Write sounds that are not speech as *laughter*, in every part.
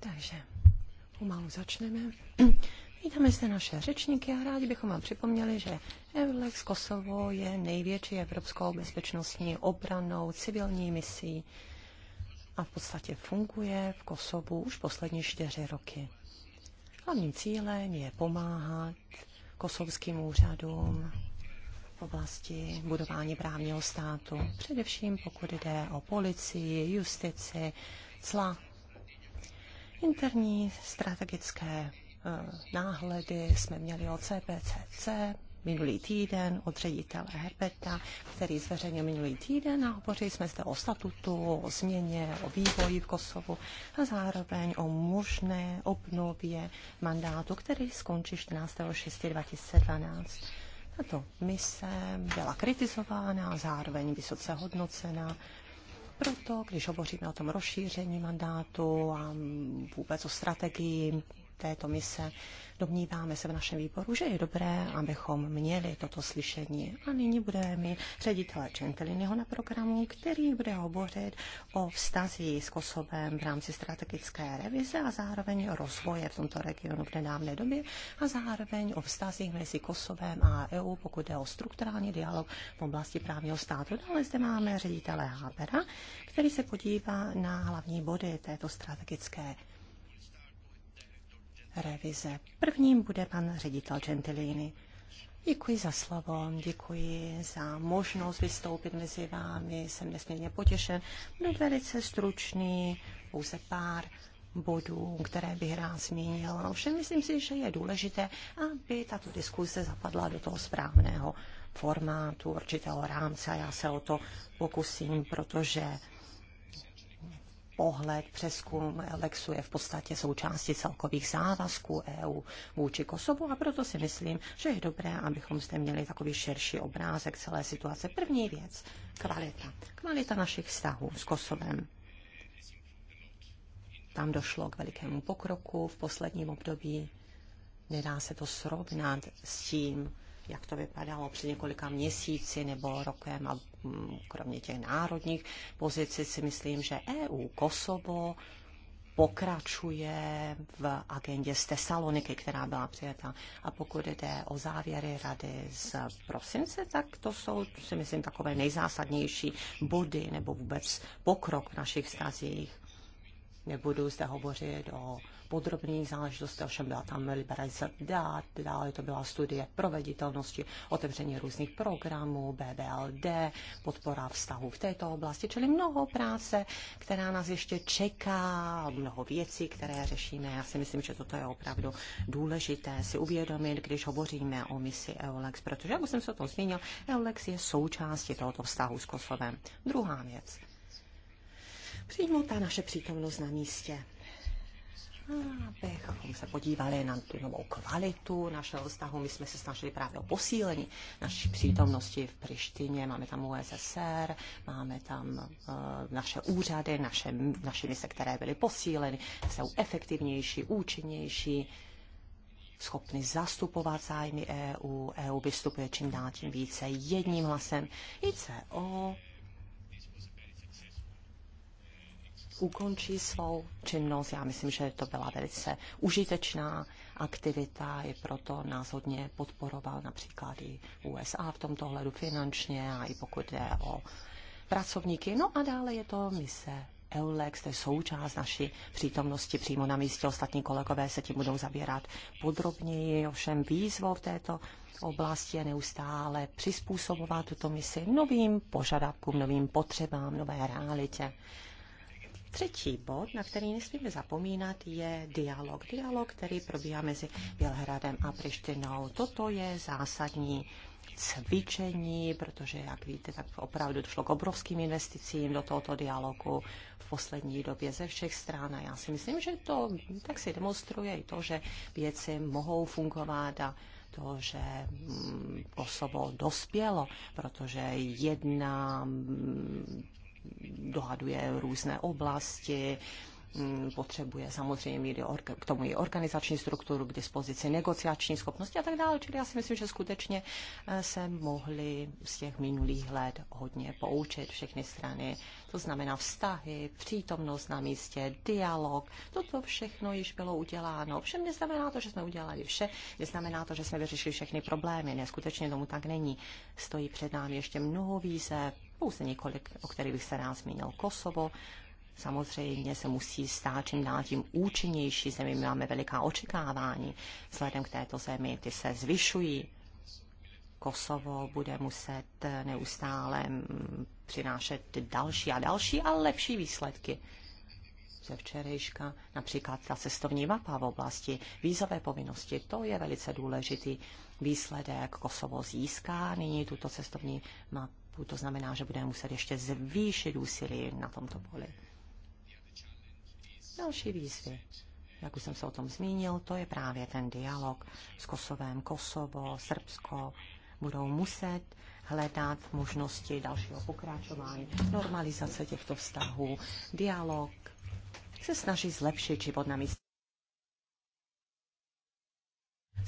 Takže pomalu začneme. *clears throat* Vítáme se naše řečníky a rádi bychom vám připomněli, že Eulex Kosovo je největší evropskou bezpečnostní obranou civilní misí a v podstatě funguje v Kosovu už poslední čtyři roky. Hlavním cílem je pomáhat kosovským úřadům v oblasti budování právního státu, především pokud jde o policii, justici, cla, interní strategické eh, náhledy jsme měli od CPCC minulý týden od ředitele Herberta, který zveřejnil minulý týden a hovořili jsme zde o statutu, o změně, o vývoji v Kosovu a zároveň o možné obnově mandátu, který skončí 14.6.2012. Tato mise byla kritizována a zároveň vysoce hodnocena proto, když hovoříme o tom rozšíření mandátu a vůbec o strategii této mise. Domníváme se v našem výboru, že je dobré, abychom měli toto slyšení. A nyní budeme mít ředitele Čentelinyho na programu, který bude hovořit o vztazí s Kosovem v rámci strategické revize a zároveň o rozvoje v tomto regionu v nedávné době a zároveň o vztazích mezi Kosovem a EU, pokud jde o strukturální dialog v oblasti právního státu. Dále zde máme ředitele Habera, který se podívá na hlavní body této strategické revize. Prvním bude pan ředitel Gentilini. Děkuji za slovo, děkuji za možnost vystoupit mezi vámi, jsem nesmírně potěšen. Byl velice stručný, pouze pár bodů, které bych rád zmínil. Ovšem myslím si, že je důležité, aby tato diskuse zapadla do toho správného formátu, určitého rámce a já se o to pokusím, protože pohled, přeskum Lexu je v podstatě součástí celkových závazků EU vůči Kosovu a proto si myslím, že je dobré, abychom zde měli takový širší obrázek celé situace. První věc, kvalita. Kvalita našich vztahů s Kosovem. Tam došlo k velikému pokroku v posledním období. Nedá se to srovnat s tím, jak to vypadalo před několika měsíci nebo rokem a Mm, kromě těch národních pozic, si myslím, že EU Kosovo pokračuje v agendě z Tesaloniky, která byla přijata. A pokud jde o závěry rady z prosince, tak to jsou, si myslím, takové nejzásadnější body nebo vůbec pokrok v našich stazích. Nebudu zde hovořit o podrobných záležitostech, ovšem byla tam liberalizace dát, dále to byla studie proveditelnosti, otevření různých programů, BBLD, podpora vztahu v této oblasti, čili mnoho práce, která nás ještě čeká, mnoho věcí, které řešíme. Já si myslím, že toto je opravdu důležité si uvědomit, když hovoříme o misi EULEX, protože, jak už jsem se o tom zmínil, EULEX je součástí tohoto vztahu s Kosovem. Druhá věc přijmout ta naše přítomnost na místě. Abychom se podívali na tu novou kvalitu našeho vztahu. My jsme se snažili právě o posílení naší přítomnosti v Prištině. Máme tam USSR, máme tam uh, naše úřady, naše, naše mise, které byly posíleny, jsou efektivnější, účinnější schopny zastupovat zájmy EU. EU vystupuje čím dál tím více jedním hlasem. o ukončí svou činnost. Já myslím, že to byla velice užitečná aktivita, i proto nás hodně podporoval například i USA v tomto hledu finančně a i pokud jde o pracovníky. No a dále je to mise EULEX, to je součást naší přítomnosti přímo na místě. Ostatní kolegové se tím budou zabírat podrobněji. Ovšem výzvou v této oblasti je neustále přizpůsobovat tuto misi novým požadavkům, novým potřebám, nové realitě. Třetí bod, na který nesmíme zapomínat, je dialog. Dialog, který probíhá mezi Bělhradem a Prištinou. Toto je zásadní cvičení, protože, jak víte, tak opravdu došlo k obrovským investicím do tohoto dialogu v poslední době ze všech stran. A já si myslím, že to tak si demonstruje i to, že věci mohou fungovat a to, že mm, Kosovo dospělo, protože jedna mm, dohaduje různé oblasti, mm, potřebuje samozřejmě mít k tomu i organizační strukturu, k dispozici negociační schopnosti a tak dále. Čili já si myslím, že skutečně eh, se mohli z těch minulých let hodně poučit všechny strany. To znamená vztahy, přítomnost na místě, dialog. Toto všechno již bylo uděláno. Všem neznamená to, že jsme udělali vše, neznamená to, že jsme vyřešili všechny problémy. Neskutečně tomu tak není. Stojí před námi ještě mnoho výzev, pouze několik, o kterých bych se rád zmínil. Kosovo, samozřejmě se musí stát čím dál tím účinnější zemi. My máme veliká očekávání vzhledem k této zemi, ty se zvyšují. Kosovo bude muset neustále mm, přinášet další a další a lepší výsledky. Ze včerejška například ta cestovní mapa v oblasti vízové povinnosti, to je velice důležitý výsledek. Kosovo získá nyní tuto cestovní mapu Evropu. To znamená, že budeme muset ještě zvýšit úsilí na tomto poli. Další výzvy, jak už jsem se o tom zmínil, to je právě ten dialog s Kosovem, Kosovo, Srbsko. Budou muset hledat možnosti dalšího pokračování, normalizace těchto vztahů, dialog, se snaží zlepšit život na místě.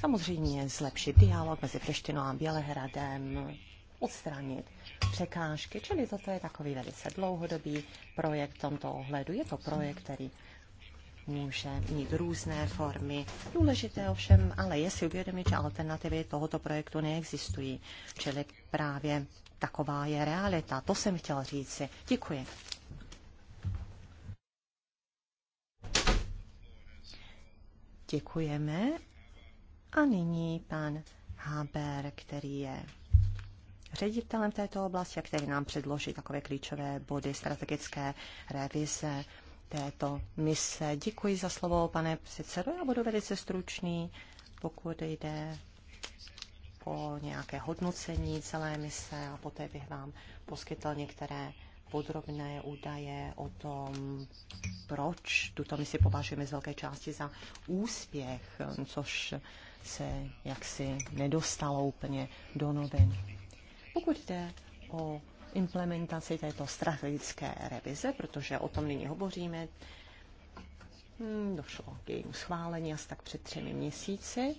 Samozřejmě zlepšit dialog mezi Přeštinou a Bělehradem, odstranit překážky, čili toto je takový velice dlouhodobý projekt v tomto ohledu. Je to projekt, který může mít různé formy. Důležité ovšem ale je si uvědomit, že alternativy tohoto projektu neexistují. Čili právě taková je realita. To jsem chtěla říci. Děkuji. Děkujeme. A nyní pan Haber, který je ředitelem této oblasti, který nám předloží takové klíčové body strategické revize této mise. Děkuji za slovo, pane předsedo. Já budu velice stručný, pokud jde o nějaké hodnocení celé mise a poté bych vám poskytl některé podrobné údaje o tom, proč tuto misi považujeme z velké části za úspěch, což se jaksi nedostalo úplně do novin. Pokud jde o implementaci této strategické revize, protože o tom nyní hovoříme, hmm, došlo k jejímu schválení asi tak před třemi měsíci.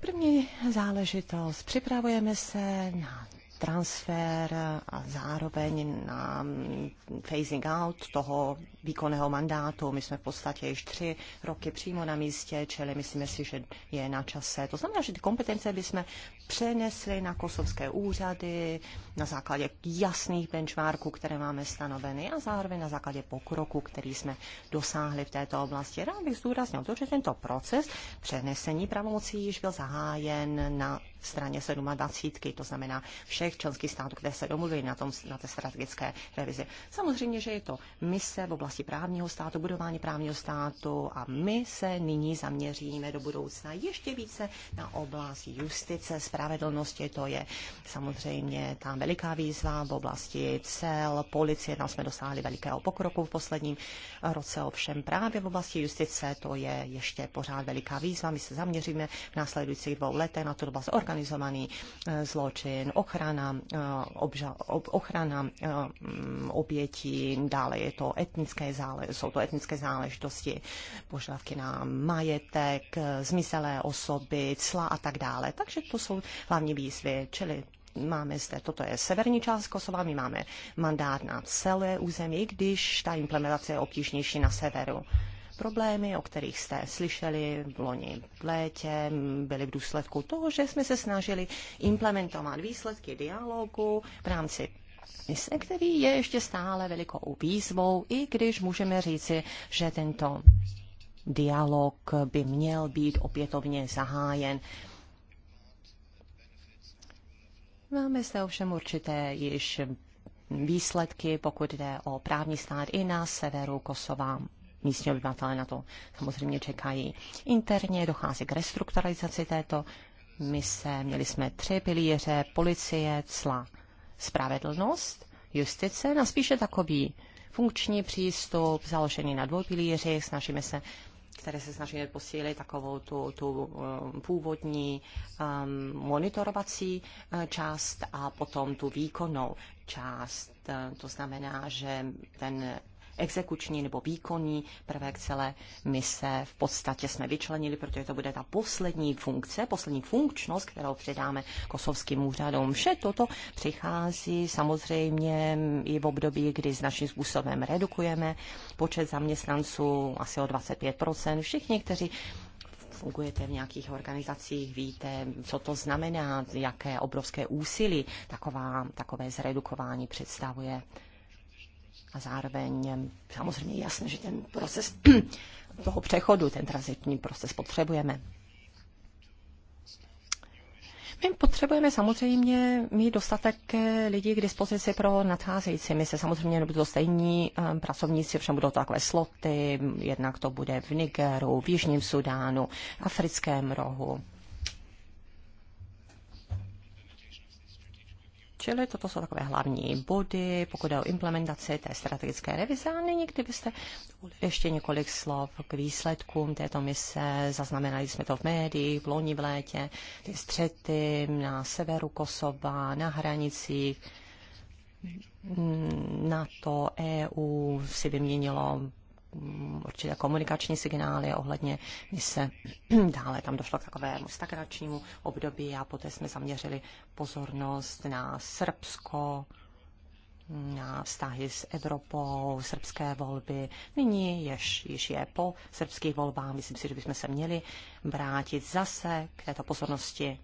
První záležitost. Připravujeme se na transfer a zároveň na phasing out toho výkonného mandátu. My jsme v podstatě již tři roky přímo na místě, čili myslíme si, že je na čase. To znamená, že ty kompetence bychom přenesli na kosovské úřady na základě jasných benchmarků, které máme stanoveny a zároveň na základě pokroku, který jsme dosáhli v této oblasti. Rád bych zdůraznil to, že tento proces přenesení pravomocí již byl zahájen na straně 27, to znamená všech členských států, které se domluví na, tom, na té strategické revizi. Samozřejmě, že je to mise v oblasti právního státu, budování právního státu a my se nyní zaměříme do budoucna ještě více na oblast justice, spravedlnosti, to je samozřejmě ta veliká výzva v oblasti cel, policie, tam jsme dosáhli velikého pokroku v posledním roce, ovšem právě v oblasti justice to je ještě pořád veliká výzva. My se zaměříme v následujících dvou letech na to doba zorganizovaný eh, zločin, ochrana, eh, obža, ob, ochrana eh, obětí, dále je to etnické zále, jsou to etnické záležitosti, požadavky na majetek, zmizelé osoby, cla a tak dále. Takže to jsou hlavní výzvy, čili máme zde, toto je severní část Kosova, my máme mandát na celé území, když ta implementace je obtížnější na severu. Problémy, o kterých jste slyšeli v loni v létě, byly v důsledku toho, že jsme se snažili implementovat výsledky dialogu v rámci mise, který je ještě stále velikou výzvou, i když můžeme říci, že tento dialog by měl být opětovně zahájen Máme zde ovšem určité již výsledky, pokud jde o právní stát i na severu Kosova. Místní obyvatelé na to samozřejmě čekají. Interně dochází k restrukturalizaci této mise. Měli jsme tři pilíře, policie, cla, spravedlnost, justice, na no spíše takový funkční přístup, založený na dvou pilířích. Snažíme se které se snaží posílit takovou tu, tu eh, původní um, monitorovací eh, část a potom tu výkonnou část. Eh, to znamená, že ten exekuční nebo výkonní prvek celé mise v podstatě jsme vyčlenili, protože to bude ta poslední funkce, poslední funkčnost, kterou předáme kosovským úřadům. Vše toto přichází samozřejmě i v období, kdy naším způsobem redukujeme počet zaměstnanců asi o 25%. Všichni, kteří fungujete v nějakých organizacích, víte, co to znamená, jaké obrovské úsilí taková, takové zredukování představuje a zároveň samozřejmě jasné, že ten proces *clears throat* toho přechodu, ten transitní proces potřebujeme. My potřebujeme samozřejmě mít dostatek eh, lidí k dispozici pro nadcházející se Samozřejmě nebudou stejní eh, pracovníci, všem budou takové sloty, jednak to bude v Nigeru, v Jižním Sudánu, Africkém rohu. Čili toto jsou takové hlavní body, pokud je o implementaci té strategické revize. A nyní, kdybyste ještě několik slov k výsledkům této mise, zaznamenali jsme to v médiích, v loni v létě, ty střety na severu Kosova, na hranicích, NATO, EU si vyměnilo určité komunikační signály ohledně mise. *clears throat* Dále tam došlo k takovému stagnačnímu období a poté jsme zaměřili pozornost na Srbsko, na vztahy s Evropou, srbské volby. Nyní jež, již je po srbských volbách. Myslím si, že bychom se měli vrátit zase k této pozornosti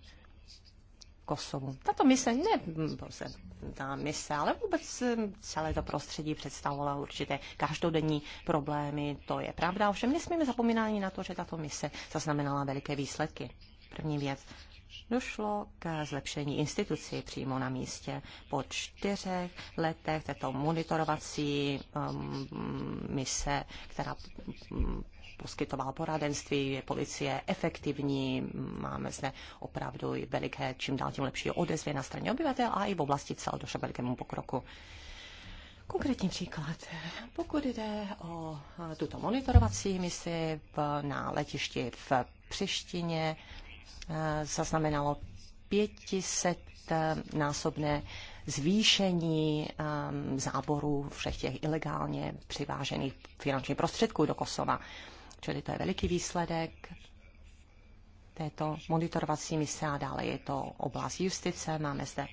Kosovu. Tato mise, ne pouze ta mise, ale vůbec eh, celé to prostředí představovalo určité každodenní problémy, to je pravda. Ovšem nesmíme zapomínat ani na to, že tato mise zaznamenala veliké výsledky. První věc, došlo k zlepšení institucí přímo na místě. Po čtyřech letech této monitorovací um, mise, která poskytoval poradenství, je policie efektivní, máme zde opravdu i veliké, čím dál tím lepší odezvy na straně obyvatel a i v oblasti cel došlo velikému pokroku. Konkrétní příklad. Pokud jde o tuto monitorovací misi na letišti v Přištině, zaznamenalo 500 násobné zvýšení záborů všech těch ilegálně přivážených finančních prostředků do Kosova čili to je veliký výsledek této monitorovací mise a dále je to oblast justice. Máme zde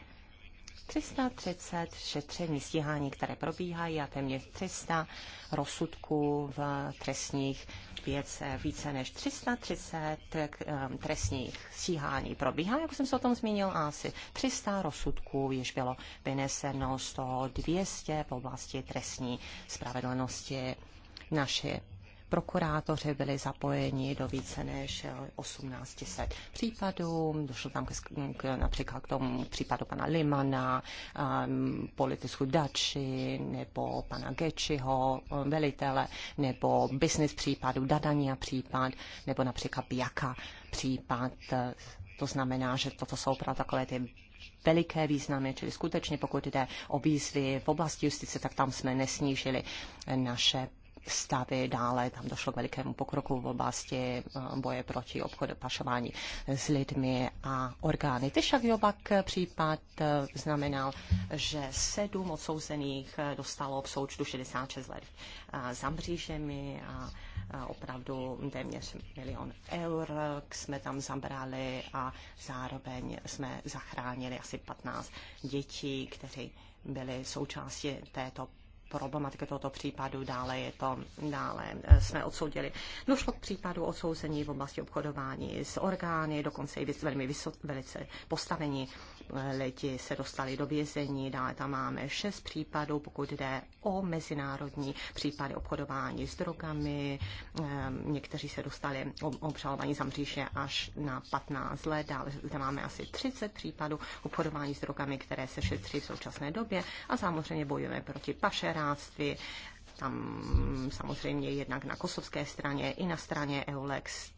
330 šetření stíhání, které probíhají a téměř 300 rozsudků v trestních věcech. Více než 330 eh, eh, trestních stíhání probíhá, jak jsem se o tom zmínil, a asi 300 rozsudků již bylo vyneseno, z toho 200 v oblasti trestní spravedlnosti. Naše prokurátoři byli zapojeni do více než 1800 případů. Došlo tam k, k, například k tomu případu pana Limana, um, ehm, politisku Dači nebo pana Gečiho, ehm, velitele, nebo business případu, Dadania případ, nebo například Biaka případ. To znamená, že toto jsou opravdu takové ty veliké významy, čili skutečně pokud jde o výzvy v oblasti justice, tak tam jsme nesnížili naše stavy, dále tam došlo k velikému pokroku v oblasti eh, boje proti obchodu pašování s lidmi a orgány. Tyšak Jobak případ eh, znamenal, že sedm odsouzených eh, dostalo v součtu 66 let za mřížemi a opravdu téměř milion eur jsme tam zabrali a zároveň jsme zachránili asi 15 dětí, které byly součástí této problematiky tohoto případu, dále je to, dále eh, jsme odsoudili. Došlo k případu odsouzení v oblasti obchodování s orgány, dokonce i velmi vysok, velice postavení lidi se dostali do vězení, dále tam máme šest případů, pokud jde o mezinárodní případy obchodování s drogami. Ehm, někteří se dostali obžalovaní za mříže až na 15 let, dále tam máme asi 30 případů obchodování s drogami, které se šetří v současné době a samozřejmě bojujeme proti pašeráctví, tam samozřejmě jednak na kosovské straně i na straně EULEX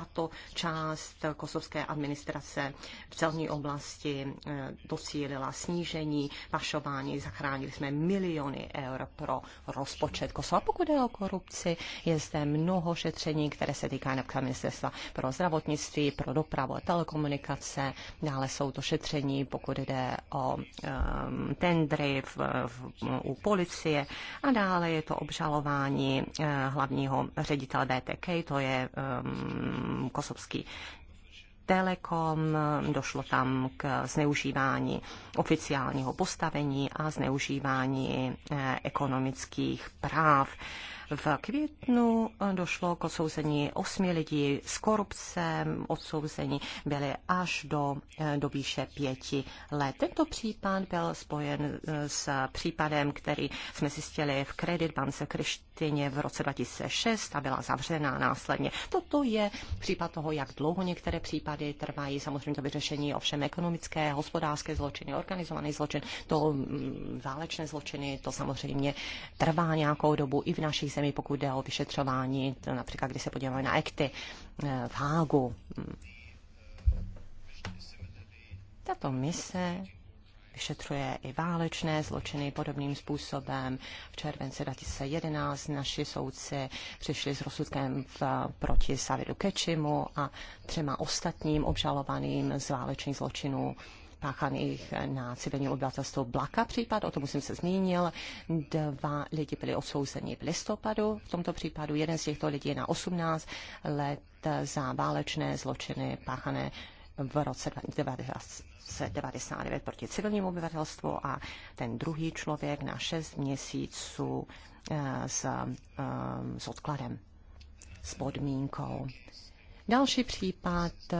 tato část kosovské administrace v celní oblasti eh, docílila snížení pašování. Zachránili jsme miliony eur pro rozpočet Kosova. Pokud je o korupci, je zde mnoho šetření, které se týká například ministerstva pro zdravotnictví, pro dopravu a telekomunikace. Dále jsou to šetření, pokud jde o um, tendry v, v, u policie a dále je to obžalování uh, hlavního ředitele BTK, to je um, kosovský Telekom, došlo tam k zneužívání oficiálního postavení a zneužívání eh, ekonomických práv. V květnu eh, došlo k odsouzení osmi lidí s korupcem, odsouzení byly až do, eh, do výše pěti let. Tento případ byl spojen s případem, který jsme zjistili v kreditbance Krišt Argentině v roce 2006 a byla zavřena následně. Toto je případ toho, jak dlouho některé případy trvají. Samozřejmě to vyřešení ovšem ekonomické, hospodářské zločiny, organizovaný zločin, to mm, válečné zločiny, to samozřejmě trvá nějakou dobu i v našich zemi, pokud jde o vyšetřování, to například když se podíváme na ekty eh, v Hágu. Tato mise vyšetřuje i válečné zločiny podobným způsobem. V červenci 2011 naši soudci přišli s rozsudkem v, proti Savidu Kečimu a třema ostatním obžalovaným z válečných zločinů páchaných na civilní obyvatelstvo Blaka případ, o tom jsem se zmínil. Dva lidi byli odsouzeni v listopadu v tomto případu. Jeden z těchto lidí je na 18 let za válečné zločiny páchané v roce 19, 99 proti civilnímu obyvatelstvu a ten druhý člověk na 6 měsíců eh, s, eh, s odkladem, s podmínkou. Další případ, eh,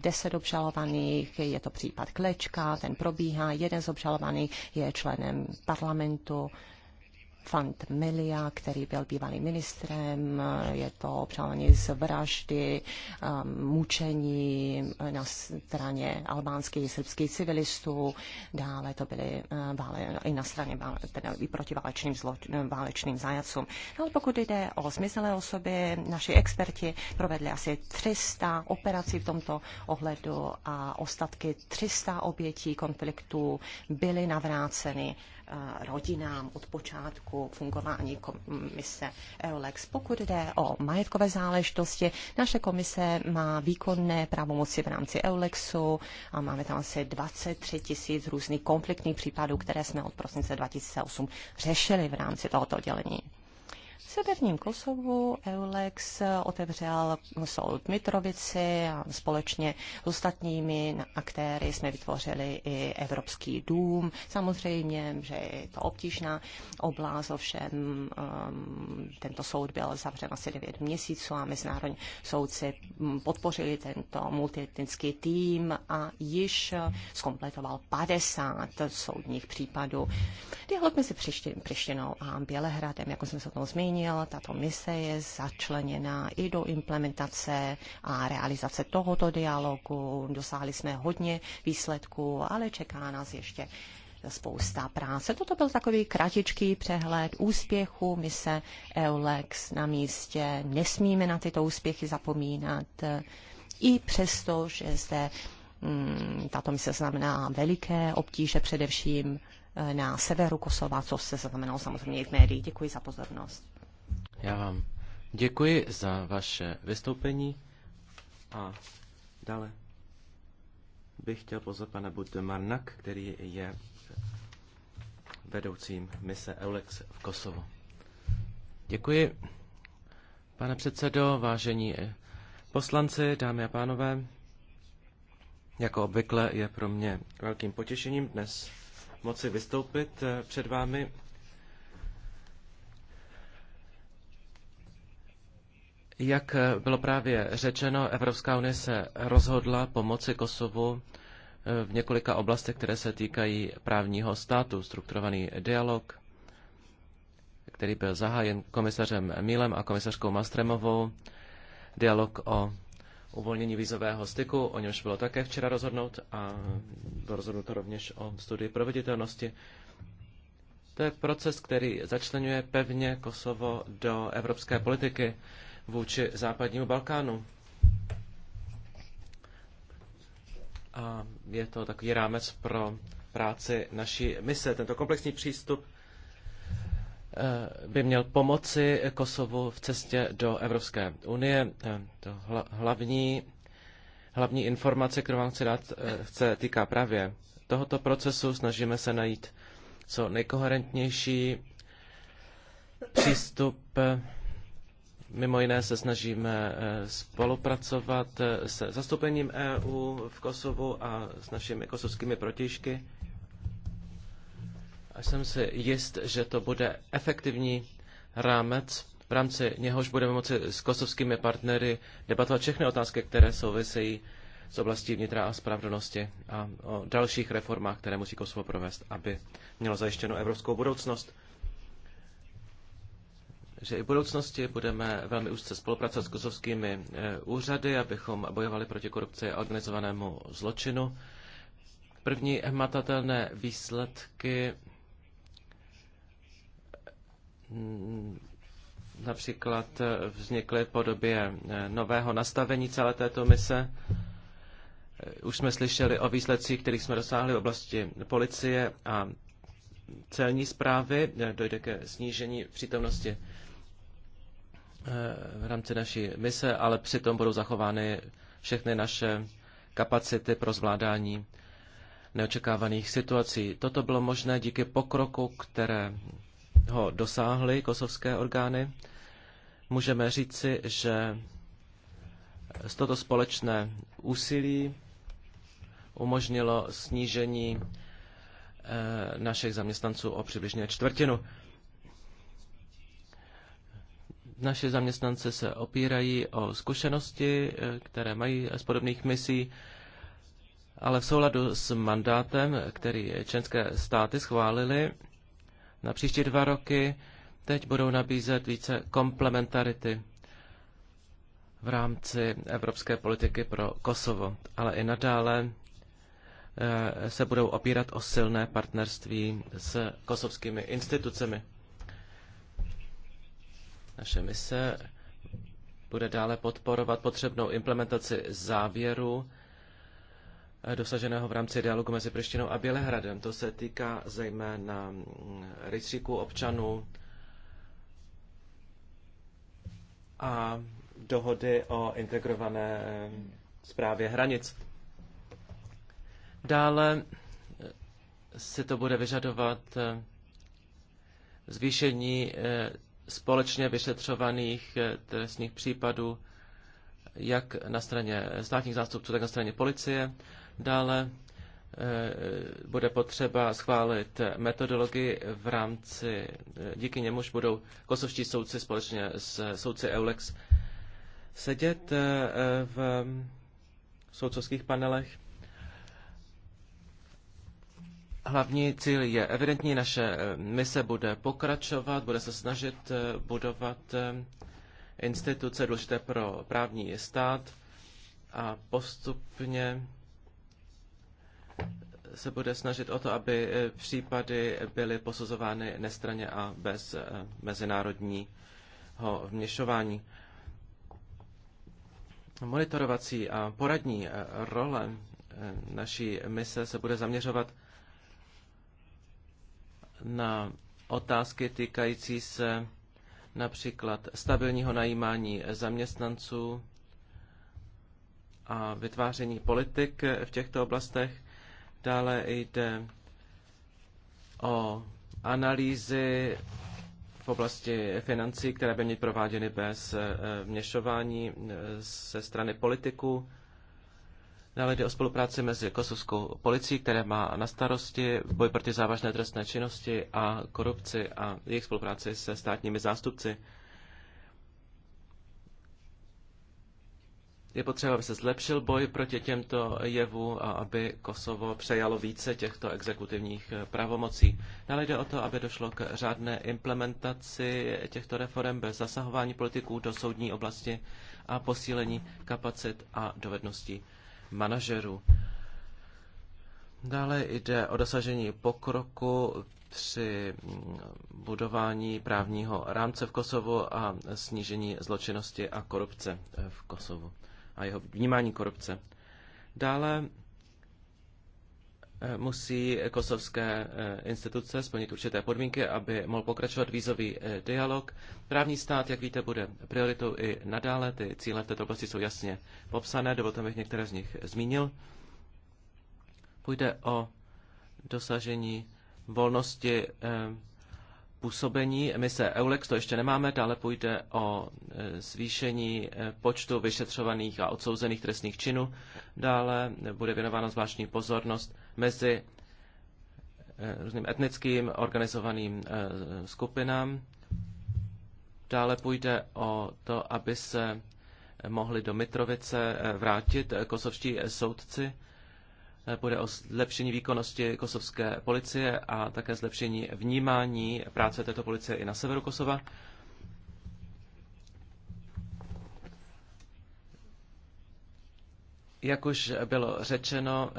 deset obžalovaných, je to případ Klečka, ten probíhá, jeden z obžalovaných je členem parlamentu Fant Melia, který byl bývalým ministrem, je to přání z vraždy, um, mučení na straně albánských srbských civilistů, dále to byly uh, vále, i na straně teda i proti válečným, zlo, eh, válečným zajacům. No, ale pokud jde o zmizelé osoby, naši experti provedli asi 300 operací v tomto ohledu a ostatky 300 obětí konfliktů byly navráceny Eh, rodinám od počátku fungování komise EOLEX. Pokud jde o majetkové záležitosti, naše komise má výkonné pravomoci v rámci EOLEXu a máme tam asi 23 tisíc různých konfliktních případů, které jsme od prosince 2008 řešili v rámci tohoto oddělení severním Kosovu Eulex otevřel soud Mitrovici a společně s ostatními aktéry jsme vytvořili i Evropský dům. Samozřejmě, že je to obtížná oblast, ovšem um, tento soud byl zavřen asi 9 měsíců a mezinárodní soudci podpořili tento multietnický tým a již skompletoval 50 soudních případů. Dialog mezi Prištinou a Bělehradem, jako jsem se o tom zmínil, zmínil, tato mise je začleněna i do implementace a realizace tohoto dialogu. Dosáhli jsme hodně výsledků, ale čeká nás ještě spousta práce. Toto byl takový kratičký přehled úspěchu mise EULEX na místě. Nesmíme na tyto úspěchy zapomínat, i přesto, že zde mm, tato mise znamená veliké obtíže především eh, na severu Kosova, což se znamenalo samozřejmě i v médiích. Děkuji za pozornost. Já vám děkuji za vaše vystoupení a dále bych chtěl pozvat pana Marnak, který je vedoucím mise EULEX v Kosovo. Děkuji, pane předsedo, vážení poslanci, dámy a pánové. Jako obvykle je pro mě velkým potěšením dnes moci vystoupit před vámi Jak bylo právě řečeno, Evropská unie se rozhodla pomoci Kosovu eh, v několika oblastech, které se týkají právního státu, strukturovaný dialog, který byl zahájen komisařem Mílem a komisařkou Mastremovou, dialog o uvolnění vízového styku, o němž bylo také včera rozhodnout a bylo rozhodnuto rovněž o studii proveditelnosti. To je proces, který začlenuje pevně Kosovo do evropské politiky vůči západnímu Balkánu. A je to takový rámec pro práci naší mise. Tento komplexní přístup eh, by měl pomoci Kosovu v cestě do Evropské unie. Eh, to hlavní, hlavní informace, kterou vám chci dát, se eh, týká právě tohoto procesu. Snažíme se najít co nejkoherentnější přístup Mimo jiné se snažíme eh, spolupracovat eh, se zastoupením EU v Kosovu a s našimi kosovskými protižky. A jsem si jist, že to bude efektivní rámec, v rámci něhož budeme moci s kosovskými partnery debatovat všechny otázky, které souvisejí z oblasti vnitra a spravedlnosti a o dalších reformách, které musí Kosovo provést, aby mělo zajištěnou evropskou budoucnost že i v budoucnosti budeme velmi úzce spolupracovat s kosovskými eh, úřady, abychom bojovali proti korupci a organizovanému zločinu. První hmatatelné výsledky mm, například eh, vznikly v podobě eh, nového nastavení celé této mise. Už jsme slyšeli o výsledcích, kterých jsme dosáhli v oblasti policie a celní zprávy. Dojde ke snížení přítomnosti Eh, v rámci naší mise, ale přitom budou zachovány všechny naše kapacity pro zvládání neočekávaných situací. Toto bylo možné díky pokroku, které ho dosáhly kosovské orgány. Můžeme říci, že z toto společné úsilí umožnilo snížení eh, našich zaměstnanců o přibližně čtvrtinu. Naše zaměstnance se opírají o zkušenosti, eh, které mají z podobných misí, ale v souladu s mandátem, který členské státy schválili, na příští dva roky, teď budou nabízet více komplementarity v rámci evropské politiky pro Kosovo, ale i nadále eh, se budou opírat o silné partnerství s kosovskými institucemi. Naše mise bude dále podporovat potřebnou implementaci závěru eh, dosaženého v rámci dialogu mezi Prištinou a Bělehradem. To se týká zejména mm, rejstříků občanů a dohody o integrované zprávě eh, hranic. Dále eh, si to bude vyžadovat zvýšení společně vyšetřovaných eh, trestních případů, jak na straně státních zástupců, tak na straně policie. Dále eh, bude potřeba schválit metodologii v rámci, eh, díky němuž budou kosovští soudci společně s soudci EULEX sedět v soudcovských panelech. Hlavní cíl je evidentní, naše eh, mise bude pokračovat, bude se snažit eh, budovat eh, instituce důležité pro právní stát a postupně se bude snažit o to, aby případy byly posuzovány nestraně a bez mezinárodního vměšování. Monitorovací a poradní role naší mise se bude zaměřovat na otázky týkající se například stabilního najímání zaměstnanců a vytváření politik v těchto oblastech. Dále jde o analýzy v oblasti financí, které by měly prováděny bez eh, měšování eh, ze strany politiků. Dále jde o spolupráci mezi kosovskou policií, která má na starosti boj proti závažné trestné činnosti a korupci a jejich spolupráci se státními zástupci. Je potřeba, aby se zlepšil boj proti těmto jevu a aby Kosovo přejalo více těchto exekutivních pravomocí. Dále jde o to, aby došlo k řádné implementaci těchto reform bez zasahování politiků do soudní oblasti a posílení kapacit a dovedností manažerů. Dále jde o dosažení pokroku při budování právního rámce v Kosovu a snížení zločinnosti a korupce v Kosovu a jeho vnímání korupce. Dále Eh, musí kosovské eh, instituce splnit určité podmínky, aby mohl pokračovat vízový eh, dialog. Právní stát, jak víte, bude prioritou i nadále. Ty cíle v této oblasti jsou jasně popsané, dovolte bych některé z nich zmínil. Půjde o dosažení volnosti působení mise EULEX, to ještě nemáme, dále půjde o zvýšení počtu vyšetřovaných a odsouzených trestných činů. Dále bude věnována zvláštní pozornost mezi eh, různým etnickým organizovaným eh, skupinám. Dále půjde o to, aby se mohli do Mitrovice eh, vrátit kosovští soudci. Bude o zlepšení výkonnosti kosovské policie a také zlepšení vnímání práce této policie i na severu Kosova. Jak už bylo řečeno,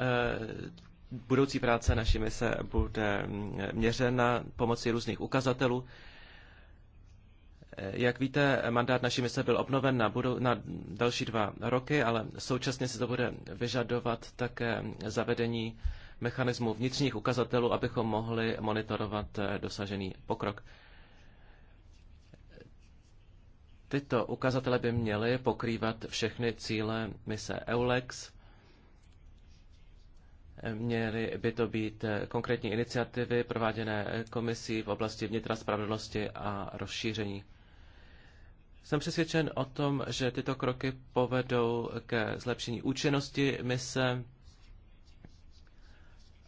budoucí práce naší mise bude mm, měřena pomocí různých ukazatelů. Eh, jak víte, mandát naší mise byl obnoven na, budou, na další dva roky, ale současně se to bude vyžadovat také zavedení mechanismu vnitřních ukazatelů, abychom mohli monitorovat eh, dosažený pokrok. Tyto ukazatele by měly pokrývat všechny cíle mise EULEX, Měly by to být konkrétní iniciativy prováděné komisí v oblasti vnitra spravedlnosti a rozšíření. Jsem přesvědčen o tom, že tyto kroky povedou ke zlepšení účinnosti mise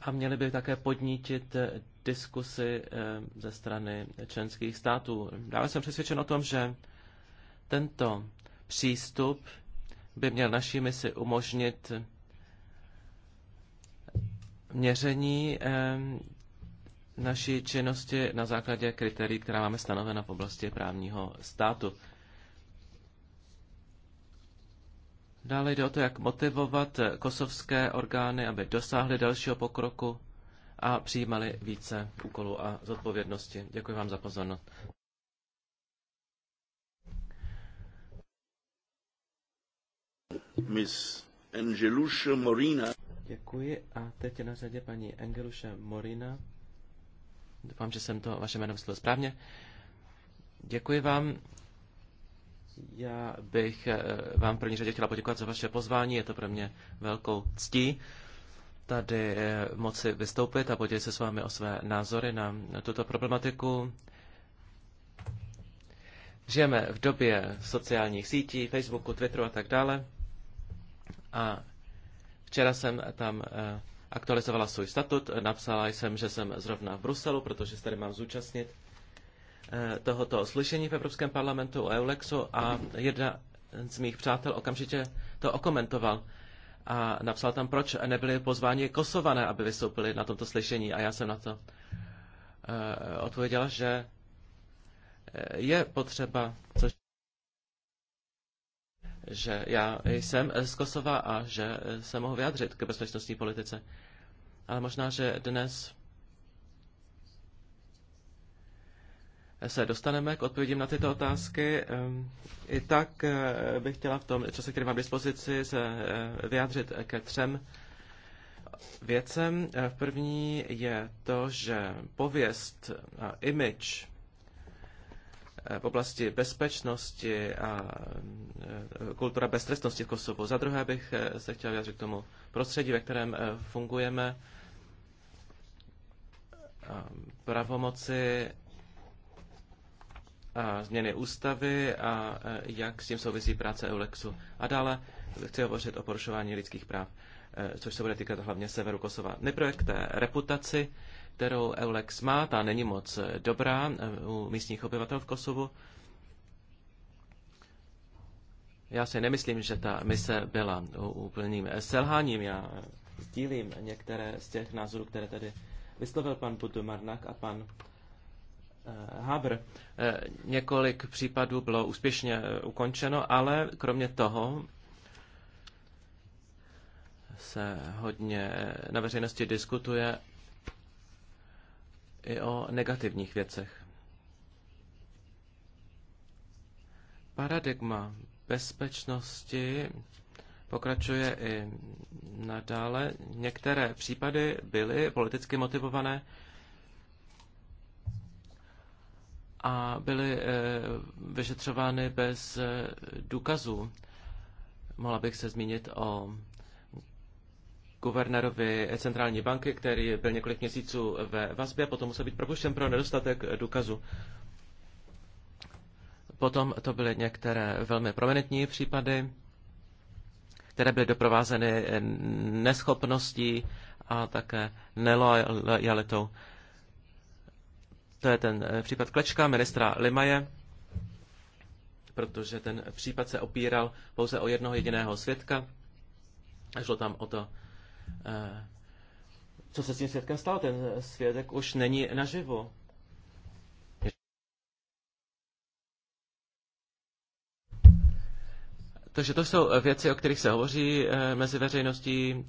a měly by také podnítit diskusy eh, ze strany členských států. Dále jsem přesvědčen o tom, že tento přístup by měl naší misi umožnit měření naší činnosti na základě kritérií, která máme stanovena v oblasti právního státu. Dále jde o to, jak motivovat kosovské orgány, aby dosáhly dalšího pokroku a přijímali více úkolů a zodpovědnosti. Děkuji vám za pozornost. Miss Angelusha Morina. Děkuji a teď je na řadě paní Engeluše Morina. Doufám, že jsem to vaše jméno vyslil správně. Děkuji vám. Já bych eh, vám první řadě chtěla poděkovat za vaše pozvání. Je to pro mě velkou ctí tady eh, moci vystoupit a podělit se s vámi o své názory na tuto problematiku. Žijeme v době sociálních sítí, Facebooku, Twitteru a tak dále. A Včera jsem tam eh, aktualizovala svůj statut, napsala jsem, že jsem zrovna v Bruselu, protože se tady mám zúčastnit eh, tohoto slyšení v Evropském parlamentu o Eulexu a jedna z mých přátel okamžitě to okomentoval a napsal tam, proč nebyli pozváni kosované, aby vystoupili na tomto slyšení a já jsem na to eh, odpověděla, že je potřeba, což že já jsem z Kosova a že se mohu vyjádřit k bezpečnostní politice. Ale možná, že dnes se dostaneme k odpovědím na tyto otázky. Ehm, I tak eh, bych chtěla v tom čase, který mám k dispozici, se eh, vyjádřit ke třem věcem. Eh, v první je to, že pověst a image Eh, v oblasti bezpečnosti a eh, kultura beztrestnosti v Kosovu. Za druhé bych eh, se chtěl vyjádřit k tomu prostředí, ve kterém fungujeme. Pravomoci a změny ústavy a jak s tím souvisí práce Eulexu. A dále chci hovořit o porušování lidských práv, což se bude týkat hlavně severu Kosova. Nejprve reputaci kterou Eulex má, ta není moc eh, dobrá eh, u místních obyvatel v Kosovu. Já si nemyslím, že ta mise byla úplným eh, selháním. Já sdílím některé z těch názorů, které tady vyslovil pan Budumarnak a pan Habr. Několik případů bylo úspěšně ukončeno, ale kromě toho se hodně na veřejnosti diskutuje i o negativních věcech. Paradigma bezpečnosti pokračuje i nadále. Některé případy byly politicky motivované a byly eh, vyšetřovány bez eh, důkazů. Mohla bych se zmínit o guvernérovi centrální banky, který byl několik měsíců ve vazbě, potom musel být propuštěn pro nedostatek důkazu. Potom to byly některé velmi prominentní případy, které byly doprovázeny neschopností a také nelojalitou. To je ten případ Klečka, ministra Limaje, protože ten případ se opíral pouze o jednoho jediného svědka a šlo tam o to, Eh, co se s tím svědkem stalo. Ten svědek už není naživo. Takže to jsou věci, o kterých se hovoří eh, mezi veřejností.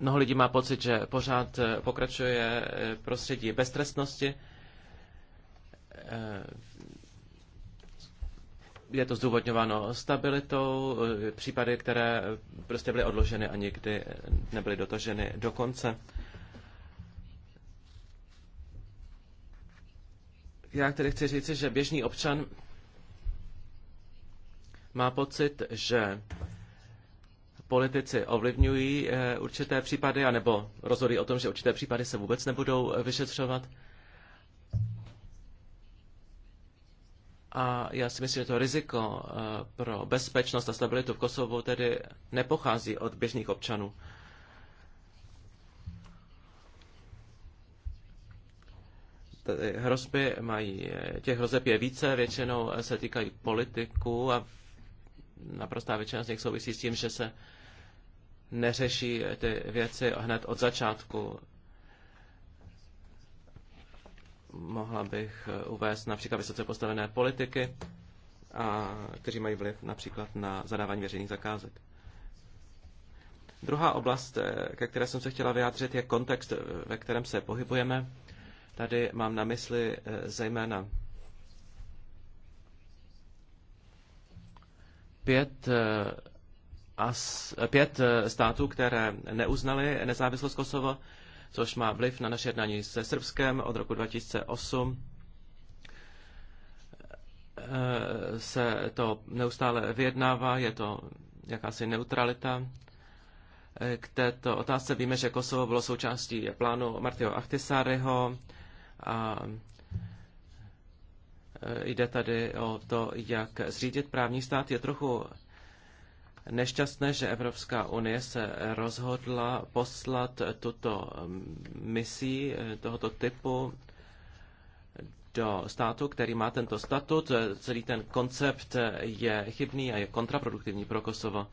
Mnoho lidí má pocit, že pořád eh, pokračuje prostředí beztrestnosti je to zdůvodňováno stabilitou, eh, případy, které prostě byly odloženy a nikdy nebyly dotaženy do konce. Já tedy chci říci, že běžný občan má pocit, že politici ovlivňují eh, určité případy, anebo rozhodují o tom, že určité případy se vůbec nebudou eh, vyšetřovat. A já si myslím, že to riziko eh, pro bezpečnost a stabilitu v Kosovu tedy nepochází od běžných občanů. Hrozby mají, eh, těch hrozeb je více, většinou eh, se týkají politiků a naprostá většina z nich souvisí s tím, že se neřeší ty věci hned od začátku Mohla bych eh, uvést například vysoce postavené politiky, a, kteří mají vliv například na zadávání veřejných zakázek. Druhá oblast, eh, ke které jsem se chtěla vyjádřit, je kontext, eh, ve kterém se pohybujeme. Tady mám na mysli zejména pět, as, pět států, které neuznali nezávislost Kosova což má vliv na naše jednání se Srbskem od roku 2008 eh, se to neustále vyjednává, je to jakási neutralita. Eh, k této otázce víme, že Kosovo bylo součástí plánu Martio Achtisáryho a eh, jde tady o to, jak zřídit právní stát. Je trochu nešťastné, že Evropská unie se rozhodla poslat tuto mm, misi eh, tohoto typu do státu, který má tento statut. Celý ten koncept eh, je chybný a je kontraproduktivní pro Kosovo.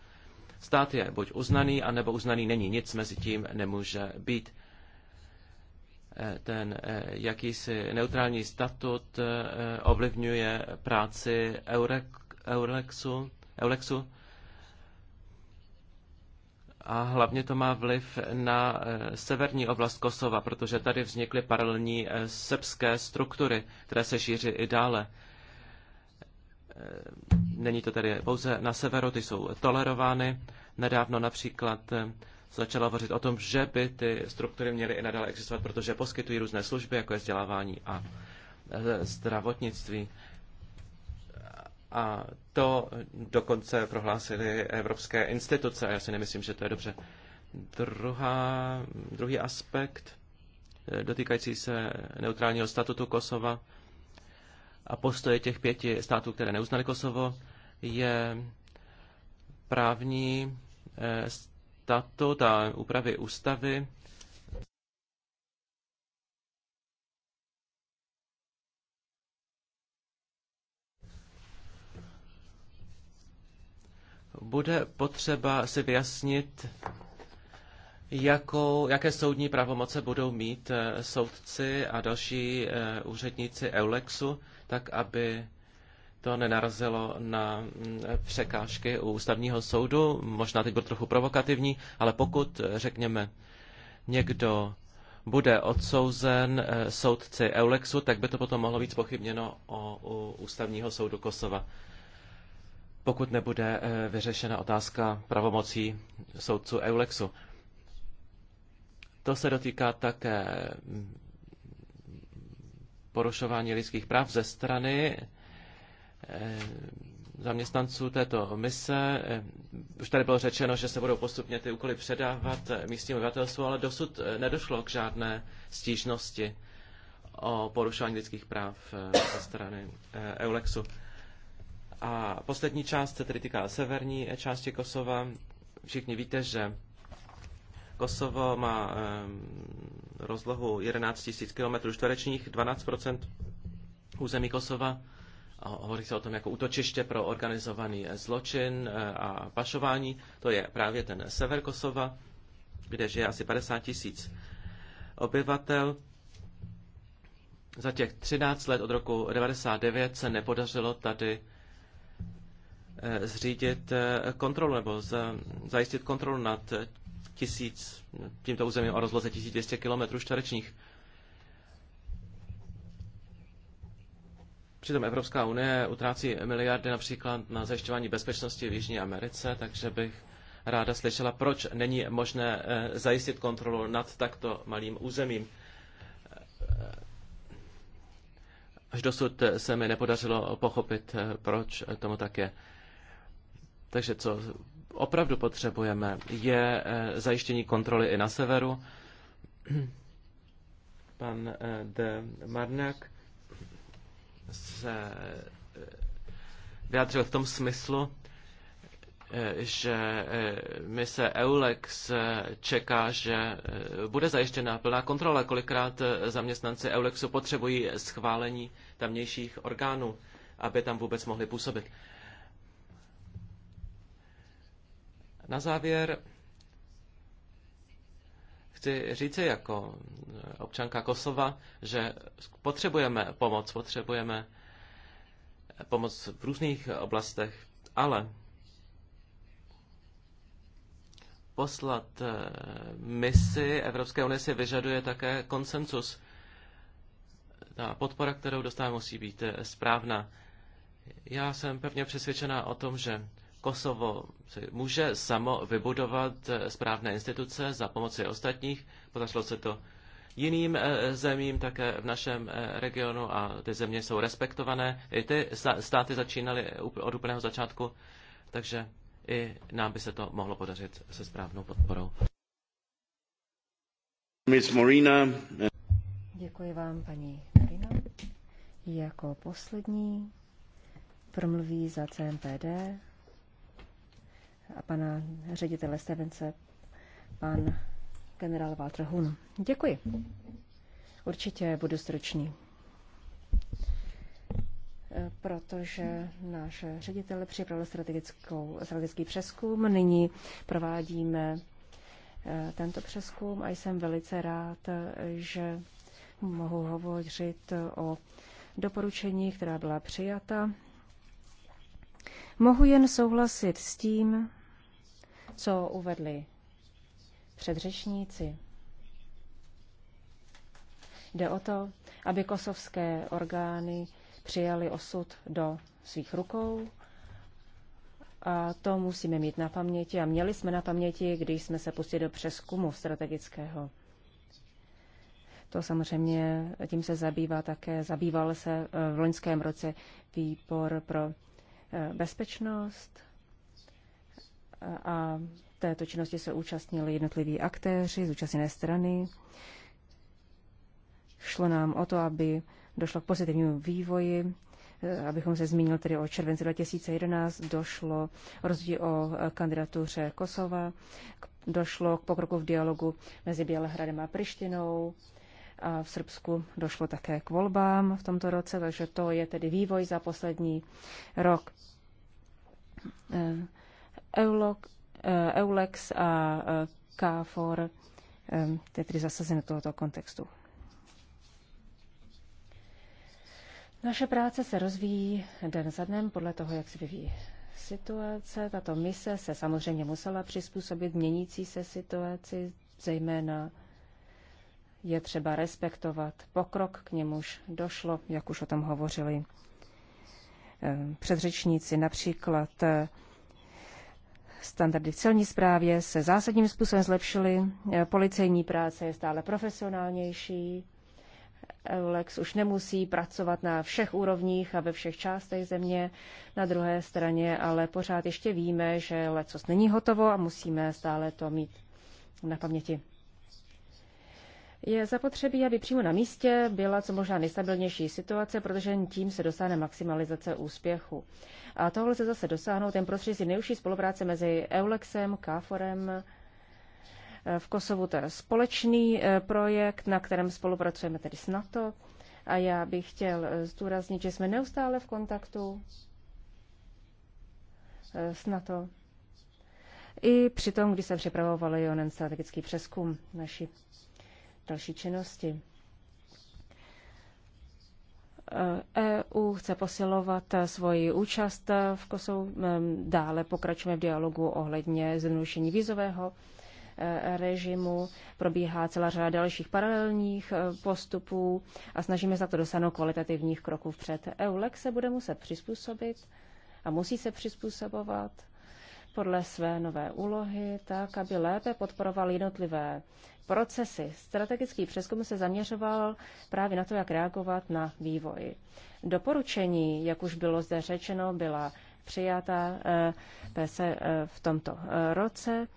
Stát je buď uznaný, anebo uznaný není. Nic mezi tím nemůže být. Eh, ten jakýsi neutrální statut ovlivňuje práci Eurek, Eurexu, a hlavně to má vliv na eh, severní oblast Kosova, protože tady vznikly paralelní eh, srbské struktury, které se šíří i dále. Eh, není to tedy pouze na severu, ty jsou tolerovány. Nedávno například začala hovořit o tom, že by ty struktury měly i nadále existovat, protože poskytují různé služby, jako je vzdělávání a zdravotnictví. A to dokonce prohlásily evropské instituce a já si nemyslím, že to je dobře. Druhá, druhý aspekt eh, dotýkající se neutrálního statutu Kosova a postoje těch pěti států, které neuznali Kosovo, je právní eh, statut a úpravy ústavy bude potřeba si vyjasnit, jakou, jaké soudní pravomoce budou mít eh, soudci a další eh, úředníci EULEXu, tak aby to nenarazilo na mm, překážky u ústavního soudu. Možná teď bude trochu provokativní, ale pokud, eh, řekněme, někdo bude odsouzen soudci Eulexu, tak by to potom mohlo být spochybněno o, u ústavního soudu Kosova pokud nebude eh, vyřešena otázka pravomocí soudců Eulexu. To se dotýká také mm, porušování lidských práv ze strany eh, zaměstnanců této mise. Eh, už tady bylo řečeno, že se budou postupně ty úkoly předávat místnímu obyvatelstvu, ale dosud nedošlo k žádné stížnosti o porušování lidských práv ze strany Eulexu. A poslední část se tedy týká severní části Kosova. Všichni víte, že Kosovo má rozlohu 11 000 km čtverečních, 12 území Kosova. A hovoří se o tom jako útočiště pro organizovaný zločin e, a pašování. To je právě ten sever Kosova, kde žije asi 50 tisíc obyvatel. Za těch 13 let od roku 1999 se nepodařilo tady Eh, zřídit eh, kontrolu nebo zajistit kontrolu nad tisíc, tímto územím o rozloze 1200 km čtverečních. Přitom Evropská unie utrácí miliardy například na zajišťování bezpečnosti v Jižní Americe, takže bych ráda slyšela, proč není možné eh, zajistit kontrolu nad takto malým územím. Až dosud se mi nepodařilo pochopit, proč tomu tak je. Takže co opravdu potřebujeme, je eh, zajištění kontroly i na severu. *clears throat* Pan eh, de Marnak se eh, vyjádřil v tom smyslu, že mise EULEX čeká, že bude zajištěna plná kontrola, kolikrát zaměstnanci EULEXu potřebují schválení tamnějších orgánů, aby tam vůbec mohli působit. Na závěr chci říci jako občanka Kosova, že potřebujeme pomoc, potřebujeme pomoc v různých oblastech, ale poslat eh, misi Evropské unie si vyžaduje také konsensus. Ta podpora, kterou dostáváme, musí být eh, správná. Já jsem pevně přesvědčená o tom, že Kosovo si může samo vybudovat eh, správné instituce za pomoci ostatních. Podařilo se to jiným eh, zemím také v našem eh, regionu a ty země jsou respektované. I ty státy začínaly od úplného začátku, takže i nám by se to mohlo podařit se správnou podporou. Miss Marina. Děkuji vám, paní Marina. Jako poslední promluví za CMPD a pana ředitele Stevence, pan generál Walter Hun. Děkuji. Určitě budu stručný, protože náš ředitel připravil strategickou, strategický přeskum. Nyní provádíme eh, tento přeskum a jsem velice rád, že mohu hovořit o doporučení, která byla přijata Mohu jen souhlasit s tím, co uvedli předřečníci. Jde o to, aby kosovské orgány přijali osud do svých rukou. A to musíme mít na paměti a měli jsme na paměti, když jsme se pustili do přeskumu strategického. To samozřejmě tím se zabývá také, zabýval se eh, v loňském roce výbor pro Eh, bezpečnost eh, a této činnosti se účastnili jednotliví aktéři, z účastněné strany. Šlo nám o to, aby došlo k pozitivnímu vývoji, eh, abychom se zmínil tedy o červenci 2011, došlo rozdíl o kandidatuře Kosova, došlo k pokroku v dialogu mezi Bělehradem a Prištinou, a v Srbsku došlo také k volbám v tomto roce, takže to je tedy vývoj za poslední rok. E, e, Eulex a KFOR e, je tedy zasazen do tohoto kontextu. Naše práce se rozvíjí den za dnem podle toho, jak se vyvíjí situace. Tato mise se samozřejmě musela přizpůsobit měnící se situaci, zejména je třeba respektovat pokrok, k němuž došlo, jak už o tom hovořili eh, předřečníci, například eh, standardy v celní správě se zásadním způsobem zlepšily, eh, policejní práce je stále profesionálnější, Eulex už nemusí pracovat na všech úrovních a ve všech částech země. Na druhé straně ale pořád ještě víme, že lecos není hotovo a musíme stále to mít na paměti. Je zapotřebí, aby přímo na místě byla co možná nejstabilnější situace, protože tím se dosáhne maximalizace úspěchu. A tohle se zase dosáhnout ten si nejužší spolupráce mezi Eulexem, Káforem eh, v Kosovu to je společný eh, projekt, na kterém spolupracujeme tedy s NATO. A já bych chtěl eh, zdůraznit, že jsme neustále v kontaktu s NATO. I při tom, kdy se připravoval jen strategický přeskum naší další činnosti. EU e chce posilovat svoji účast v Kosovu. E, dále pokračujeme v dialogu ohledně zrušení vízového e, režimu. Probíhá celá řada dalších paralelních postupů a snažíme se to dosáhnout kvalitativních kroků před. Lek se bude muset přizpůsobit a musí se přizpůsobovat podle své nové úlohy, tak aby lépe podporoval jednotlivé procesy. Strategický přeskum se zaměřoval právě na to, jak reagovat na vývoj. Doporučení, jak už bylo zde řečeno, byla přijata PS eh, eh, v tomto eh, roce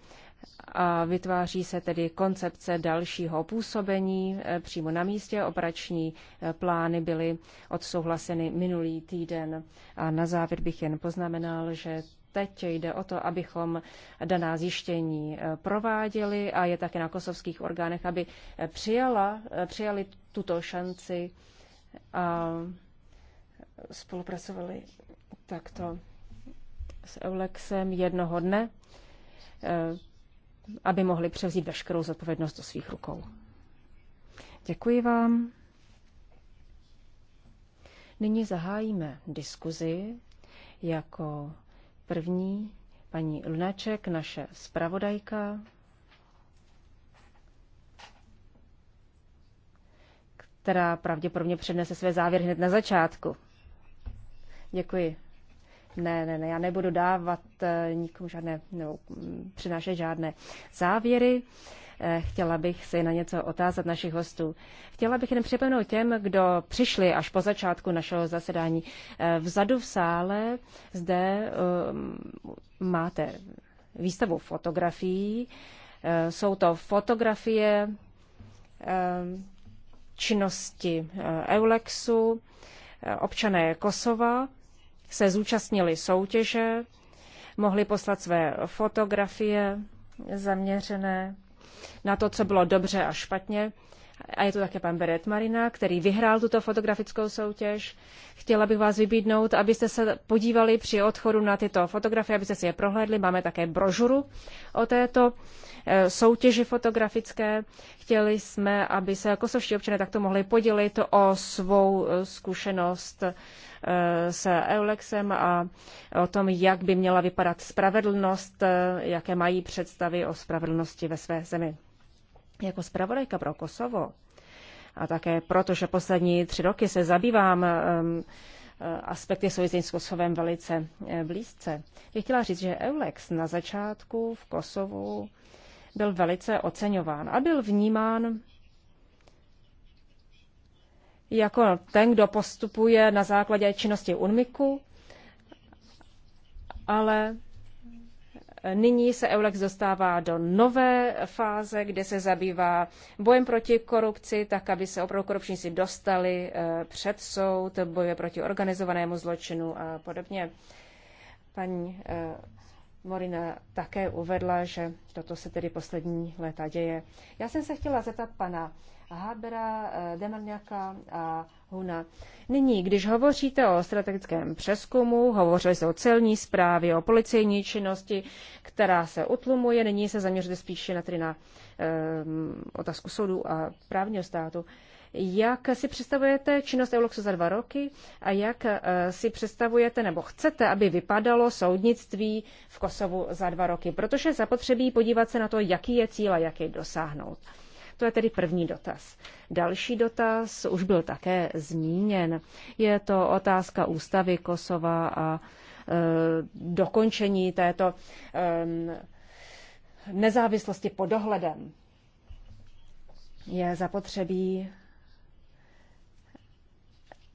a vytváří se tedy koncepce dalšího působení přímo na místě. Operační plány byly odsouhlaseny minulý týden a na závěr bych jen poznamenal, že Teď jde o to, abychom daná zjištění eh, prováděli a je také na kosovských orgánech, aby eh, přijala, eh, přijali tuto šanci a spolupracovali takto s Eulexem jednoho dne, aby mohli převzít veškerou zodpovědnost do svých rukou. Děkuji vám. Nyní zahájíme diskuzi jako První paní Lunaček, naše zpravodajka, která pravděpodobně přednese své závěry hned na začátku. Děkuji. Ne, ne, ne, já nebudu dávat eh, nikomu žádné, nebo mm, přinášet žádné závěry. Uh, Eh, chtěla bych si na něco otázat našich hostů. Chtěla bych jen připomenout těm, kdo přišli až po začátku našeho zasedání. Eh, vzadu v sále zde eh, máte výstavu fotografií. Jsou to fotografie činnosti Eulexu. Občané Kosova se zúčastnili soutěže, mohli poslat své fotografie zaměřené na to, co bylo dobře a špatně. A je tu také pan Beret Marina, který vyhrál tuto fotografickou soutěž. Chtěla bych vás vybídnout, abyste se podívali při odchodu na tyto fotografie, abyste si je prohlédli. Máme také brožuru o této eh, soutěži fotografické. Chtěli jsme, aby se kosovští občané takto mohli podělit o svou eh, zkušenost Eh, s Eulexem a o tom, jak by měla vypadat spravedlnost, eh, jaké mají představy o spravedlnosti ve své zemi. Jako zpravodajka pro Kosovo a také proto, že poslední tři roky se zabývám ehm, eh, aspekty související s Kosovem velice blízce. Já chtěla říct, že Eulex na začátku v Kosovu byl velice oceňován a byl vnímán jako ten, kdo postupuje na základě činnosti UNMIKu, ale Nyní se Eulex dostává do nové fáze, kde se zabývá bojem proti korupci, tak aby se opravdu korupčníci dostali eh, před soud, boje proti organizovanému zločinu a podobně. Paní eh, Morina také uvedla, že toto se tedy poslední léta děje. Já jsem se chtěla zeptat pana Habera, eh, Demerňaka a Huna. Nyní, když hovoříte o strategickém přeskumu, hovořili se o celní zprávě, o policejní činnosti, která se utlumuje, nyní se zaměřte spíše na, na um, otázku soudu a právního státu. Jak si představujete činnost Euloxu za dva roky a jak eh, si představujete nebo chcete, aby vypadalo soudnictví v Kosovu za dva roky? Protože zapotřebí podívat se na to, jaký je cíl a jak je dosáhnout. To je tedy první dotaz. Další dotaz už byl také zmíněn. Je to otázka ústavy Kosova a e, dokončení této e, nezávislosti pod dohledem. Je zapotřebí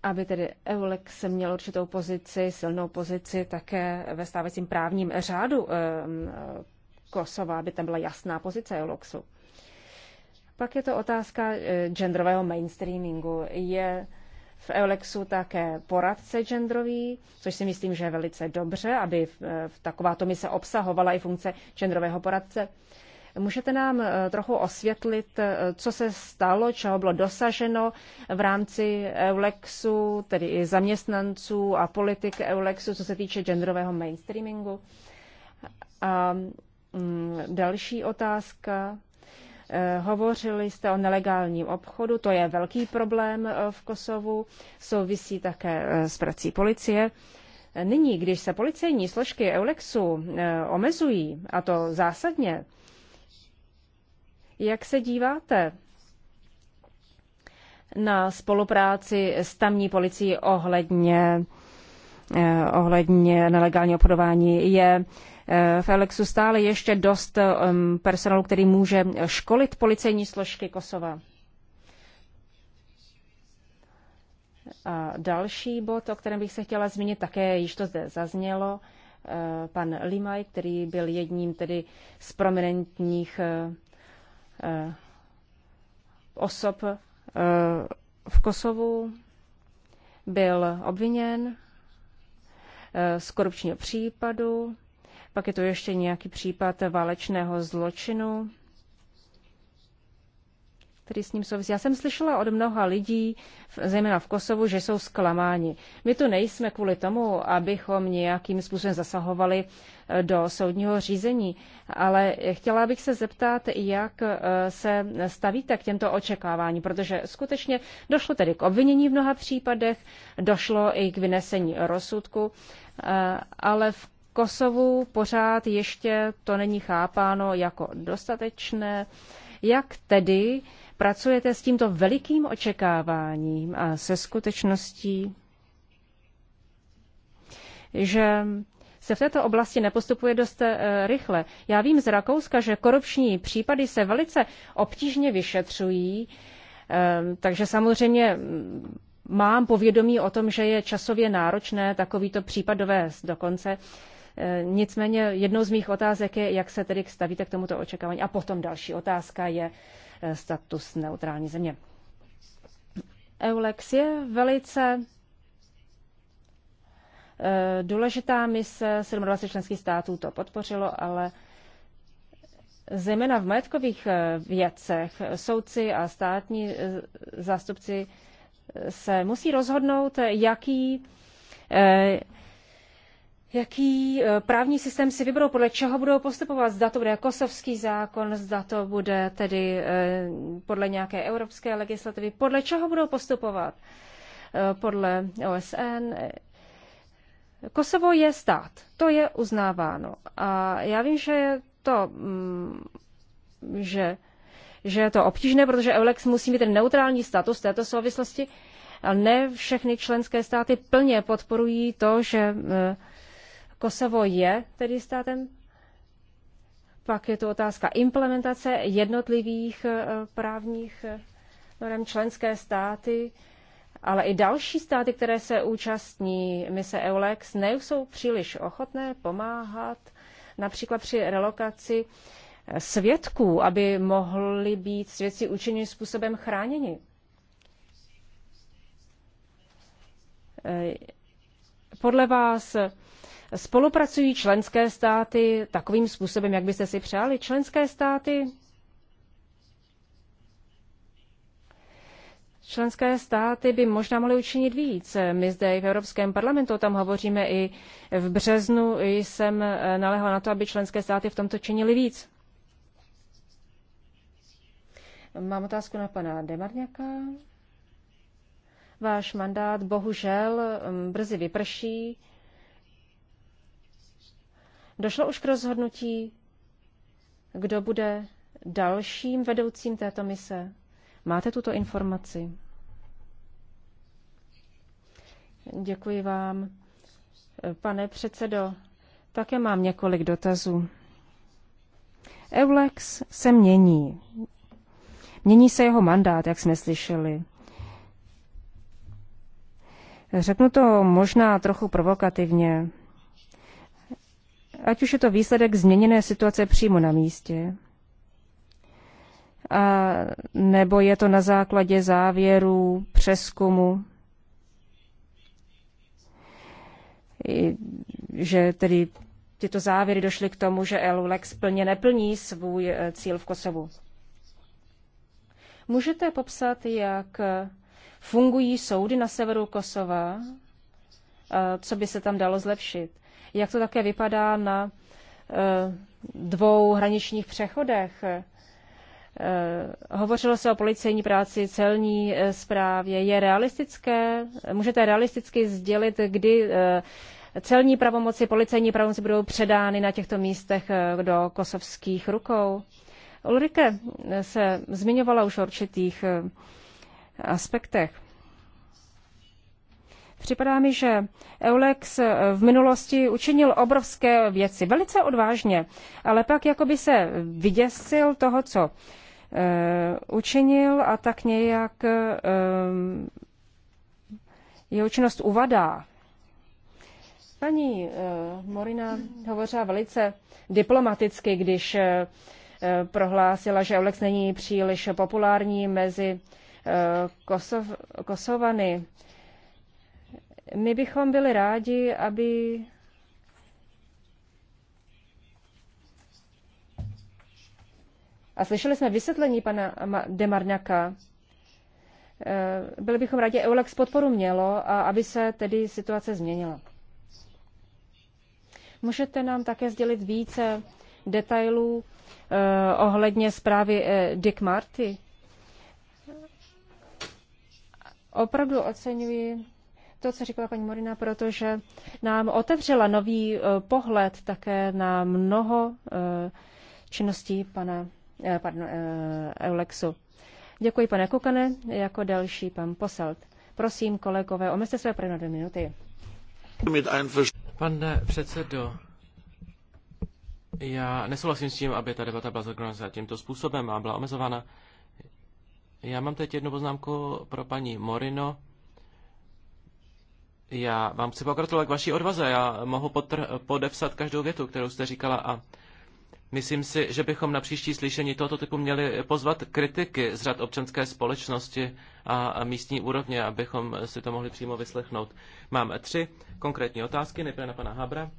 aby tedy Eulex měl určitou pozici, silnou pozici také ve stávajícím právním řádu Kosova, aby tam byla jasná pozice Eulexu. Pak je to otázka eh, genderového mainstreamingu. Je v Eolexu také poradce genderový, což si myslím, že je velice dobře, aby eh, v takováto mise obsahovala i funkce genderového poradce. Můžete nám eh, trochu osvětlit, co se stalo, čeho bylo dosaženo v rámci Eulexu, tedy i zaměstnanců a politik Eulexu, co se týče genderového mainstreamingu? A mm, další otázka Eh, hovořili jste o nelegálním obchodu, to je velký problém eh, v Kosovu, souvisí také eh, s prací policie. Nyní, když se policejní složky Eulexu omezují, a to zásadně, jak se díváte na spolupráci s tamní policií ohledně ohledně nelegálního obchodování je v Alexu stále ještě dost um, personálu, který může školit policejní složky Kosova. A další bod, o kterém bych se chtěla zmínit, také již to zde zaznělo, uh, pan Limaj, který byl jedním tedy z prominentních uh, uh, osob v Kosovu, byl obviněn z korupčního případu pak je to ještě nějaký případ válečného zločinu, který s ním souvisí. Já jsem slyšela od mnoha lidí, zejména v Kosovu, že jsou zklamáni. My tu nejsme kvůli tomu, abychom nějakým způsobem zasahovali eh, do soudního řízení, ale chtěla bych se zeptat, jak eh, se stavíte k těmto očekávání, protože skutečně došlo tedy k obvinění v mnoha případech, došlo i k vynesení rozsudku, eh, ale v Kosovu pořád ještě to není chápáno jako dostatečné. Jak tedy pracujete s tímto velikým očekáváním a se skutečností, že se v této oblasti nepostupuje dost eh, rychle. Já vím z Rakouska, že korupční případy se velice obtížně vyšetřují, ehm, takže samozřejmě mm, mám povědomí o tom, že je časově náročné takovýto případ dovést dokonce. konce. E, nicméně jednou z mých otázek je, jak se tedy stavíte k tomuto očekávání. A potom další otázka je e, status neutrální země. EULEX je velice e, důležitá mise, 27 členských států to podpořilo, ale zejména v majetkových věcech soudci a státní zástupci se musí rozhodnout, jaký jaký eh, právní systém si vyberou, podle čeho budou postupovat. Zda to bude kosovský zákon, zda to bude tedy eh, podle nějaké evropské legislativy, podle čeho budou postupovat. Eh, podle OSN. Kosovo je stát, to je uznáváno. A já vím, že to, mm, že, že je to obtížné, protože Eulex musí mít ten neutrální status této souvislosti, ale ne všechny členské státy plně podporují to, že Kosovo je tedy státem. Pak je tu otázka implementace jednotlivých eh, právních eh, norm členské státy, ale i další státy, které se účastní mise EULEX, nejsou příliš ochotné pomáhat například při relokaci eh, svědků, aby mohli být svědci účinným způsobem chráněni. Podle vás Spolupracují členské státy takovým způsobem, jak byste si přáli? Členské státy Členské státy by možná mohly učinit víc. My zde i v Evropském parlamentu tam hovoříme i v březnu. Jsem nalehla na to, aby členské státy v tomto činili víc. Mám otázku na pana Demarňaka. Váš mandát bohužel mm, brzy vyprší. Došlo už k rozhodnutí, kdo bude dalším vedoucím této mise? Máte tuto informaci? Děkuji vám. Pane předsedo, také mám několik dotazů. Eulex se mění. Mění se jeho mandát, jak jsme slyšeli. Řeknu to možná trochu provokativně ať už je to výsledek změněné situace přímo na místě, a nebo je to na základě závěrů, přeskumu, že tedy tyto závěry došly k tomu, že ELULEX plně neplní svůj eh, cíl v Kosovu. Můžete popsat, jak fungují soudy na severu Kosova? Eh, co by se tam dalo zlepšit? jak to také vypadá na eh, dvou hraničních přechodech. Eh, hovořilo se o policejní práci, celní eh, správě. Je realistické, můžete realisticky sdělit, kdy celní pravomoci, policejní pravomoci budou předány na těchto místech do kosovských rukou? Ulrike se zmiňovala už o určitých aspektech. Připadá mi, že Eulex eh, v minulosti učinil obrovské věci, velice odvážně, ale pak jakoby se vyděsil toho, co eh, učinil a tak nějak eh, jeho činnost uvadá. Paní Morina hovořila velice diplomaticky, když prohlásila, že Eulex není příliš populární mezi Kosov, Kosovany. My bychom byli rádi, aby A slyšeli jsme vysvětlení pana Demarňaka. Eh, byli bychom rádi, Eulex podporu mělo a aby se tedy situace změnila. Můžete nám také sdělit více detailů eh, ohledně zprávy eh, Dick Marty? Opravdu oceňuji to, co říkala paní Morina, protože nám otevřela nový eh, pohled také na mnoho eh, činností pana eh, pardon, Eulexu. Děkuji, pane Kukane. Jako další pan Poselt. Prosím, kolegové, omezte své první dvě minuty. Pane předsedo, já nesouhlasím s tím, aby ta debata byla zorganizována tímto způsobem a byla omezována. Já mám teď jednu poznámku pro paní Morino. Já vám chci pokratulovat k vaší odvaze. Já mohu potr- podepsat každou větu, kterou jste říkala a myslím si, že bychom na příští slyšení tohoto typu měli pozvat kritiky z řad občanské společnosti a místní úrovně, abychom si to mohli přímo vyslechnout. Mám tři konkrétní otázky, nejprve na pana Habra.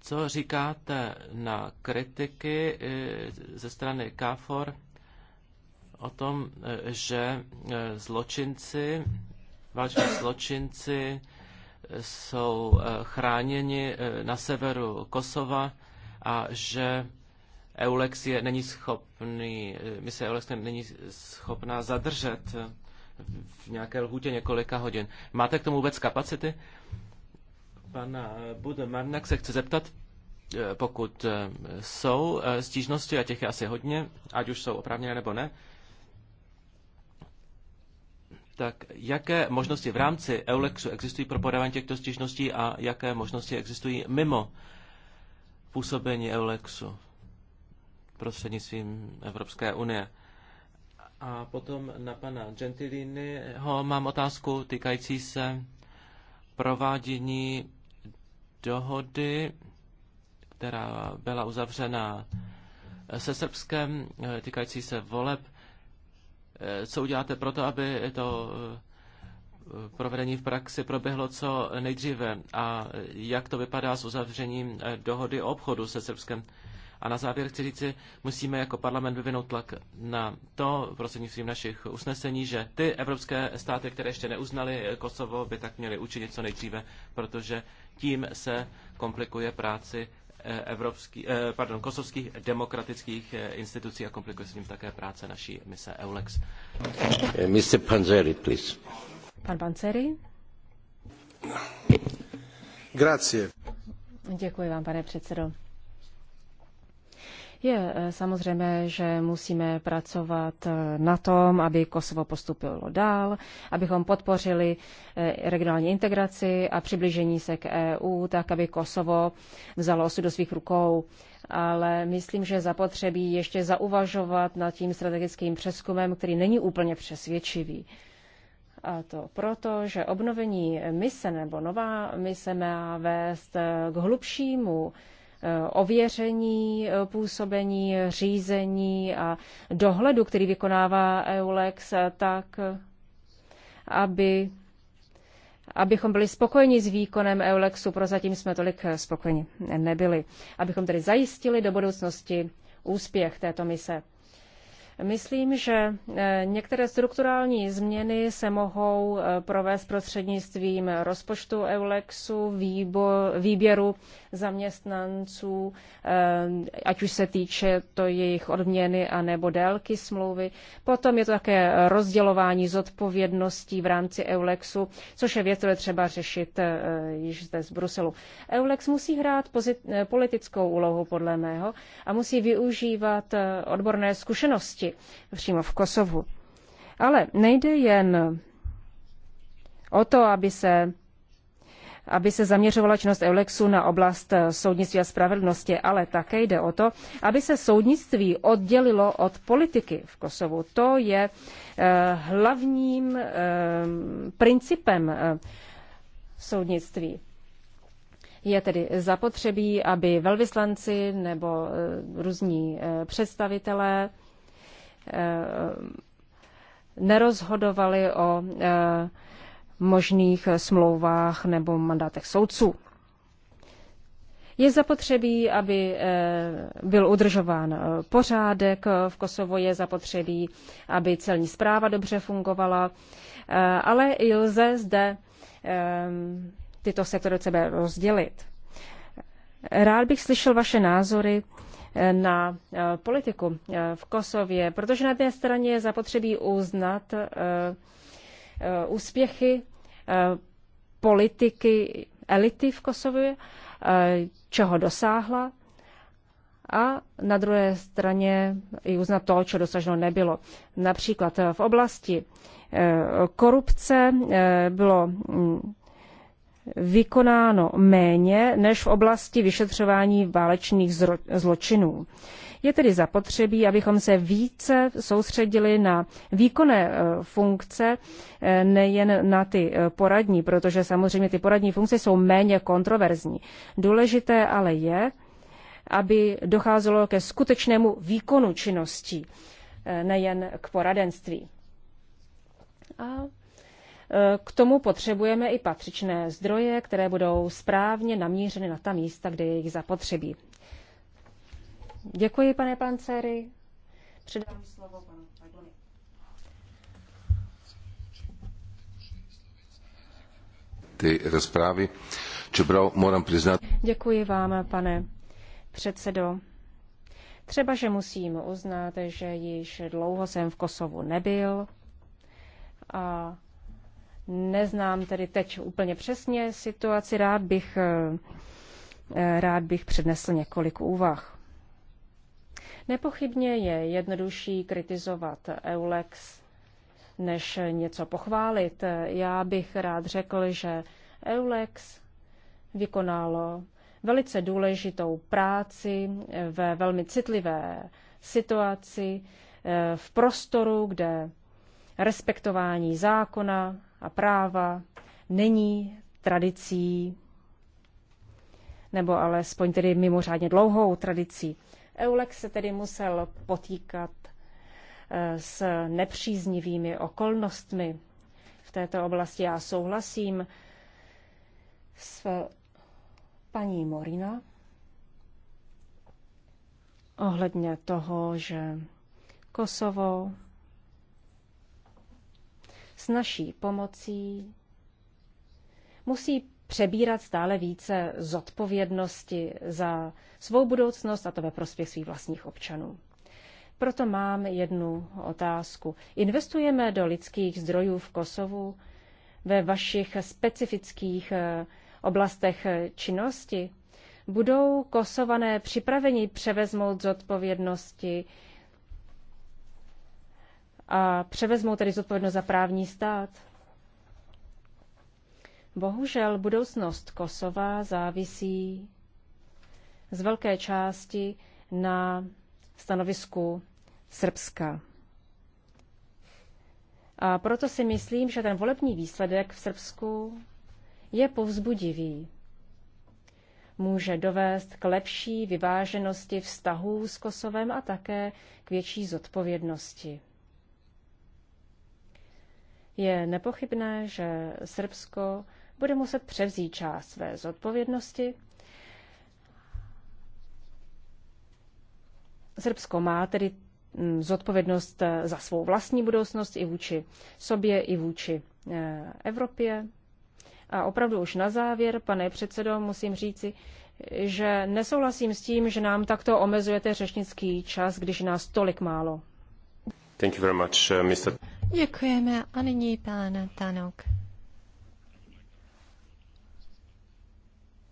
Co říkáte na kritiky e, ze strany KFOR o tom, e, že e, zločinci vážní zločinci jsou eh, chráněni eh, na severu Kosova a že Eulex je, není schopný, eh, mise Eulex není schopná zadržet v nějaké lhůtě několika hodin. Máte k tomu vůbec kapacity? Pana Budemarnak se chce zeptat, pokud jsou stížnosti, a těch je asi hodně, ať už jsou oprávněné nebo ne, tak jaké možnosti v rámci EULEXu existují pro podávání těchto stížností a jaké možnosti existují mimo působení EULEXu prostřednictvím Evropské unie? A potom na pana Gentiliniho mám otázku týkající se provádění dohody, která byla uzavřena se Srbskem, eh, týkající se voleb. Eh, co uděláte pro to, aby to eh, provedení v praxi proběhlo co nejdříve a jak to vypadá s uzavřením eh, dohody o obchodu se Srbskem. A na závěr chci říct, musíme jako parlament vyvinout tlak na to prostřednictvím našich usnesení, že ty evropské státy, které ještě neuznaly Kosovo, by tak měly učinit co nejdříve, protože tím se komplikuje práci evropský, eh, pardon, kosovských demokratických eh, institucí a komplikuje s ním také práce naší mise EULEX. Eh, Mr. Panzeri, please. Pan Panzeri. Grazie. Děkuji vám, pane předsedo. Je eh, samozřejmé, že musíme pracovat eh, na tom, aby Kosovo postupilo dál, abychom podpořili eh, regionální integraci a přiblížení se k EU, tak aby Kosovo vzalo osud do svých rukou. Ale myslím, že zapotřebí ještě zauvažovat nad tím strategickým přeskumem, který není úplně přesvědčivý. A to proto, že obnovení mise nebo nová mise má vést k hlubšímu Eh, ověření eh, působení, řízení a dohledu, který vykonává EULEX, tak eh, aby, abychom byli spokojeni s výkonem EULEXu, prozatím jsme tolik spokojeni nebyli. Abychom tedy zajistili do budoucnosti úspěch této mise. Myslím, že eh, některé strukturální změny se mohou eh, provést prostřednictvím rozpočtu EULEXu, výběru zaměstnanců, eh, ať už se týče to jejich odměny a nebo délky smlouvy. Potom je to také rozdělování zodpovědností v rámci EULEXu, což je věc, je třeba řešit již zde z Bruselu. EULEX musí hrát politickou úlohu podle mého a musí využívat odborné zkušenosti oblasti přímo v Kosovu. Ale nejde jen o to, aby se aby se zaměřovala činnost Eulexu na oblast soudnictví a spravedlnosti, ale také jde o to, aby se soudnictví oddělilo od politiky v Kosovu. To je eh, hlavním eh, principem eh, soudnictví. Je tedy zapotřebí, aby velvyslanci nebo různí představitelé Eh, nerozhodovali o eh, možných smlouvách nebo mandátech soudců. Je zapotřebí, aby eh, byl udržován pořádek v Kosovo, je zapotřebí, aby celní zpráva dobře fungovala, ale i lze zde tyto sektory od sebe rozdělit. Rád bych slyšel vaše názory na eh, politiku eh, v Kosově, protože na té straně je zapotřebí uznat eh, úspěchy politiky elity v Kosově, čeho dosáhla, a na druhé straně i uznat to, co dosaženo nebylo. Například v oblasti korupce bylo mm, vykonáno méně než v oblasti vyšetřování válečných zločinů. Je tedy zapotřebí, abychom se více soustředili na výkonné e, funkce, e, nejen na ty e, poradní, protože samozřejmě ty poradní funkce jsou méně kontroverzní. Důležité ale je, aby docházelo ke skutečnému výkonu činností, nejen k poradenství. A k tomu potřebujeme i patřičné zdroje, které budou správně namířeny na ta místa, kde je jich zapotřebí. Děkuji, pane Pancery. Předám slovo panu Agoni. Ty rozprávy, čebral moram přiznat. Děkuji vám, pane předsedo. Třeba, že musím uznat, že již dlouho jsem v Kosovu nebyl a Neznám tedy teď úplně přesně situaci, rád bych, eh, eh, rád bych přednesl několik úvah. Nepochybně je jednodušší kritizovat Eulex než něco pochválit. Já bych rád řekl, že Eulex vykonalo velice důležitou práci ve velmi citlivé situaci, eh, v prostoru, kde respektování zákona a práva není tradicí, nebo alespoň tedy mimořádně dlouhou tradicí. Eulek se tedy musel potýkat eh, s nepříznivými okolnostmi v této oblasti. Já souhlasím s paní Morina ohledně toho, že Kosovo s naší pomocí musí přebírat stále více zodpovědnosti za svou budoucnost a to ve prospěch svých vlastních občanů. Proto mám jednu otázku. Investujeme do lidských zdrojů v Kosovu ve vašich specifických eh, oblastech eh, činnosti? Budou kosované připraveni převezmout zodpovědnosti a převezmou tedy zodpovědnost za právní stát. Bohužel budoucnost Kosova závisí z velké části na stanovisku Srbska. A proto si myslím, že ten volební výsledek v Srbsku je povzbudivý. Může dovést k lepší vyváženosti vztahů s Kosovem a také k větší zodpovědnosti. Je nepochybné, že Srbsko bude muset převzít část své zodpovědnosti. Srbsko má tedy mm, zodpovědnost eh, za svou vlastní budoucnost i vůči sobě, i vůči eh, Evropě. A opravdu už na závěr, pane předsedo, musím říci, že nesouhlasím s tím, že nám takto omezujete řečnický čas, když nás tolik málo. Thank you very much, uh, eh, Mr. Děkujeme a nyní pán Tanok.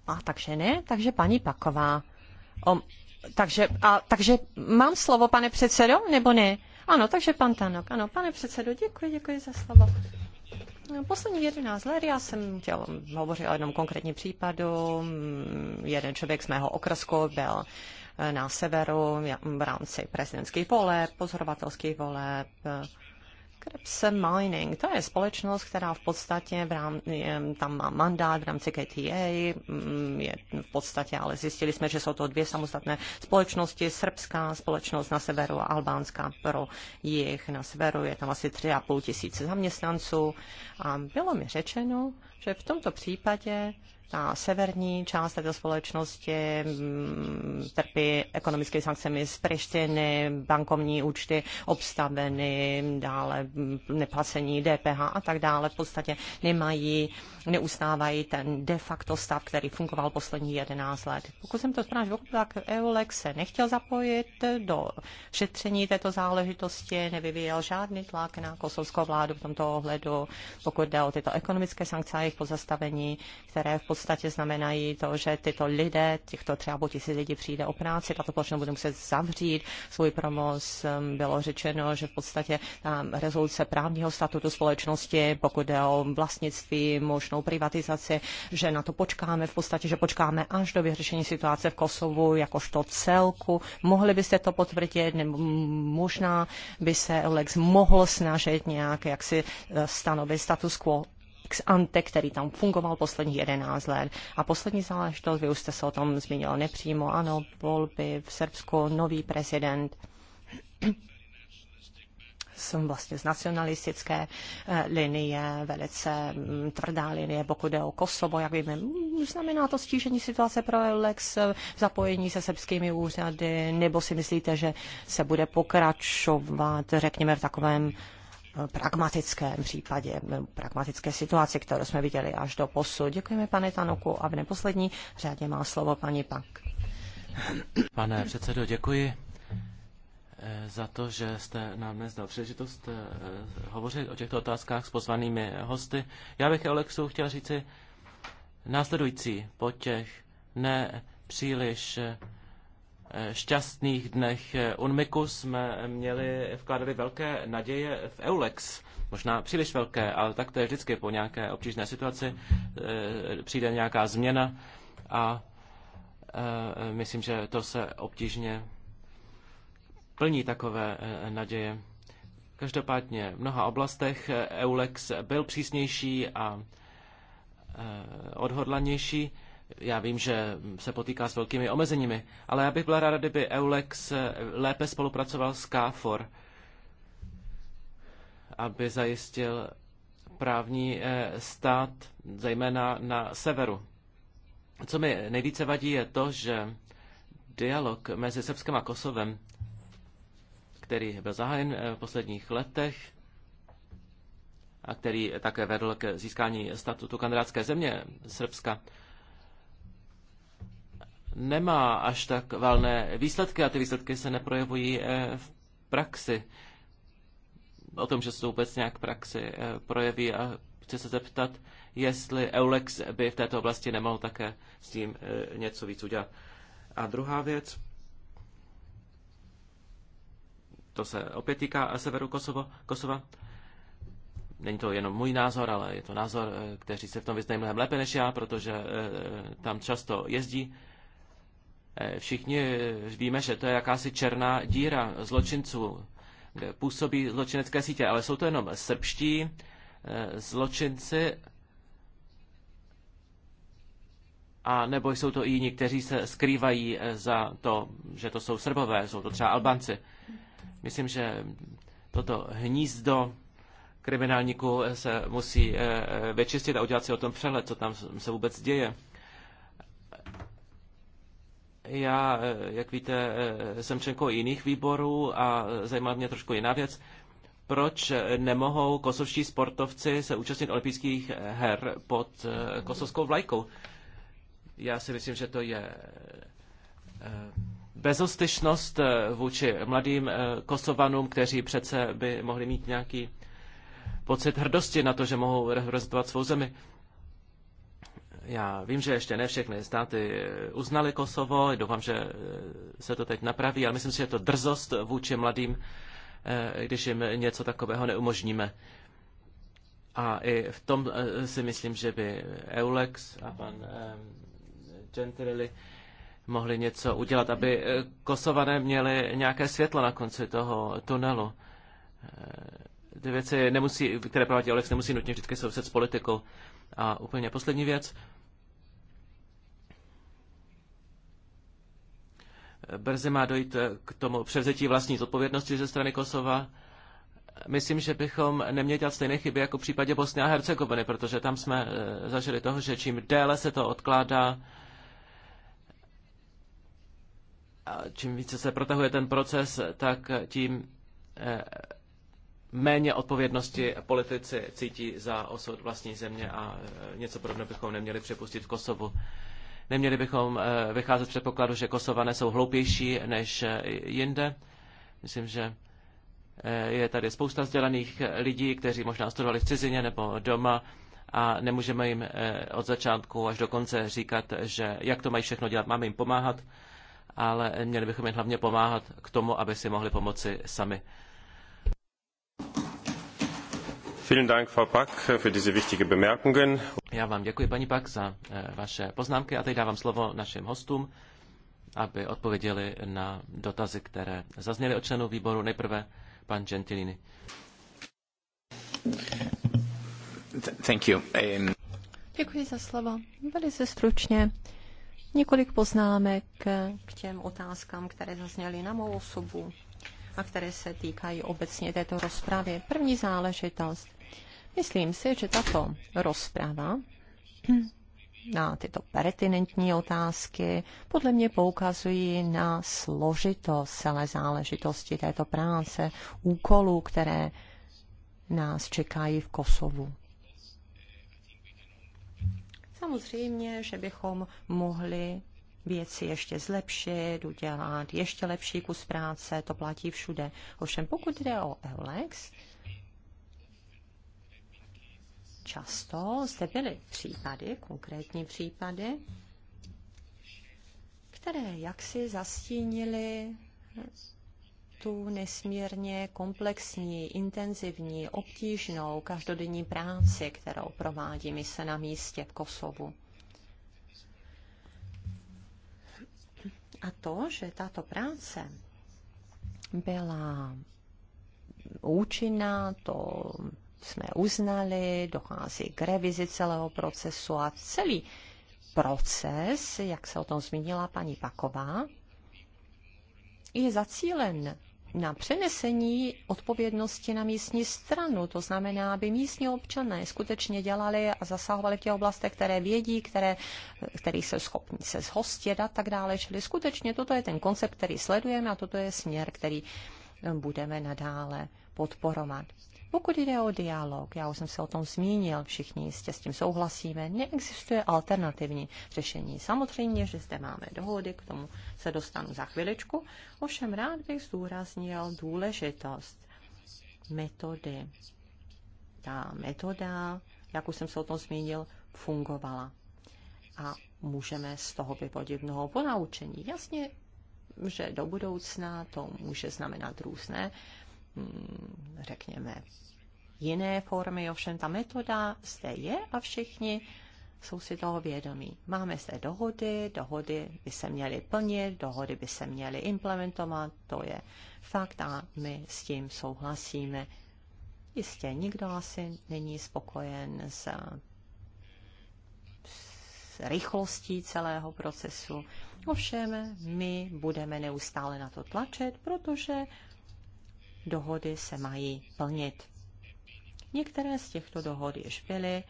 A takže ne, takže paní Paková. O, takže, a, takže mám slovo, pane předsedo, nebo ne? Ano, takže pan Tanok. Ano, pane předsedo, děkuji, děkuji za slovo. No, poslední 11 let já jsem chtěl hovořit o jednom konkrétním případu. Jeden člověk z mého okrsku byl eh, na severu v rámci prezidentských voleb, pozorovatelských voleb, eh, Krebsen Mining, to je společnost, která v podstatě v rám, je, tam má mandát v rámci KTA, mm, je v podstatě, ale zjistili jsme, že jsou to dvě samostatné společnosti, srbská společnost na severu a albánská pro jich na severu, je tam asi 3,5 tisíce zaměstnanců a bylo mi řečeno, že v tomto případě ta severní část této společnosti mm, trpí ekonomickými sankcemi z Prištiny, bankovní účty obstaveny, dále mm, neplacení DPH a tak dále. V podstatě nemají, neustávají ten de facto stav, který fungoval poslední 11 let. Pokud jsem to správně pochopila, tak Eulex se nechtěl zapojit do šetření této záležitosti, nevyvíjel žádný tlak na kosovskou vládu v tomto ohledu, pokud jde o tyto ekonomické sankce a jejich pozastavení, které v podstatě znamenají to, že tyto lidé, těchto třeba po tisíc lidí přijde o práci, tato společnost bude muset zavřít svůj promos Bylo řečeno, že v podstatě ta rezoluce právního statutu společnosti, pokud jde o vlastnictví, možnou privatizaci, že na to počkáme, v podstatě, že počkáme až do vyřešení situace v Kosovu jakožto celku. Mohli byste to potvrdit, nebo možná by se Lex mohl snažit nějak, jak si eh, stanovit status quo ex ante, který tam fungoval posledních 11 let. A poslední záležitost, vy už jste se o tom zmínil nepřímo, ano, volby v Srbsku, nový prezident jsem vlastně z nacionalistické eh, linie, velice mm, tvrdá linie, pokud jde o Kosovo, jak víme, mm, znamená to stížení situace pro Eulex, eh, zapojení se srbskými úřady, nebo si myslíte, že se bude pokračovat, řekněme, v takovém pragmatickém případě, pragmatické situaci, kterou jsme viděli až do posud. Děkujeme, pane Tanoku, a v neposlední řádě má slovo paní Pak. Pane předsedo, děkuji eh, za to, že jste nám dnes dal příležitost eh, hovořit o těchto otázkách s pozvanými hosty. Já bych Alexu chtěl říci následující po těch ne příliš eh, Eh, šťastných dnech eh, Unmiku jsme měli, vkládali velké naděje v Eulex. Možná příliš velké, ale tak to je vždycky po nějaké obtížné situaci. Eh, přijde nějaká změna a myslím, že to se obtížně plní takové naděje. Každopádně v mnoha oblastech Eulex byl přísnější a odhodlanější já vím, že se potýká s velkými omezeními, ale já bych byla ráda, kdyby Eulex eh, lépe spolupracoval s KFOR, aby zajistil právní eh, stát, zejména na severu. Co mi nejvíce vadí, je to, že dialog mezi Srbskem a Kosovem, který byl zahájen eh, v posledních letech a který také vedl k získání statutu kandidátské země Srbska, nemá až tak valné výsledky a ty výsledky se neprojevují eh, v praxi. O tom, že se to vůbec nějak praxi eh, projeví a chci se zeptat, jestli Eulex by v této oblasti nemohl také s tím eh, něco víc udělat. A druhá věc, to se opět týká severu Kosovo, Kosova. Není to jenom můj názor, ale je to názor, kteří se v tom vyznají mnohem lépe než já, protože tam často jezdí. Eh, všichni eh, víme, že to je jakási černá díra zločinců, kde působí zločinecké sítě, ale jsou to jenom srbští eh, zločinci, a nebo jsou to i jiní, kteří se skrývají za to, že to jsou Srbové, jsou to třeba Albanci. Myslím, že toto hnízdo kriminálníků se musí vyčistit a udělat si o tom přehled, co tam se vůbec děje. Já, eh, jak víte, eh, jsem členkou jiných výborů a zajímá mě trošku jiná věc. Proč eh, nemohou kosovští sportovci se účastnit olympijských her pod kosovskou vlajkou? Já si myslím, že to je bezostyšnost vůči mladým kosovanům, kteří přece by mohli mít nějaký pocit hrdosti na to, že mohou reprezentovat svou zemi. Já vím, že ještě ne všechny státy uznali Kosovo, doufám, že eh, se to teď napraví, ale myslím si, že je to drzost vůči mladým, eh, když jim něco takového neumožníme. A i v tom eh, si myslím, že by Eulex a pan Gentili mohli něco udělat, aby Kosované měli nějaké světlo na konci toho tunelu. Ty věci, nemusí, které provádí Alex, nemusí nutně vždycky souviset s politikou. A úplně poslední věc. Brzy má dojít k tomu převzetí vlastní zodpovědnosti ze strany Kosova. Myslím, že bychom neměli dělat stejné chyby jako v případě Bosny a Hercegoviny, protože tam jsme eh, zažili toho, že čím déle se to odkládá, a čím více se protahuje ten proces, tak tím eh, méně odpovědnosti politici cítí za osud vlastní země a e, něco podobného bychom neměli připustit v Kosovu. Neměli bychom e, vycházet z předpokladu, že Kosované jsou hloupější než e, jinde. Myslím, že je tady spousta vzdělaných lidí, kteří možná studovali v cizině nebo doma a nemůžeme jim od začátku až do konce říkat, že jak to mají všechno dělat, máme jim pomáhat, ale měli bychom jim hlavně pomáhat k tomu, aby si mohli pomoci sami. Já vám děkuji, paní Pak, za eh, vaše poznámky a teď dávám slovo našim hostům, aby odpověděli na dotazy, které zazněly od členů výboru. Nejprve pan Gentilini. Thank you. Um... Děkuji za slovo. Velice stručně několik poznámek k těm otázkám, které zazněly na mou osobu a které se týkají obecně této rozpravy. První záležitost. Myslím si, že tato rozprava *clears throat* na tyto pertinentní otázky podle mě poukazují na složitost celé záležitosti této práce, úkolů, které nás čekají v Kosovu. Samozřejmě, že bychom mohli věci ještě zlepšit, udělat ještě lepší kus práce, to platí všude. Ovšem pokud jde o Eulex, často zde byly případy, konkrétní případy, které jaksi zastínily tu nesmírně komplexní, intenzivní, obtížnou každodenní práci, kterou provádí mise na místě v Kosovu. A to, že tato práce byla účinná, to jsme uznali, dochází k revizi celého procesu a celý proces, jak se o tom zmínila paní Paková, je zacílen na přenesení odpovědnosti na místní stranu. To znamená, aby místní občané skutečně dělali a zasahovali v těch oblastech, které vědí, které, kterých jsou schopni se zhostit a tak dále. Čili skutečně toto je ten koncept, který sledujeme a toto je směr, který budeme nadále podporovat. Pokud jde o dialog, já už jsem se o tom zmínil, všichni jistě s tím souhlasíme, neexistuje alternativní řešení. Samozřejmě, že zde máme dohody, k tomu se dostanu za chviličku, ovšem rád bych zdůraznil důležitost metody. Ta metoda, jak už jsem se o tom zmínil, fungovala. A můžeme z toho vyvodit mnoho ponaučení. Jasně, že do budoucna to může znamenat různé mm, řekněme, jiné formy, ovšem ta metoda zde je a všichni jsou si toho vědomí. Máme zde dohody, dohody by se měly plnit, dohody by se měly implementovat, to je fakt a my s tím souhlasíme. Jistě nikdo asi není spokojen s, s rychlostí celého procesu. Ovšem, my budeme neustále na to tlačit, protože dohody se mají plnit. Některé z těchto dohod již byly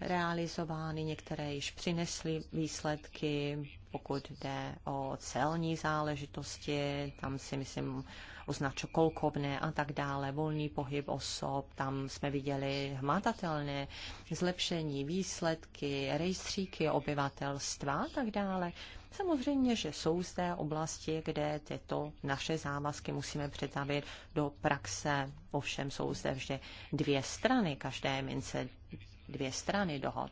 realizovány, některé již přinesly výsledky, pokud jde o celní záležitosti, tam si myslím uznat čokolkovné a tak dále, volný pohyb osob, tam jsme viděli hmatatelné zlepšení, výsledky, rejstříky obyvatelstva a tak dále. Samozřejmě, že jsou zde oblasti, kde tyto naše závazky musíme přetavit do praxe. Ovšem jsou zde vždy dvě strany každé mince, dvě strany dohod.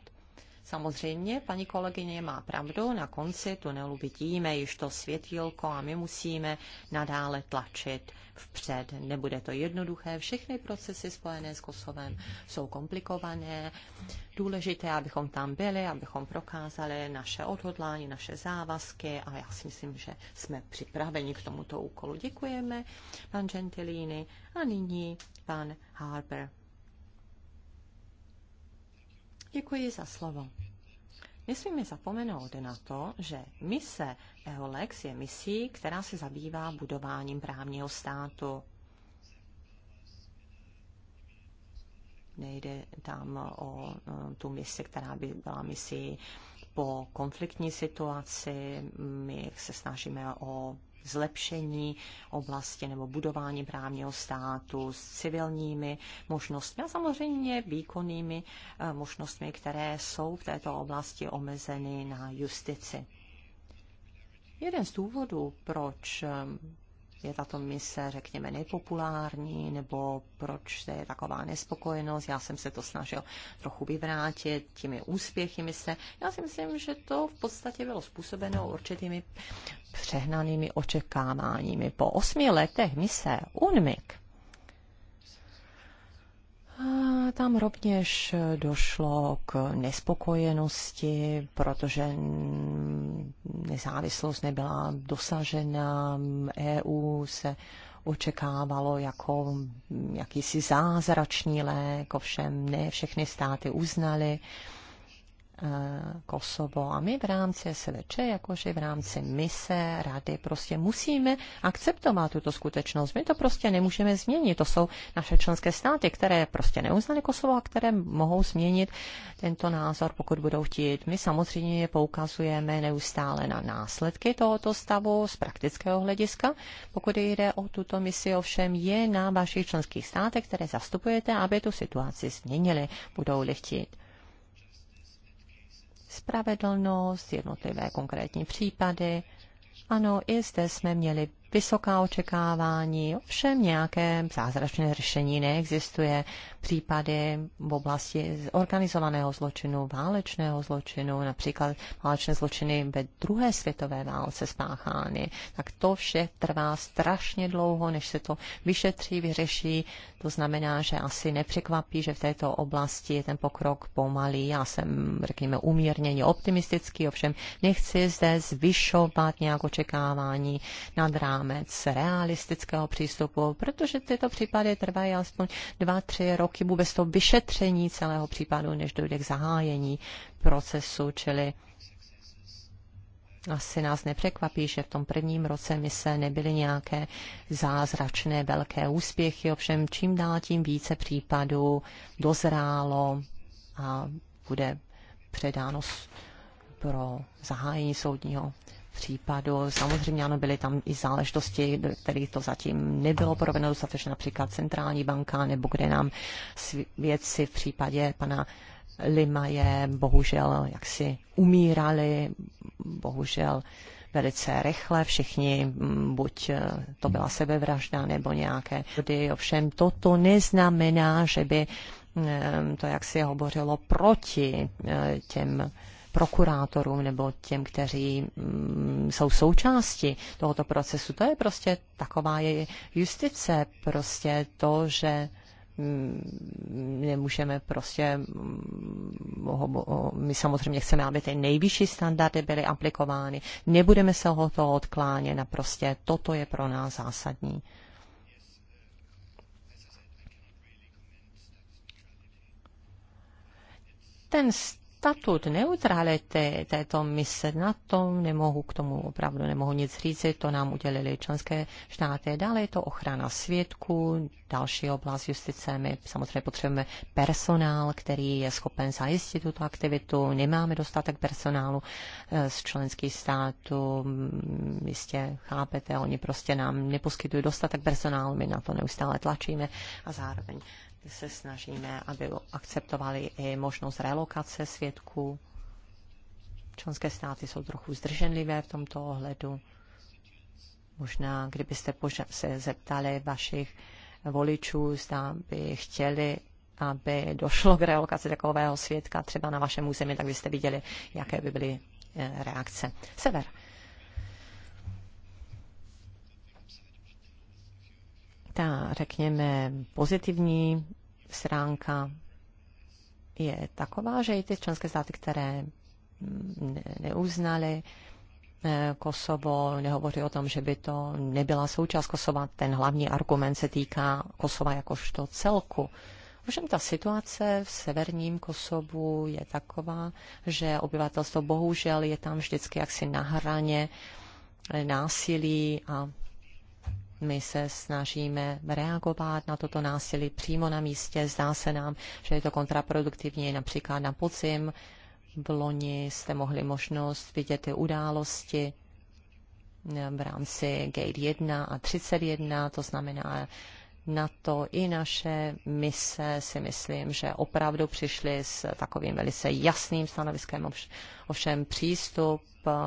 Samozřejmě, paní kolegyně má pravdu, na konci tunelu vidíme již to světílko a my musíme nadále tlačit vpřed. Nebude to jednoduché, všechny procesy spojené s Kosovem jsou komplikované. Důležité, abychom tam byli, abychom prokázali naše odhodlání, naše závazky a já si myslím, že jsme připraveni k tomuto úkolu. Děkujeme, pan Gentilini, a nyní pan Harper. Děkuji za slovo. Nesmíme zapomenout na to, že mise EOLEX je misí, která se zabývá budováním právního státu. Nejde tam o eh, tu misi, která by byla misí po konfliktní situaci. My se snažíme o zlepšení oblasti nebo budování právního státu s civilními možnostmi a samozřejmě výkonnými eh, možnostmi, které jsou v této oblasti omezeny na justici. Jeden z důvodů, proč eh, je tato mise, řekněme, nepopulární, nebo proč je taková nespokojenost. Já jsem se to snažil trochu vyvrátit těmi úspěchy mise. Já si myslím, že to v podstatě bylo způsobeno určitými přehnanými očekáváními. Po osmi letech mise UNMIC a tam rovněž došlo k nespokojenosti, protože nezávislost nebyla dosažena, EU se očekávalo jako jakýsi zázračný lék, ovšem ne všechny státy uznaly Eh, Kosovo. A my v rámci SVČ, jakože v rámci mise, rady, prostě musíme akceptovat tuto skutečnost. My to prostě nemůžeme změnit. To jsou naše členské státy, které prostě neuznaly Kosovo a které mohou změnit tento názor, pokud budou chtít. My samozřejmě poukazujeme neustále na následky tohoto stavu z praktického hlediska. Pokud jde o tuto misi, ovšem je na vašich členských státech, které zastupujete, aby tu situaci změnili, budou-li chtít spravedlnost, jednotlivé konkrétní případy. Ano, i zde jsme měli vysoká očekávání, ovšem nějaké zázračné řešení neexistuje. Případy v oblasti organizovaného zločinu, válečného zločinu, například válečné zločiny ve druhé světové válce spáchány, tak to vše trvá strašně dlouho, než se to vyšetří, vyřeší. To znamená, že asi nepřekvapí, že v této oblasti je ten pokrok pomalý. Já jsem, řekněme, umírněně optimistický, ovšem nechci zde zvyšovat nějak očekávání nad rám rámec realistického přístupu, protože tyto případy trvají aspoň dva, tři roky vůbec to vyšetření celého případu, než dojde k zahájení procesu, čili asi nás nepřekvapí, že v tom prvním roce mise nebyly nějaké zázračné velké úspěchy, ovšem čím dál tím více případů dozrálo a bude předáno pro zahájení soudního případu Samozřejmě ano, byly tam i záležitosti, do kterých to zatím nebylo provedeno dostatečně, například centrální banka, nebo kde nám věci v případě pana Lima je bohužel jaksi umírali, bohužel velice rychle, všichni, mm, buď eh, to byla sebevražda nebo nějaké. Ovšem toto neznamená, že by mm, to, jaksi hovořilo, proti eh, těm prokurátorům nebo těm, kteří mm, jsou součástí tohoto procesu. To je prostě taková je justice, prostě to, že mm, nemůžeme prostě, mm, my samozřejmě chceme, aby ty nejvyšší standardy byly aplikovány, nebudeme se ho toho odklánět a prostě toto je pro nás zásadní. Ten statut neutrality této mise na tom nemohu k tomu opravdu nemohu nic říct, to nám udělili členské štáty. Dále je to ochrana svědků, další oblast justice. My samozřejmě potřebujeme personál, který je schopen zajistit tuto aktivitu. Nemáme dostatek personálu eh, z členských států. Mm, jistě chápete, oni prostě nám neposkytují dostatek personálu, my na to neustále tlačíme a zároveň se snažíme, aby akceptovali i možnost relokace svědků. Členské státy jsou trochu zdrženlivé v tomto ohledu. Možná, kdybyste se zeptali vašich voličů, zda by chtěli, aby došlo k relokaci takového svědka třeba na vašem území, tak byste viděli, jaké by byly eh, reakce. Sever. ta, řekněme, pozitivní stránka je taková, že i ty členské státy, které neuznaly eh, Kosovo, nehovoří o tom, že by to nebyla součást Kosova. Ten hlavní argument se týká Kosova jakožto celku. Ovšem ta situace v severním Kosovu je taková, že obyvatelstvo bohužel je tam vždycky jaksi na hraně eh, násilí a my se snažíme reagovat na toto násilí přímo na místě. Zdá se nám, že je to kontraproduktivní. Například na podzim v loni jste mohli možnost vidět ty události v rámci Gate 1 a 31, to znamená na to i naše mise si myslím, že opravdu přišly s takovým velice jasným stanoviskem, ovšem přístup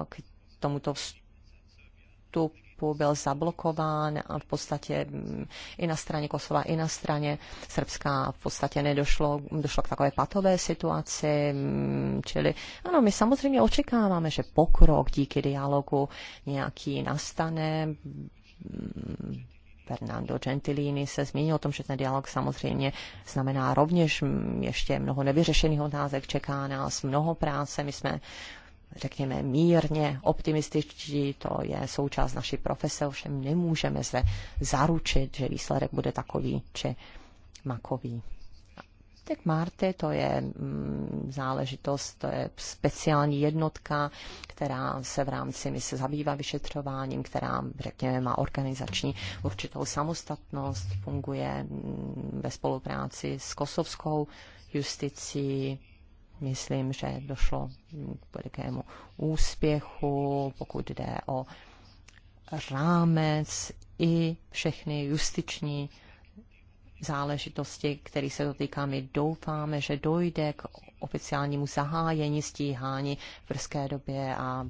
k tomuto vstupu přístupu byl zablokován a v podstatě mm, i na straně Kosova, i na straně Srbská v podstatě nedošlo došlo k takové patové situaci. Mm, čili ano, my samozřejmě očekáváme, že pokrok díky dialogu nějaký nastane. Mm, Fernando Gentilini se zmínil o tom, že ten dialog samozřejmě znamená rovněž ještě mnoho nevyřešených otázek, čeká nás mnoho práce. My jsme řekněme, mírně optimističtí, to je součást naší profese, ovšem nemůžeme se zaručit, že výsledek bude takový či makový. Tak Marte, to je mm, záležitost, to je speciální jednotka, která se v rámci mise zabývá vyšetřováním, která, řekněme, má organizační určitou samostatnost, funguje mm, ve spolupráci s kosovskou justicí, myslím, že došlo k velikému úspěchu, pokud jde o rámec i všechny justiční záležitosti, který se dotýká, my doufáme, že dojde k oficiálnímu zahájení stíhání v brzké době a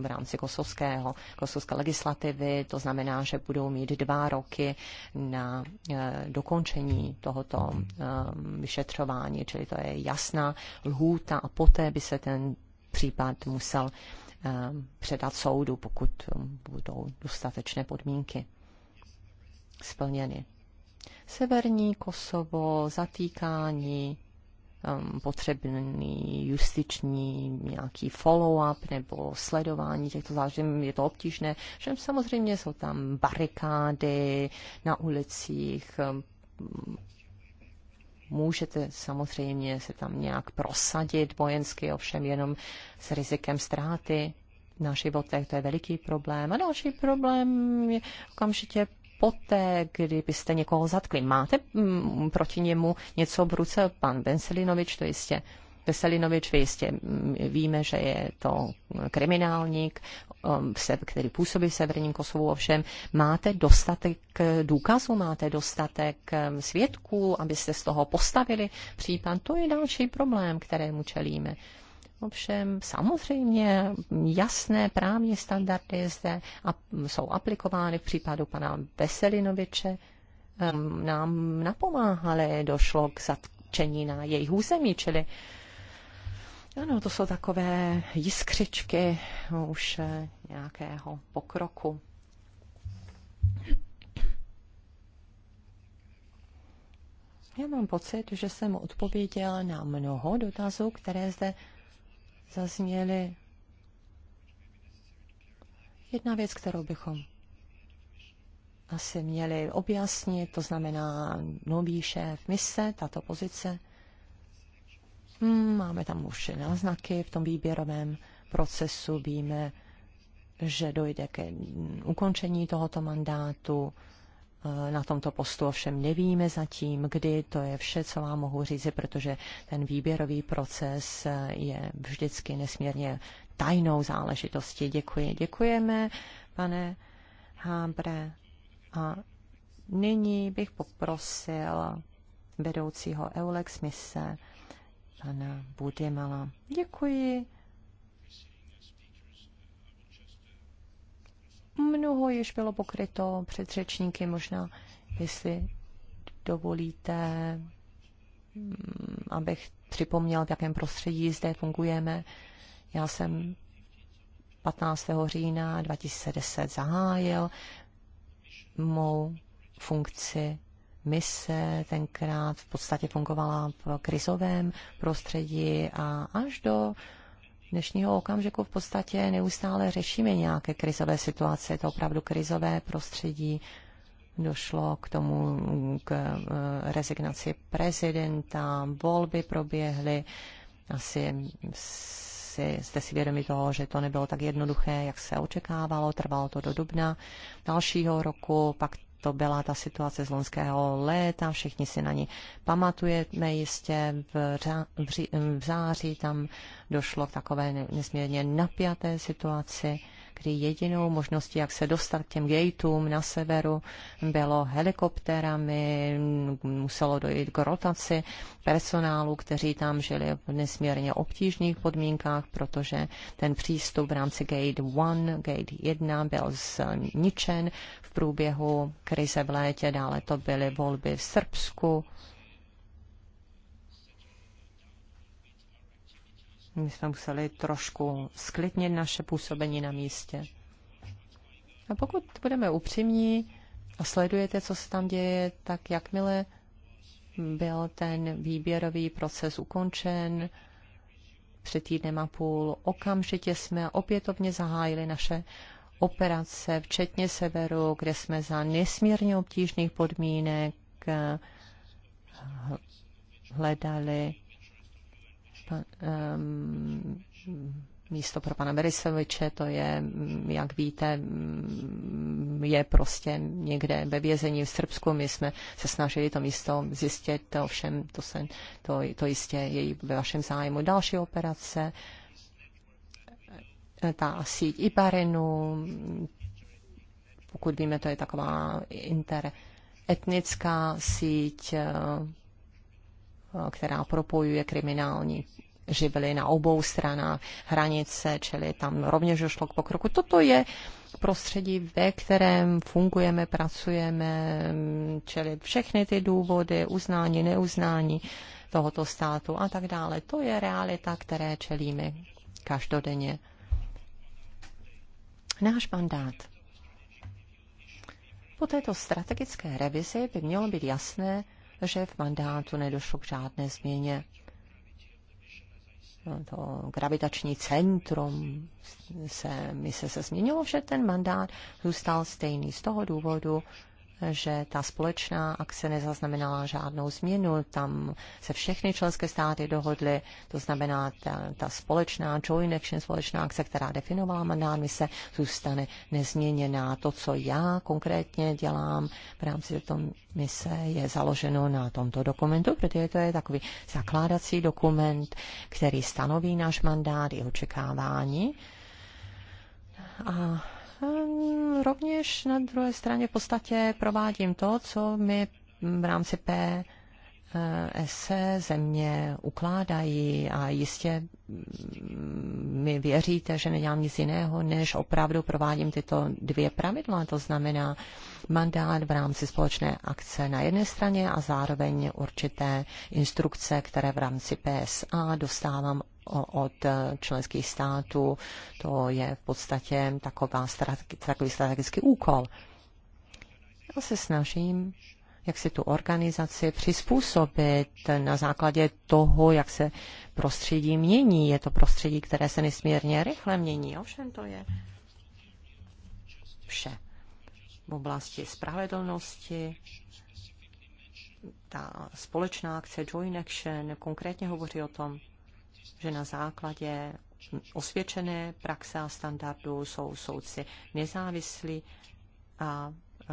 v rámci kosovského, kosovské legislativy. To znamená, že budou mít dva roky na eh, dokončení tohoto eh, vyšetřování, čili to je jasná lhůta a poté by se ten případ musel eh, předat soudu, pokud budou dostatečné podmínky splněny. Severní Kosovo, zatýkání, um, potřebný justiční nějaký follow-up nebo sledování těchto záležitostí. Je to obtížné, že samozřejmě jsou tam barikády na ulicích, um, můžete samozřejmě se tam nějak prosadit vojensky, ovšem jenom s rizikem ztráty na životech, to je veliký problém. A další problém je okamžitě poté, kdybyste někoho zatkli. Máte mm, proti němu něco v ruce? Pan Veselinovič to jistě Veselinovič, vy jistě mm, víme, že je to kriminálník, um, který působí v Severním Kosovu, ovšem máte dostatek důkazů, máte dostatek um, svědků, abyste z toho postavili případ. To je další problém, kterému čelíme. Ovšem samozřejmě jasné právní standardy zde jsou aplikovány v případu pana Veselinoviče. Ehm, nám napomáhali, došlo k zatčení na jejich území, čili ano, to jsou takové jiskřičky už eh, nějakého pokroku. Já mám pocit, že jsem odpověděl na mnoho dotazů, které zde zazněly. Jedna věc, kterou bychom asi měli objasnit, to znamená nový šéf mise, tato pozice. Hmm, máme tam už náznaky v tom výběrovém procesu, víme, že dojde ke ukončení tohoto mandátu, na tomto postu ovšem nevíme zatím, kdy, to je vše, co vám mohu říct, protože ten výběrový proces je vždycky nesmírně tajnou záležitostí. Děkuji. Děkujeme, pane Hábre. A nyní bych poprosil vedoucího Eulex mise, pana Budimala. Děkuji. Mnoho již bylo pokryto před řečníky, možná, jestli dovolíte, mm, abych připomněl, v jakém prostředí zde fungujeme. Já jsem 15. října 2010 zahájil mou funkci mise tenkrát v podstatě fungovala v krizovém prostředí a až do dnešního okamžiku v podstatě neustále řešíme nějaké krizové situace, je to opravdu krizové prostředí, došlo k tomu k e, rezignaci prezidenta, volby proběhly, asi si, jste si vědomi toho, že to nebylo tak jednoduché, jak se očekávalo, trvalo to do dubna dalšího roku, pak to byla ta situace z loňského léta, všichni si na ní pamatujeme jistě, v, ří, v, ří, v září tam došlo k takové nesmírně napjaté situaci kdy jedinou možností, jak se dostat k těm gateům na severu, bylo helikoptérami, muselo dojít k rotaci personálu, kteří tam žili v nesmírně obtížných podmínkách, protože ten přístup v rámci Gate 1, Gate 1 byl zničen v průběhu krize v létě, dále to byly volby v Srbsku, My jsme museli trošku sklidnit naše působení na místě. A pokud budeme upřímní a sledujete, co se tam děje, tak jakmile byl ten výběrový proces ukončen, před týdnem a půl, okamžitě jsme opětovně zahájili naše operace, včetně severu, kde jsme za nesmírně obtížných podmínek eh, hledali pan, um, místo pro pana Berisoviče, to je, jak víte, je prostě někde ve vězení v Srbsku. My jsme se snažili to místo zjistit, to ovšem to, se, to, to jistě je ve vašem zájmu. Další operace, ta síť Ibarinu, pokud víme, to je taková interetnická etnická síť Eh, která propojuje kriminální živily na obou stranách hranice, čili tam rovněž došlo k pokroku. Toto je prostředí, ve kterém fungujeme, pracujeme, čili všechny ty důvody, uznání, neuznání tohoto státu a tak dále. To je realita, které čelíme každodenně. Náš mandát. Po této strategické revizi by mělo být jasné, že v mandátu nedošlo k žádné změně. No to gravitační centrum se, mi se, se změnilo, že ten mandát zůstal stejný z toho důvodu, že ta společná akce nezaznamenala žádnou změnu. Tam se všechny členské státy dohodly, to znamená ta, ta společná joint action, společná akce, která definovala mandát mise, zůstane nezměněná. To, co já konkrétně dělám v rámci této mise, je založeno na tomto dokumentu, protože to je takový zakládací dokument, který stanoví náš mandát i očekávání. A Ehm, rovněž na druhé straně v podstatě provádím to, co mi v rámci P se země ukládají a jistě mm, mi věříte, že nedělám nic jiného, než opravdu provádím tyto dvě pravidla. To znamená, mandát v rámci společné akce na jedné straně a zároveň určité instrukce, které v rámci PSA dostávám od členských států. To je v podstatě taková strategi- takový strategický úkol. Já se snažím jak si tu organizaci přizpůsobit na základě toho, jak se prostředí mění. Je to prostředí, které se nesmírně rychle mění. Ovšem to je vše v oblasti spravedlnosti. Ta společná akce Join Action konkrétně hovoří o tom, že na základě osvědčené praxe a standardů jsou soudci nezávislí a e,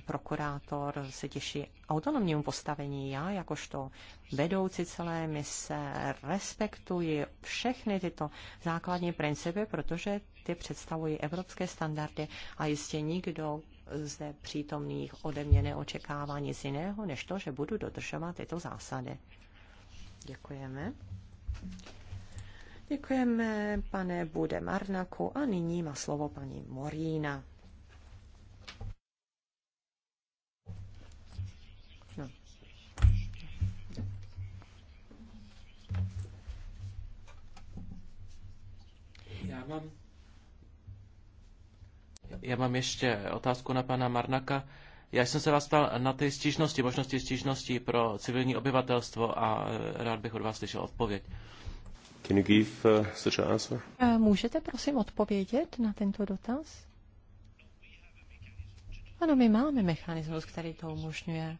prokurátor se těší autonomnímu postavení. Já jakožto vedoucí celé mise respektuji všechny tyto základní principy, protože ty představují evropské standardy a jistě nikdo, zde přítomných ode mě neočekává nic jiného, než to, že budu dodržovat tyto zásady. Děkujeme. Děkujeme, pane Bude Marnaku. A nyní má slovo paní Morína. No. Já mám já mám ještě otázku na pana Marnaka. Já jsem se vás ptal na ty stížnosti, možnosti stížnosti pro civilní obyvatelstvo a rád bych od vás slyšel odpověď. Can you give uh, such an answer? Můžete prosím odpovědět na tento dotaz? Ano, my máme mechanismus, který to umožňuje.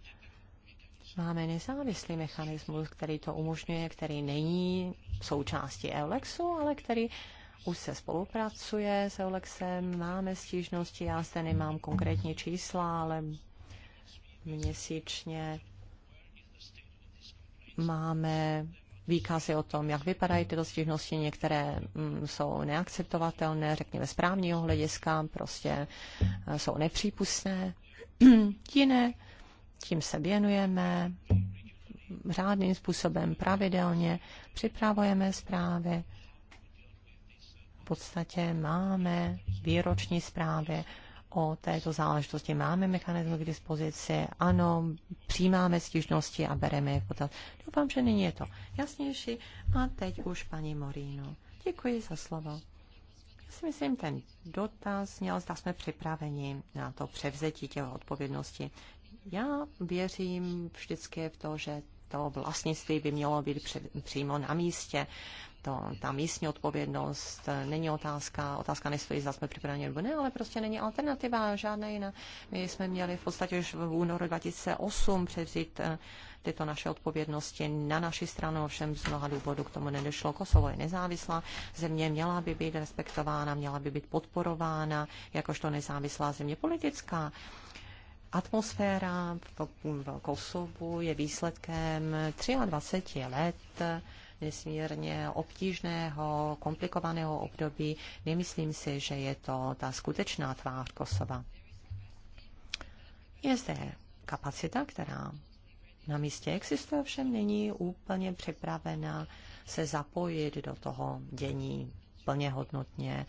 Máme nezávislý mechanismus, který to umožňuje, který není součástí Eulexu, ale který už se spolupracuje s Olexem, máme stížnosti, já zde nemám konkrétní čísla, ale měsíčně máme výkazy o tom, jak vypadají tyto stížnosti. Některé mm, jsou neakceptovatelné, řekněme správního hlediska, prostě eh, jsou nepřípustné. *clears throat* Jiné, tím se věnujeme řádným způsobem pravidelně, připravujeme zprávy podstatě máme výroční zprávy o této záležitosti. Máme mechanismy k dispozici, ano, přijímáme stížnosti a bereme je v potaz. Doufám, že nyní je to jasnější. A teď už paní Morino. Děkuji za slovo. Já si myslím, ten dotaz měl, zda jsme připraveni na to převzetí těho odpovědnosti. Já věřím vždycky v to, že to vlastnictví by mělo být přímo na místě to, ta místní odpovědnost není otázka, otázka nestojí, zda jsme připraveni nebo ne, ale prostě není alternativa, žádná jiná. My jsme měli v podstatě už v únoru 2008 převzít eh, tyto naše odpovědnosti na naši stranu, ovšem z mnoha důvodů k tomu nedošlo. Kosovo je nezávislá země, měla by být respektována, měla by být podporována jakožto nezávislá země politická. Atmosféra v Kosovu je výsledkem 23 let nesmírně obtížného, komplikovaného období. Nemyslím si, že je to ta skutečná tvář Kosova. Je zde kapacita, která na místě existuje, ovšem není úplně připravena se zapojit do toho dění plně hodnotně.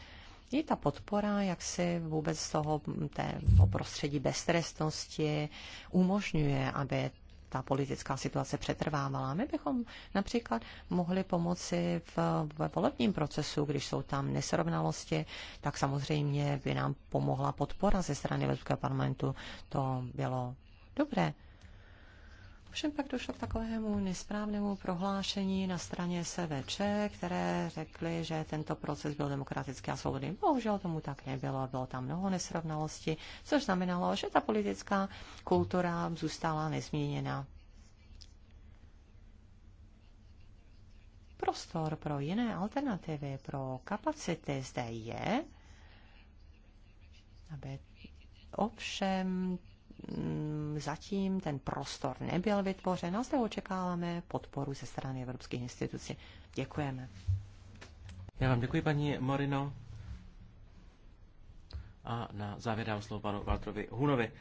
Je ta podpora, jak si vůbec toho, té prostředí beztrestnosti umožňuje, aby ta politická situace přetrvávala. My bychom například mohli pomoci v, v volebním procesu, když jsou tam nesrovnalosti, tak samozřejmě by nám pomohla podpora ze strany Evropského parlamentu. To bylo dobré. Všem pak došlo k takovému nesprávnému prohlášení na straně SVČ, které řekly, že tento proces byl demokratický a svobodný. Bohužel tomu tak nebylo, bylo tam mnoho nesrovnalosti. což znamenalo, že ta politická kultura zůstala nezměněna. Prostor pro jiné alternativy, pro kapacity zde je, aby Ovšem Mm, zatím ten prostor nebyl vytvořen a zde očekáváme podporu ze strany evropských institucí. Děkujeme. Já vám děkuji, paní Morino. A na závěr dám slovo panu Valtrovi Hunovi.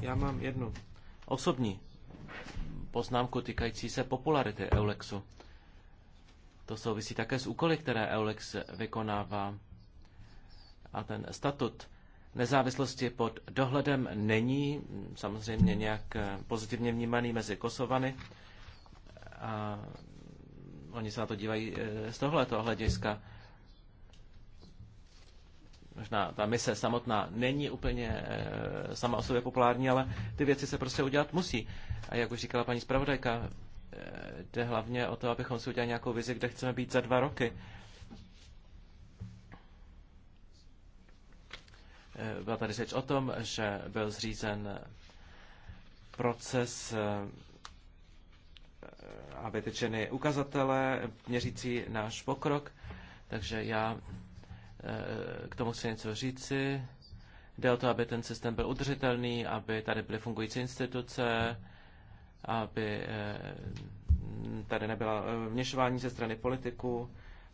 Já mám jednu osobní poznámku týkající se popularity Eulexu. To souvisí také s úkoly, které Eulex vykonává a ten statut nezávislosti pod dohledem není samozřejmě nějak eh, pozitivně vnímaný mezi Kosovany. A oni se na to dívají eh, z tohoto hlediska. Možná ta mise samotná není úplně eh, sama o sobě populární, ale ty věci se prostě udělat musí. A jak už říkala paní zpravodajka, jde hlavně o to, abychom si udělali nějakou vizi, kde chceme být za dva roky byla tady řeč o tom, že byl zřízen proces eh, a vytečeny ukazatele měřící náš pokrok, takže já eh, k tomu chci něco říci. Jde o to, aby ten systém byl udržitelný, aby tady byly fungující instituce, aby eh, tady nebyla vněšování ze strany politiků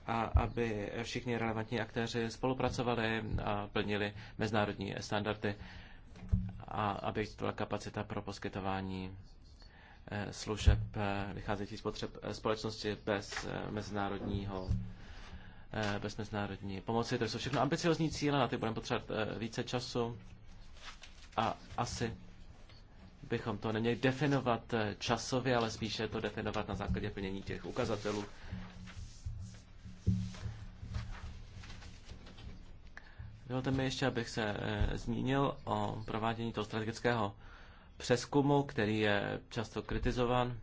a aby všichni relevantní aktéři spolupracovali a plnili mezinárodní standardy a aby byla kapacita pro poskytování eh, služeb eh, vycházející z potřeb eh, společnosti bez mezinárodního bez mezinárodní pomoci. To jsou všechno ambiciozní cíle, na ty budeme potřebovat více času a asi bychom to neměli definovat časově, ale spíše to definovat na základě plnění těch ukazatelů, Dovolte mi ještě, abych se e, zmínil o provádění toho strategického přeskumu, který je často kritizovan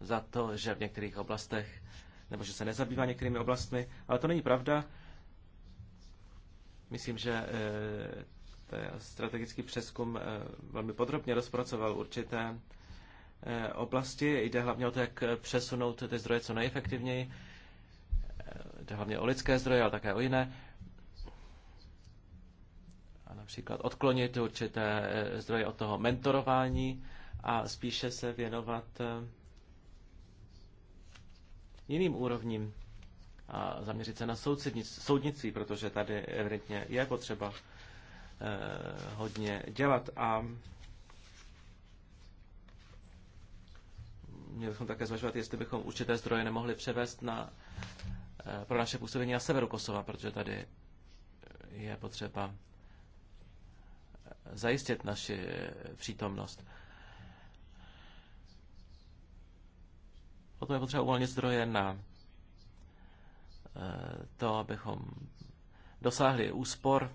za to, že v některých oblastech, nebo že se nezabývá některými oblastmi, ale to není pravda. Myslím, že e, strategický přeskum e, velmi podrobně rozpracoval určité oblasti. Jde hlavně o to, jak přesunout ty zdroje co nejefektivněji jde hlavně o lidské zdroje, ale také o jiné. A například odklonit určité eh, zdroje od toho mentorování a spíše se věnovat eh, jiným úrovním a zaměřit se na soudnictví, protože tady evidentně je potřeba eh, hodně dělat. A měli bychom také zvažovat, jestli bychom určité zdroje nemohli převést na Eh, pro naše působení na severu Kosova, protože tady je potřeba eh, zajistit naši eh, přítomnost. Potom je potřeba uvolnit zdroje na to, abychom dosáhli úspor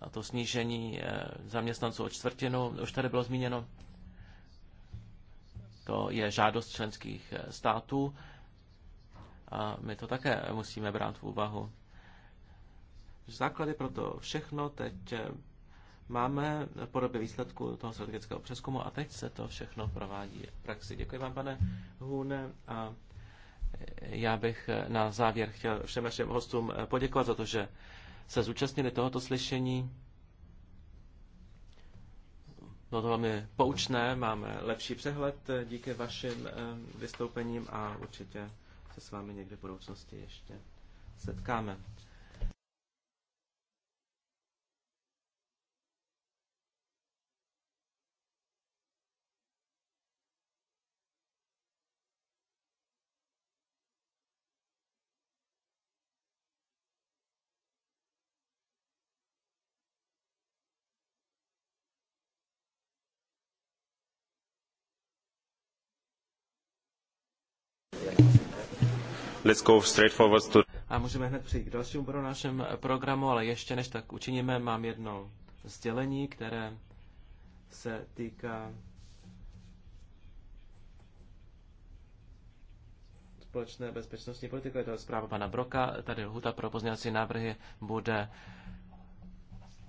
a to snížení zaměstnanců o čtvrtinu, už tady bylo zmíněno, to je žádost členských států a my to také musíme brát v úvahu. Základy pro to všechno teď eh, máme v podobě výsledku toho strategického přeskumu a teď se to všechno provádí v praxi. Děkuji vám, pane Hůne. A eh, já bych eh, na závěr chtěl všem našim hostům poděkovat za to, že se zúčastnili tohoto slyšení. Bylo to velmi poučné, máme lepší přehled díky vašim vystoupením a určitě se s vámi někdy v budoucnosti ještě setkáme. let's go to... A můžeme hned přijít k dalšímu bodu našem programu, ale ještě než tak učiníme, mám jedno sdělení, které se týká společné bezpečnostní politiky. Je to zpráva pana Broka. Tady lhuta pro pozměňovací návrhy bude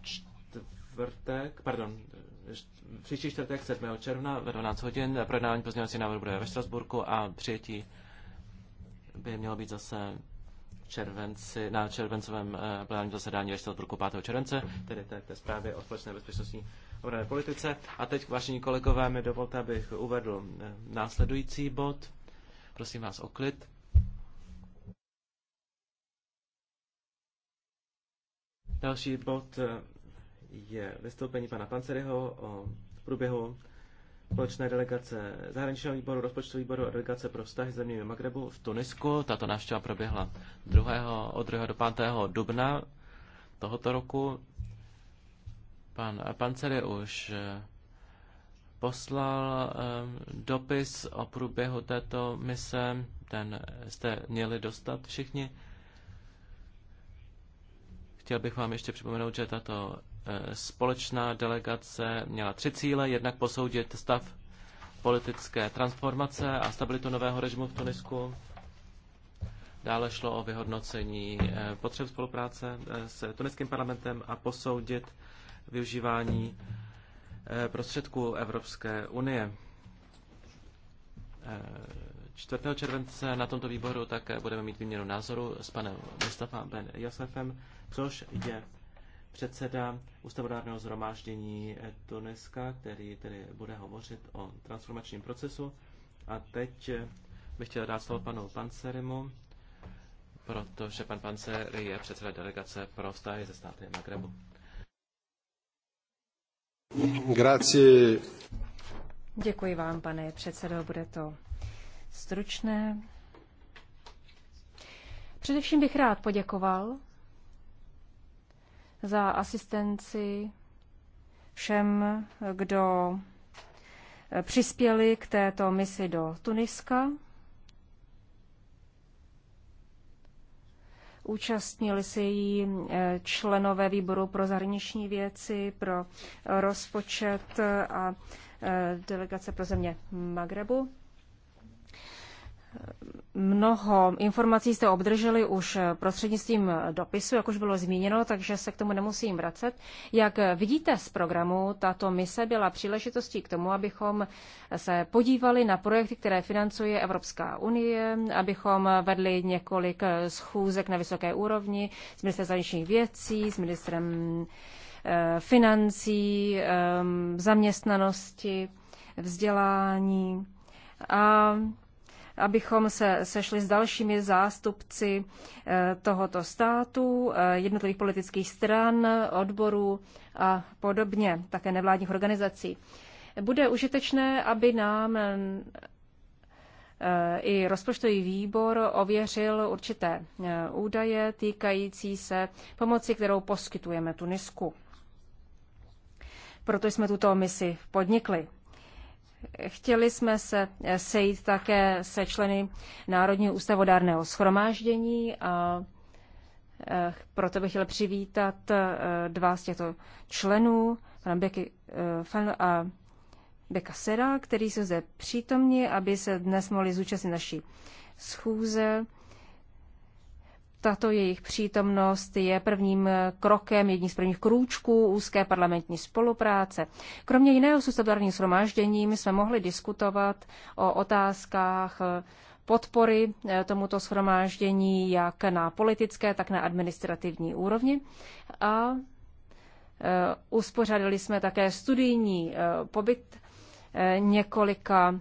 čtvrtek, pardon, příští čtvrtek 7. června ve 12 hodin. Projednávání pozměňovací návrhu bude ve Štrasburku a přijetí by mělo být zase červenci, na červencovém eh, plánu zasedání ve Štrasburku 5. července, tedy té, té zprávě o společné bezpečnostní obrané politice. A teď, vážení kolegové, mi dovolte, abych uvedl eh, následující bod. Prosím vás o klid. Další bod eh, je vystoupení pana Panceryho o průběhu společné delegace zahraničního výboru, rozpočtového výboru a delegace pro vztahy země Magrebu v Tunisku. Tato návštěva proběhla 2. od 2. do 5. dubna tohoto roku. Pan Panceri už eh, poslal eh, dopis o průběhu této mise. Ten jste měli dostat všichni. Chtěl bych vám ještě připomenout, že tato eh, společná delegace měla tři cíle. Jednak posoudit stav politické transformace a stabilitu nového režimu v Tunisku. Dále šlo o vyhodnocení eh, potřeb spolupráce eh, s tuniským parlamentem a posoudit využívání prostředků Evropské unie. 4. července na tomto výboru také budeme mít výměnu názoru s panem Mustafa Ben Josefem, což je předseda ústavodárného zhromáždění Tuniska, který tedy bude hovořit o transformačním procesu. A teď eh, bych chtěl dát slovo panu Pancerimu, protože pan Pancer je předseda delegace pro vztahy ze státy Magrebu. Grazie. Děkuji vám, pane předsedo, bude to stručné. Především bych rád poděkoval za asistenci všem, kdo eh, přispěli k této misi do Tuniska. Účastnili se jí eh, členové výboru pro zahraniční věci, pro rozpočet a eh, delegace pro země Magrebu. Mnoho informací jste obdrželi už prostřednictvím dopisu, jak už bylo zmíněno, takže se k tomu nemusím vracet. Jak vidíte z programu, tato mise byla příležitostí k tomu, abychom se podívali na projekty, které financuje Evropská unie, abychom vedli několik schůzek na vysoké úrovni s ministrem zahraničních věcí, s ministrem eh, financí, eh, zaměstnanosti, vzdělání. A abychom se sešli s dalšími zástupci eh, tohoto státu, eh, jednotlivých politických stran, odborů a podobně, také nevládních organizací. Bude užitečné, aby nám eh, i rozpočtový výbor ověřil určité údaje týkající se pomoci, kterou poskytujeme Tunisku. Proto jsme tuto misi podnikli. Chtěli jsme se sejít také se členy Národního ústavodárného schromáždění a eh, proto bych chtěl přivítat eh, dva z těchto členů, pana Beky eh, Fan a Beka Sera, který jsou zde přítomni, aby se dnes mohli zúčastnit naší schůze. Tato jejich přítomnost je prvním eh, krokem, jedním z prvních krůčků úzké parlamentní spolupráce. Kromě jiného s ústavárním shromážděním jsme mohli diskutovat o otázkách eh, podpory eh, tomuto shromáždění jak na politické, tak na administrativní úrovni. A uspořádali jsme také studijní pobyt několika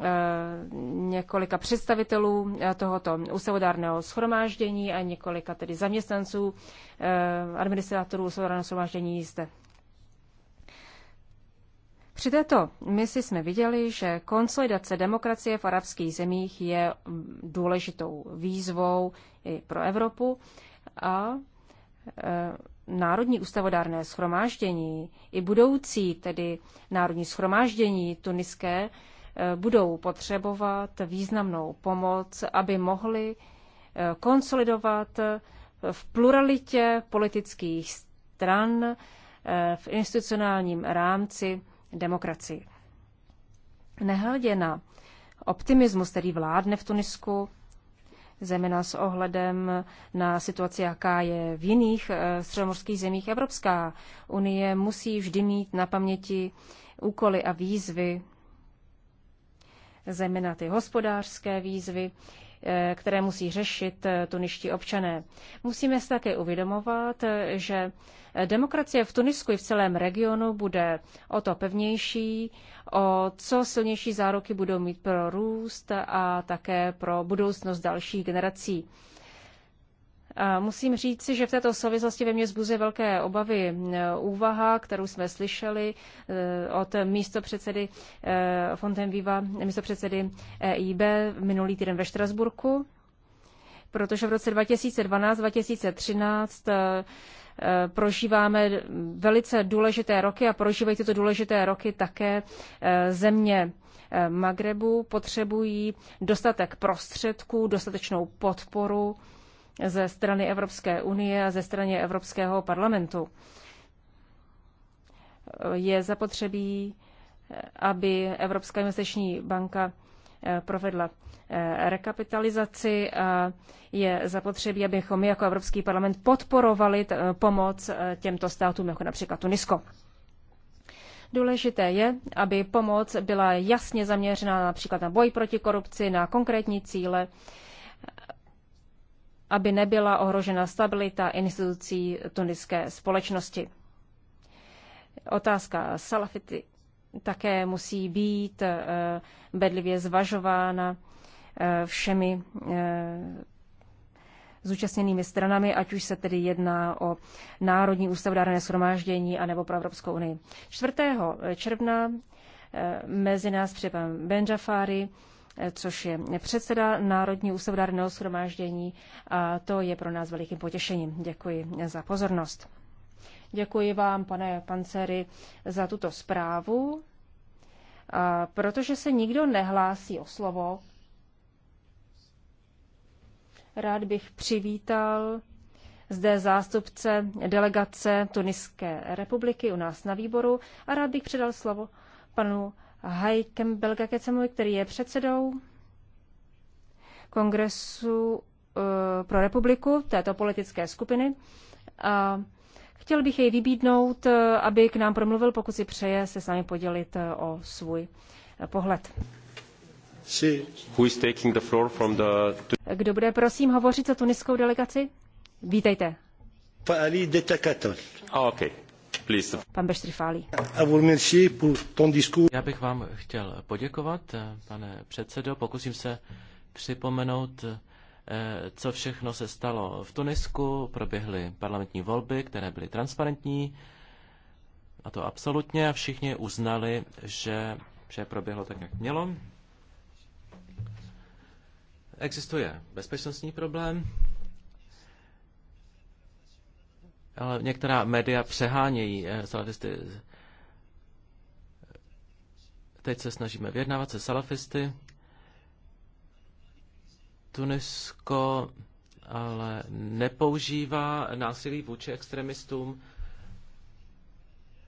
Eh, několika představitelů eh, tohoto ústavodárného schromáždění a několika tedy zaměstnanců eh, administrátorů ústavodárného schromáždění jste. Při této misi jsme viděli, že konsolidace demokracie v arabských zemích je důležitou výzvou i pro Evropu a Národní ústavodárné schromáždění i budoucí tedy Národní schromáždění tuniské budou potřebovat významnou pomoc, aby mohli eh, konsolidovat eh, v pluralitě politických stran eh, v institucionálním rámci demokracii. Nehledě na optimismus, který vládne v Tunisku, zejména s ohledem na situaci, jaká je v jiných středomorských zemích. Evropská unie musí vždy mít na paměti úkoly a výzvy, zejména ty hospodářské výzvy, eh, které musí řešit eh, tuniští občané. Musíme si také uvědomovat, eh, že demokracie v Tunisku i v celém regionu bude o to pevnější, o co silnější záruky budou mít pro růst a také pro budoucnost dalších generací. A musím říci, že v této souvislosti ve mně zbuzuje velké obavy e, úvaha, kterou jsme slyšeli e, od místopředsedy místo e, místopředsedy EIB minulý týden ve Štrasburku, protože v roce 2012-2013 prožíváme velice důležité roky a prožívají tyto důležité roky také země Magrebu, potřebují dostatek prostředků, dostatečnou podporu ze strany Evropské unie a ze strany Evropského parlamentu. Je zapotřebí, aby Evropská investiční banka eh, provedla eh, rekapitalizaci a je zapotřebí, abychom my jako Evropský parlament podporovali eh, pomoc těmto státům, jako například Tunisko. Důležité je, aby pomoc byla jasně zaměřena například na boj proti korupci, na konkrétní cíle, aby nebyla ohrožena stabilita institucí tuniské společnosti. Otázka salafity také musí být eh, bedlivě zvažována eh, všemi eh, zúčastněnými stranami, ať už se tedy jedná o Národní ústavodárné shromáždění anebo pro Evropskou unii. 4. června mezi nás třeba Benjafari, což je předseda Národní ústavodárného shromáždění a to je pro nás velikým potěšením. Děkuji za pozornost. Děkuji vám, pane Pancery, za tuto zprávu. A protože se nikdo nehlásí o slovo, rád bych přivítal zde zástupce delegace Tuniské republiky u nás na výboru a rád bych předal slovo panu Hajkem Belgakecemu, který je předsedou Kongresu eh, pro republiku této politické skupiny. A chtěl bych jej vybídnout, eh, aby k nám promluvil, pokud si přeje se s námi podělit eh, o svůj pohled. Kdo bude, prosím, hovořit za tuniskou delegaci? Vítejte. Oh, okay. Pan Beštryfálí. Já bych vám chtěl poděkovat, pane předsedo. Pokusím se připomenout, eh, co všechno se stalo v Tunisku. Proběhly parlamentní volby, které byly transparentní, a to absolutně, a všichni uznali, že vše proběhlo tak, jak mělo. Existuje bezpečnostní problém, ale některá média přehánějí eh, salafisty. Teď se snažíme vyjednávat se salafisty. Tunisko ale nepoužívá násilí vůči extremistům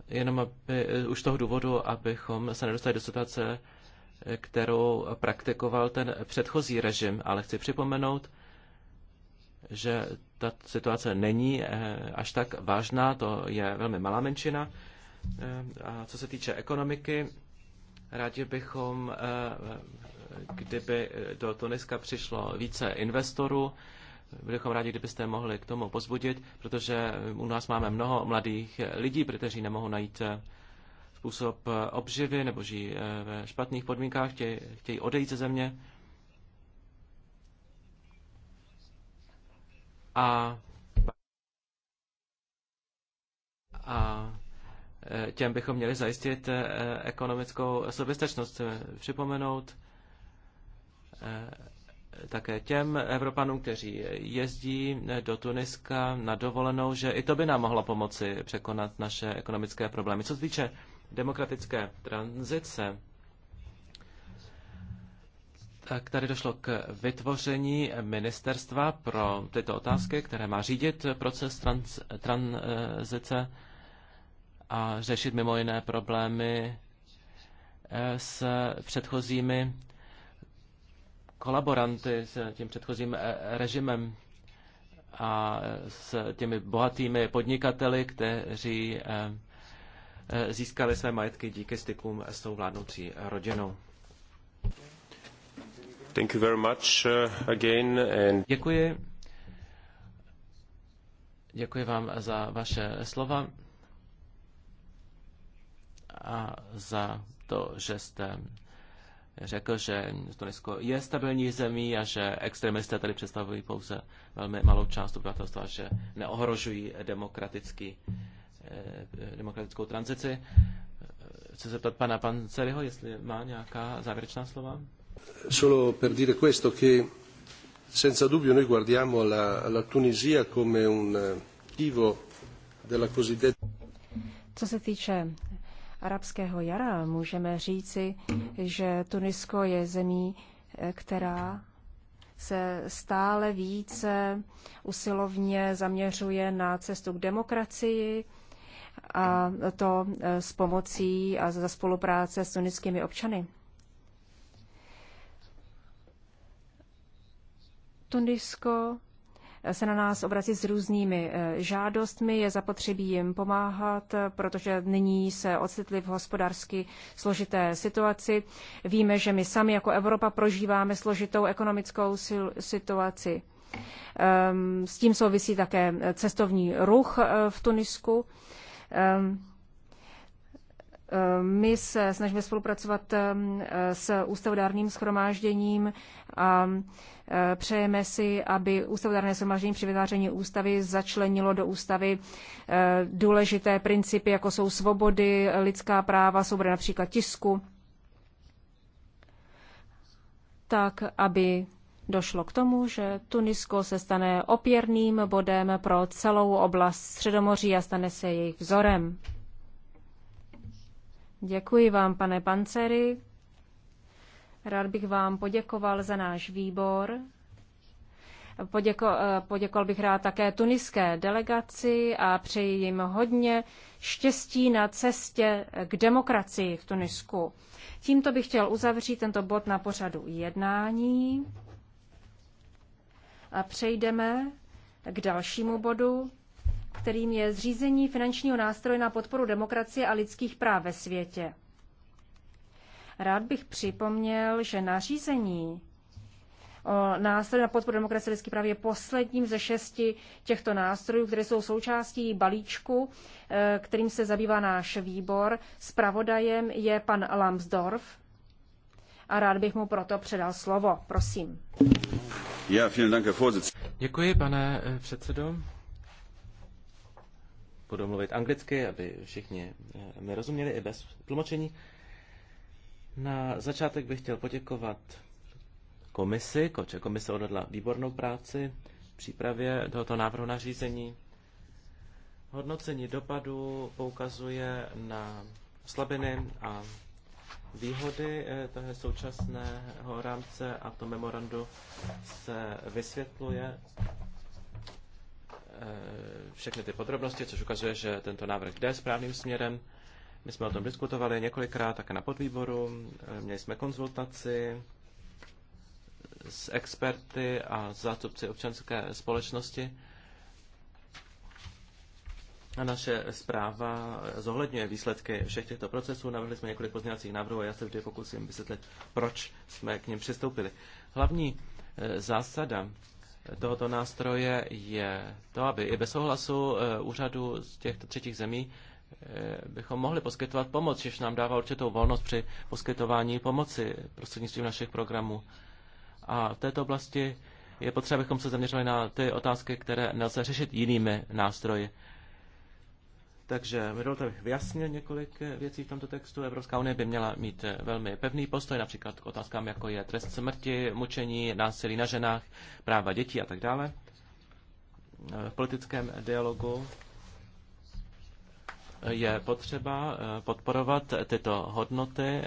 jenom aby, eh, už toho důvodu, abychom se nedostali do situace, eh, kterou praktikoval ten předchozí režim. Ale chci připomenout, že ta situace není eh, až tak vážná, to je velmi malá menšina. Eh, a co se týče ekonomiky, rádi bychom, eh, kdyby do Tuniska přišlo více investorů, bychom rádi, kdybyste mohli k tomu pozbudit, protože u nás máme mnoho mladých lidí, kteří nemohou najít způsob obživy nebo žijí ve špatných podmínkách, chtějí, odejít ze země a, a e, těm bychom měli zajistit e, ekonomickou soběstačnost. E, připomenout také těm Evropanům, kteří jezdí do Tuniska na dovolenou, že i to by nám mohlo pomoci překonat naše ekonomické problémy. Co se týče demokratické tranzice, tak eh, tady došlo k vytvoření ministerstva pro tyto otázky, které má řídit proces trans, tranzice a řešit mimo jiné problémy eh, s předchozími kolaboranty, s tím předchozím eh, režimem a s těmi bohatými podnikateli, kteří získali své majetky díky stykům s tou vládnoucí rodinou. Uh, Děkuji. Děkuji vám za vaše slova a za to, že jste řekl, že Tunisko je stabilní zemí a že extremisté tady představují pouze velmi malou část obyvatelstva, že neohrožují demokratický, eh, demokratickou tranzici. Chci se zeptat pana Panceriho, jestli má nějaká závěrečná slova. Solo per dire questo, che senza dubbio noi guardiamo alla, alla Tunisia come un attivo eh, della cosiddetta. Co se týče arabského jara, můžeme říci, že Tunisko je zemí, eh, která se stále více usilovně zaměřuje na cestu k demokracii a to eh, s pomocí a za spolupráce s tuniskými občany. Tunisko se na nás obrací s různými eh, žádostmi, je zapotřebí jim pomáhat, eh, protože nyní se ocitli v hospodářsky složité situaci. Víme, že my sami jako Evropa prožíváme složitou ekonomickou situaci. Ehm, s tím souvisí také eh, cestovní ruch v Tunisku. Ehm, my se snažíme spolupracovat eh, s ústavodárným schromážděním a eh, přejeme si, aby ústavodárné schromáždění při vytváření ústavy začlenilo do ústavy eh, důležité principy, jako jsou svobody, lidská práva, svoboda například tisku, tak aby došlo k tomu, že Tunisko se stane opěrným bodem pro celou oblast Středomoří a stane se jejich vzorem. Děkuji vám, pane Pancery. Rád bych vám poděkoval za náš výbor. Poděko, eh, poděkoval bych rád také tuniské delegaci a přeji jim hodně štěstí na cestě k demokracii v Tunisku. Tímto bych chtěl uzavřít tento bod na pořadu jednání. A přejdeme k dalšímu bodu, kterým je zřízení finančního nástroje na podporu demokracie a lidských práv ve světě. Rád bych připomněl, že nařízení o nástroji na podporu demokracie a lidských práv je posledním ze šesti těchto nástrojů, které jsou součástí balíčku, eh, kterým se zabývá náš výbor. Spravodajem je pan Lambsdorff a rád bych mu proto předal slovo. Prosím. Děkuji, pane eh, předsedo. Budu mluvit anglicky, aby všichni eh, mi rozuměli i bez tlumočení. Na začátek bych chtěl poděkovat komisi. Koče komise odhodla výbornou práci v přípravě tohoto návrhu nařízení. Hodnocení dopadu poukazuje na slabiny a výhody eh, toho současného rámce a to memorandu se vysvětluje Eh, všechny ty podrobnosti, což ukazuje, že tento návrh jde správným směrem. My jsme o tom diskutovali několikrát také na podvýboru, eh, měli jsme konzultaci s experty a zástupci občanské společnosti. A naše zpráva zohledňuje výsledky všech těchto procesů. Navrhli jsme několik pozměňovacích návrhů a já se vždy pokusím vysvětlit, proč jsme k ním přistoupili. Hlavní eh, zásada tohoto nástroje je to, aby i bez souhlasu eh, úřadu z těchto třetích zemí eh, bychom mohli poskytovat pomoc, což nám dává určitou volnost při poskytování pomoci prostřednictvím našich programů. A v této oblasti je potřeba, abychom se zaměřili na ty otázky, které nelze řešit jinými nástroji. Takže mi dovolte bych vyjasnil několik eh, věcí v tomto textu. Evropská unie by měla mít eh, velmi pevný postoj, například k otázkám, jako je trest smrti, mučení, násilí na ženách, práva dětí a tak dále. Eh, v politickém dialogu je potřeba podporovat tyto hodnoty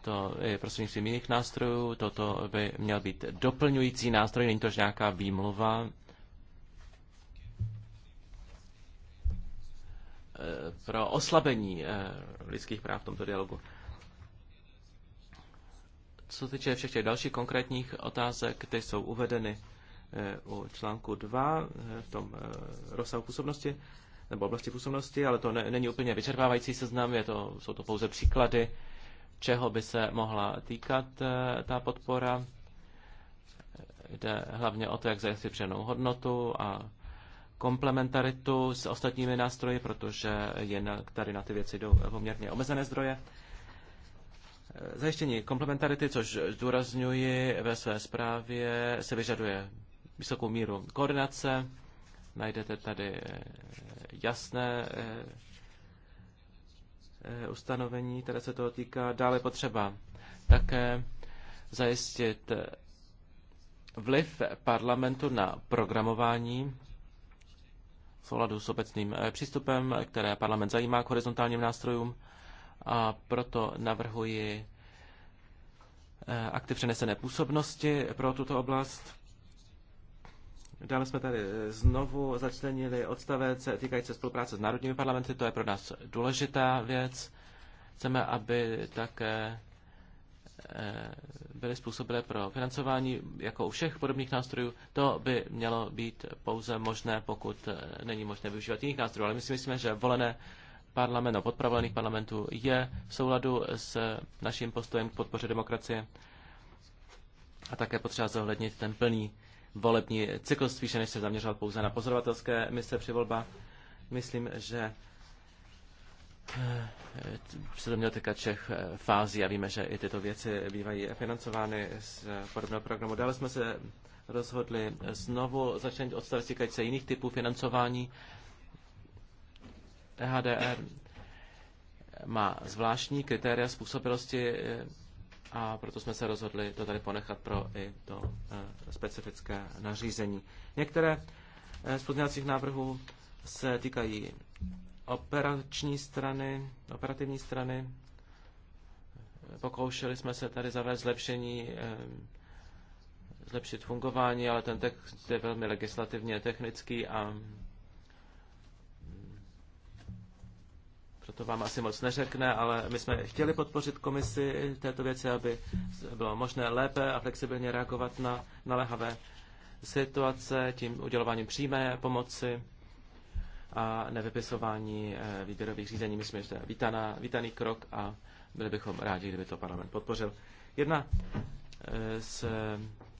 to je prostřednictvím jiných nástrojů. Toto by měl být doplňující nástroj, není to nějaká výmluva Eh, pro oslabení eh, lidských práv v tomto dialogu. Co se týče všech těch dalších konkrétních otázek, ty jsou uvedeny eh, u článku 2 v tom rozsahu působnosti nebo oblasti působnosti, ale to ne, není úplně vyčerpávající seznam, je to, jsou to pouze příklady, čeho by se mohla týkat ta podpora. Jde hlavně o to, jak zajistit přenou hodnotu a komplementaritu s ostatními nástroji, protože jen tady na ty věci jdou poměrně omezené zdroje. Zajištění komplementarity, což zdůrazňuji ve své zprávě, se vyžaduje vysokou míru koordinace. Najdete tady eh, jasné eh, eh, ustanovení, které se toho týká. Dále potřeba také zajistit vliv parlamentu na programování v souladu s obecným eh, přístupem, které parlament zajímá k horizontálním nástrojům a proto navrhuji eh, akty přenesené působnosti pro tuto oblast. Dále jsme tady eh, znovu začlenili odstavec týkající se spolupráce s národními parlamenty, to je pro nás důležitá věc. Chceme, aby také Eh, byly způsobilé pro financování, jako u všech podobných nástrojů, to by mělo být pouze možné, pokud eh, není možné využívat jiných nástrojů. Ale my si myslíme, že volené parlamento, no, podpora parlamentů je v souladu s naším postojem k podpoře demokracie a také potřeba zohlednit ten plný volební cyklus, spíše než se zaměřovat pouze na pozorovatelské mise při volbách. Myslím, že se eh, to mělo týkat všech eh, fází a víme, že i tyto věci bývají financovány z podobného programu. Dále jsme se rozhodli znovu začít odstavit týkající se jiných typů financování. E HDR má zvláštní kritéria způsobilosti eh, a proto jsme se rozhodli to tady ponechat pro i to specifické nařízení. Některé z pozměňovacích návrhů se týkají operační strany, operativní strany. Pokoušeli jsme se tady zavést zlepšení, eh, zlepšit fungování, ale ten text je velmi legislativně technický a proto vám asi moc neřekne, ale my jsme chtěli podpořit komisi této věci, aby bylo možné lépe a flexibilně reagovat na naléhavé situace tím udělováním přímé pomoci a nevypisování eh, výběrových řízení. Myslím, že to je vítaná, vítaný krok a byli bychom rádi, kdyby to parlament podpořil. Jedna eh, z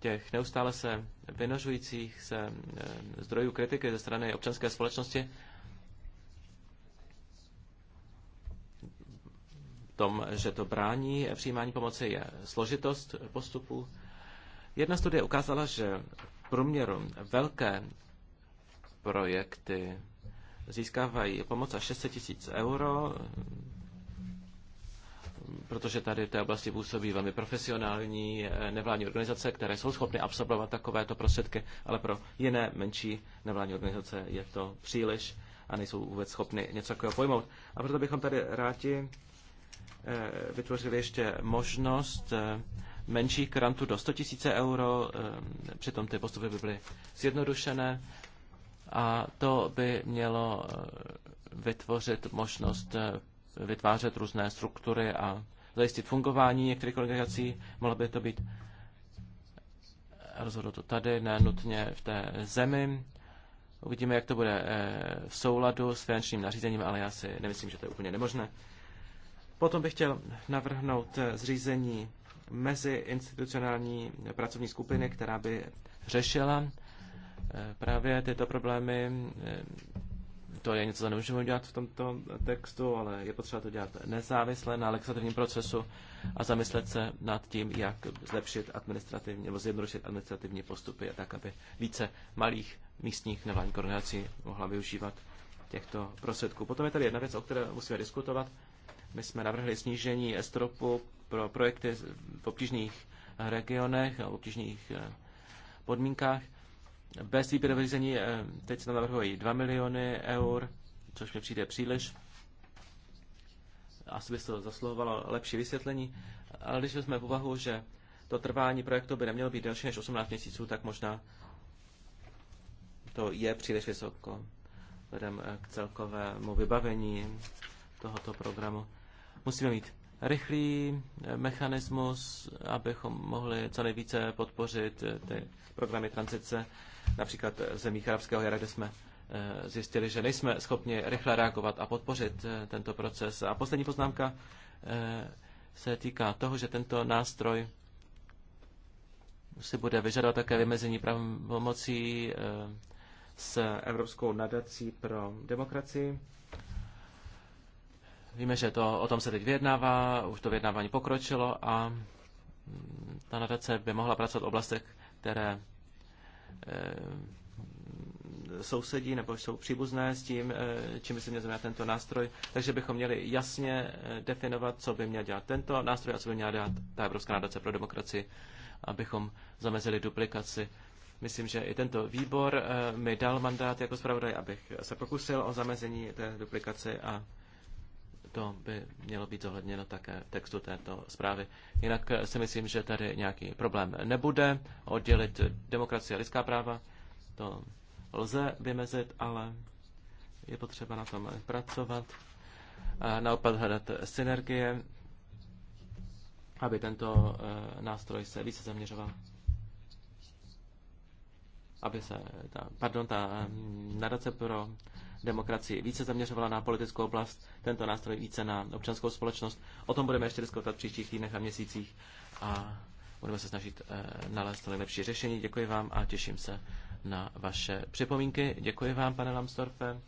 těch neustále se vynožujících se eh, zdrojů kritiky ze strany občanské společnosti tom, že to brání přijímání pomoci, je složitost postupu. Jedna studie ukázala, že v průměru velké projekty získávají pomoc až 600 tisíc euro, protože tady v té oblasti působí velmi profesionální eh, nevládní organizace, které jsou schopny absorbovat takovéto prostředky, ale pro jiné menší nevládní organizace je to příliš a nejsou vůbec schopny něco takového pojmout. A proto bychom tady rádi eh, vytvořili ještě možnost eh, menších grantů do 100 000 euro, přitom ty postupy by byly zjednodušené a to by mělo eh, vytvořit možnost eh, vytvářet různé struktury a zajistit fungování některých organizací. Mohlo by to být rozhodnuto tady, ne nutně v té zemi. Uvidíme, jak to bude eh, v souladu s finančním nařízením, ale já si nemyslím, že to je úplně nemožné. Potom bych chtěl navrhnout zřízení meziinstitucionální pracovní skupiny, která by řešila Eh, právě tyto problémy, eh, to je něco, co nemůžeme dělat v tomto textu, ale je potřeba to dělat nezávisle na legislativním procesu a zamyslet se nad tím, jak zlepšit administrativní nebo zjednodušit administrativní postupy, tak aby více malých místních nevládních koordinací mohla využívat těchto prostředků. Potom je tady jedna věc, o které musíme diskutovat. My jsme navrhli snížení estropu pro projekty v obtížných regionech a obtížných eh, podmínkách. Bez výběrového řízení eh, teď se navrhují 2 miliony eur, což mi přijde příliš. Asi by se to zasluhovalo lepší vysvětlení. Ale když jsme úvahu, že to trvání projektu by nemělo být delší než 18 měsíců, tak možná to je příliš vysoko vzhledem eh, k celkovému vybavení tohoto programu. Musíme mít rychlý eh, mechanismus, abychom mohli co nejvíce podpořit ty programy transice například v zemích arabského jara, kde jsme eh, zjistili, že nejsme schopni rychle reagovat a podpořit eh, tento proces. A poslední poznámka eh, se týká toho, že tento nástroj si bude vyžadovat také vymezení pravomocí s Evropskou nadací pro demokracii. Víme, že to, o tom se teď vyjednává, už to vyjednávání pokročilo a mm, ta nadace by mohla pracovat v oblastech, které Eh, sousedí nebo jsou příbuzné s tím, eh, čím by se měl znamenat tento nástroj. Takže bychom měli jasně eh, definovat, co by měl dělat tento nástroj a co by měla dělat ta Evropská nadace pro demokracii, abychom zamezili duplikaci. Myslím, že i tento výbor mi dal mandát jako zpravodaj, abych se pokusil o zamezení té duplikace a to by mělo být zohledněno také v textu této zprávy. Jinak eh, si myslím, že tady nějaký problém nebude. Oddělit demokracie a lidská práva, to lze vymezit, ale je potřeba na tom pracovat. A naopak hledat synergie, aby tento eh, nástroj se více zaměřoval aby se ta, pardon, ta mm, nadace pro demokracii více zaměřovala na politickou oblast, tento nástroj více na občanskou společnost. O tom budeme ještě diskutovat v příštích týdnech a měsících a budeme se snažit eh, nalézt to nejlepší řešení. Děkuji vám a těším se na vaše připomínky. Děkuji vám, pane Lamstorfe,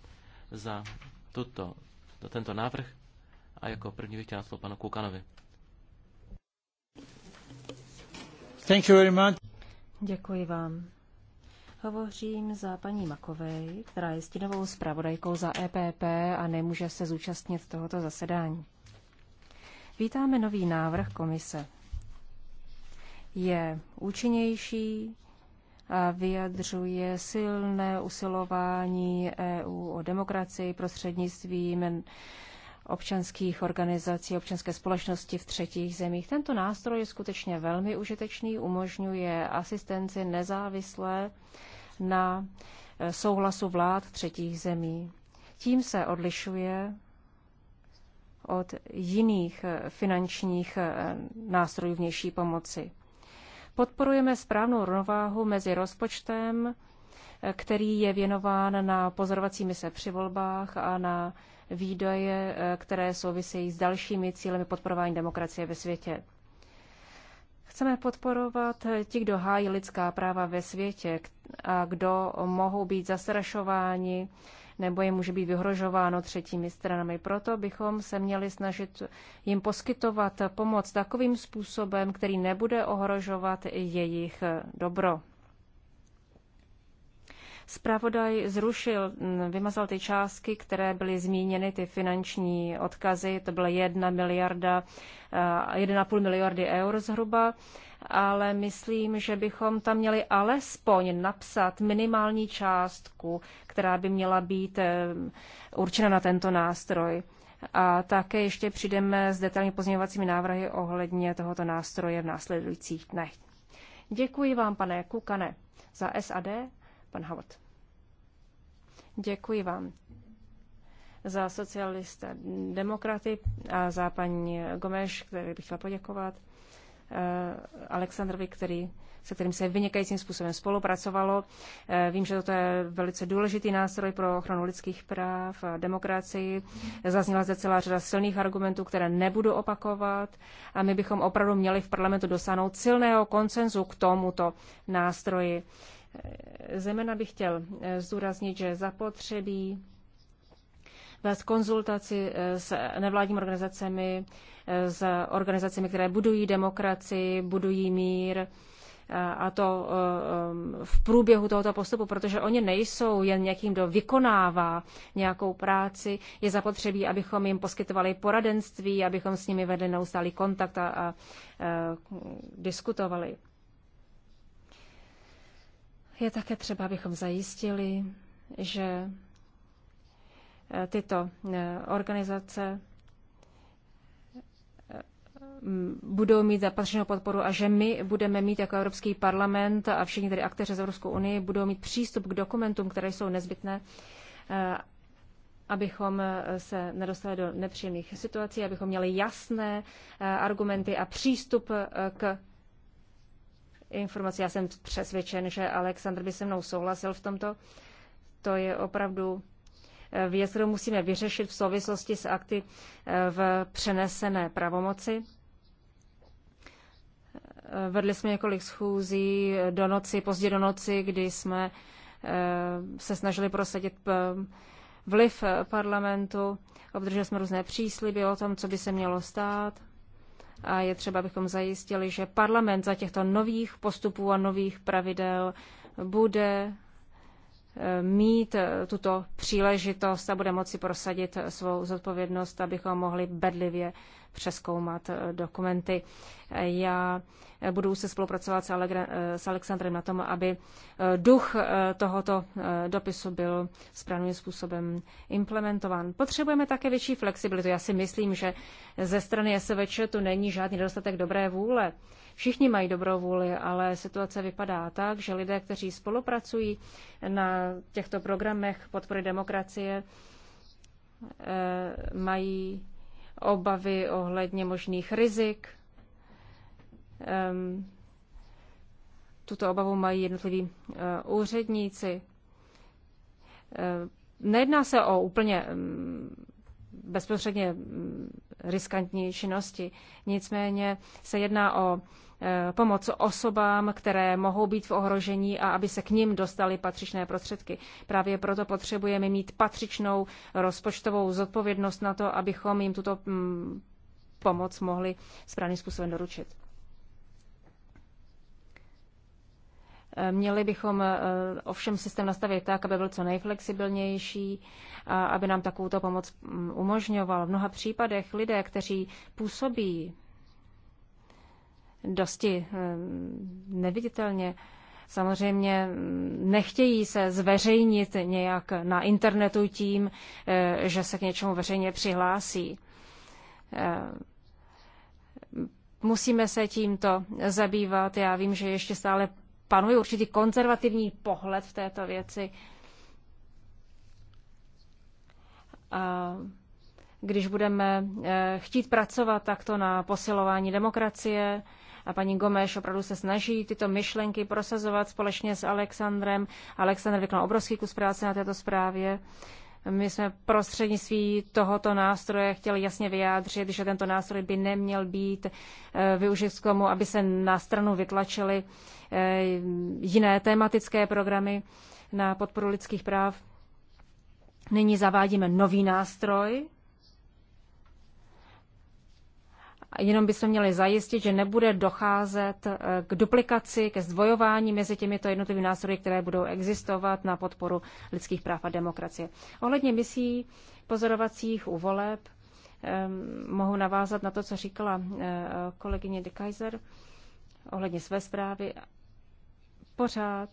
za, tuto, to, tento návrh a jako první bych chtěl slovo panu Kukanovi. Thank you very much. Děkuji vám. Hovořím za paní Makovej, která je stínovou zpravodajkou za EPP a nemůže se zúčastnit tohoto zasedání. Vítáme nový návrh komise. Je účinnější a vyjadřuje silné usilování EU o demokracii prostřednictvím občanských organizací, občanské společnosti v třetích zemích. Tento nástroj je skutečně velmi užitečný, umožňuje asistenci nezávislé na eh, souhlasu vlád třetích zemí. Tím se odlišuje od jiných eh, finančních eh, nástrojů vnější pomoci. Podporujeme správnou rovnováhu mezi rozpočtem, který je věnován na pozorovací mise při volbách a na výdaje, které souvisejí s dalšími cílemi podporování demokracie ve světě. Chceme podporovat ti, kdo hájí lidská práva ve světě a kdo mohou být zastrašováni nebo jim může být vyhrožováno třetími stranami. Proto bychom se měli snažit jim poskytovat pomoc takovým způsobem, který nebude ohrožovat jejich dobro. Spravodaj zrušil, mm, vymazal ty částky, které byly zmíněny, ty finanční odkazy, to byla 1 miliarda, 1,5 eh, miliardy eur zhruba, ale myslím, že bychom tam měli alespoň napsat minimální částku, která by měla být eh, určena na tento nástroj. A také ještě přijdeme s detailní pozměňovacími návrhy ohledně tohoto nástroje v následujících dnech. Děkuji vám, pane Kukane, za SAD pan Havot. Děkuji vám za socialista demokraty a za paní Gomeš, který bych chtěla poděkovat, eh, Aleksandrovi, který, se kterým se vynikajícím způsobem spolupracovalo. Eh, vím, že toto je velice důležitý nástroj pro ochranu lidských práv a demokracii. Zazněla zde celá řada silných argumentů, které nebudu opakovat a my bychom opravdu měli v parlamentu dosáhnout silného koncenzu k tomuto nástroji Zejména bych chtěl eh, zdůraznit, že zapotřebí vést konzultaci eh, s nevládními organizacemi, eh, s organizacemi, které budují demokracii, budují mír, a to v průběhu tohoto postupu, protože oni nejsou jen někým, kdo vykonává nějakou práci. Je zapotřebí, abychom jim poskytovali poradenství, abychom s nimi vedli neustálý kontakt a, a, a diskutovali. Je také třeba, abychom zajistili, že eh, tyto eh, organizace eh, budou mít zapatřenou podporu a že my budeme mít jako Evropský parlament a všichni tedy akteři z Evropskou unii budou mít přístup k dokumentům, které jsou nezbytné, abychom se nedostali do nepříjemných situací, abychom měli jasné argumenty a přístup k Informace, Já jsem přesvědčen, že Aleksandr by se mnou souhlasil v tomto. To je opravdu eh, věc, kterou musíme vyřešit v souvislosti s akty eh, v přenesené pravomoci. Eh, vedli jsme několik schůzí do noci, pozdě do noci, kdy jsme se snažili prosadit vliv parlamentu. Obdrželi jsme různé přísliby o tom, co by se mělo stát a je třeba, abychom zajistili, že parlament za těchto nových postupů a nových pravidel bude mít tuto příležitost a bude moci prosadit svou zodpovědnost, abychom mohli bedlivě přeskoumat dokumenty. Já budu se spolupracovat s, s Alexandrem na tom, aby duch tohoto dopisu byl správným způsobem implementován. Potřebujeme také větší flexibilitu. Já si myslím, že ze strany SVČ tu není žádný nedostatek dobré vůle. Všichni mají dobrou vůli, ale situace vypadá tak, že lidé, kteří spolupracují na těchto programech podpory demokracie, eh, mají obavy ohledně možných rizik. Ehm, tuto obavu mají jednotliví eh, úředníci. Ehm, nejedná se o úplně ehm, bezprostředně riskantní činnosti. Nicméně se jedná o Eh, pomoc osobám, které mohou být v ohrožení a aby se k ním dostaly patřičné prostředky. Právě proto potřebujeme mít patřičnou rozpočtovou zodpovědnost na to, abychom jim tuto mm, pomoc mohli správným způsobem doručit. Eh, měli bychom eh, ovšem systém nastavit tak, aby byl co nejflexibilnější, a aby nám takovou pomoc mm, umožňoval. V mnoha případech lidé, kteří působí dosti eh, neviditelně. Samozřejmě mm, nechtějí se zveřejnit nějak na internetu tím, eh, že se k něčemu veřejně přihlásí. Eh, musíme se tímto zabývat. Já vím, že ještě stále panuje určitý konzervativní pohled v této věci. A když budeme chtít pracovat takto na posilování demokracie, a paní Gomeš opravdu se snaží tyto myšlenky prosazovat společně s Alexandrem. Alexandr vykonal obrovský kus práce na této zprávě. My jsme prostřednictví tohoto nástroje chtěli jasně vyjádřit, že tento nástroj by neměl být eh, využit k tomu, aby se na stranu vytlačily eh, jiné tematické programy na podporu lidských práv. Nyní zavádíme nový nástroj, Jenom bychom měli zajistit, že nebude docházet eh, k duplikaci, ke zdvojování mezi těmito jednotlivými nástroji, které budou existovat na podporu lidských práv a demokracie. Ohledně misí pozorovacích u voleb mohu navázat na to, co říkala eh, kolegyně de Kaiser ohledně své zprávy. Pořád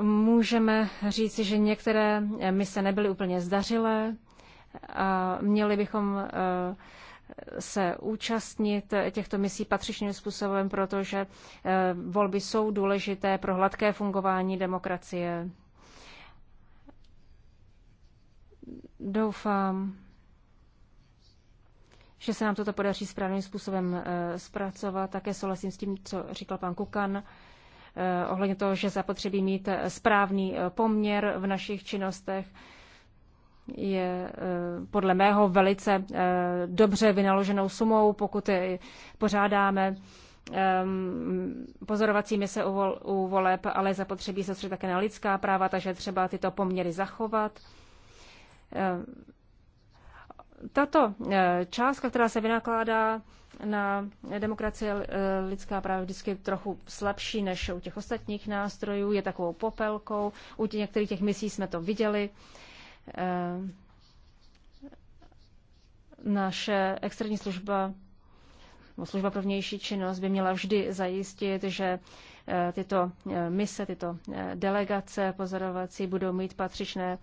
můžeme říci, že některé mise nebyly úplně zdařilé a měli bychom e, se účastnit těchto misí patřičným způsobem, protože e, volby jsou důležité pro hladké fungování demokracie. Doufám, že se nám toto podaří správným způsobem e, zpracovat. Také souhlasím s tím, co říkal pan Kukan ohledně toho, že zapotřebí mít správný poměr v našich činnostech je eh, podle mého velice eh, dobře vynaloženou sumou, pokud pořádáme ehm, pozorovací mise u voleb, ale zapotřebí se také na lidská práva, takže třeba tyto poměry zachovat. Ehm, tato eh, částka, která se vynakládá na demokracie lidská práva vždycky trochu slabší než u těch ostatních nástrojů, je takovou popelkou. U těch některých těch misí jsme to viděli. Eh, naše externí služba služba pro vnější činnost by měla vždy zajistit, že eh, tyto eh, mise, tyto delegace pozorovací budou mít patřičné,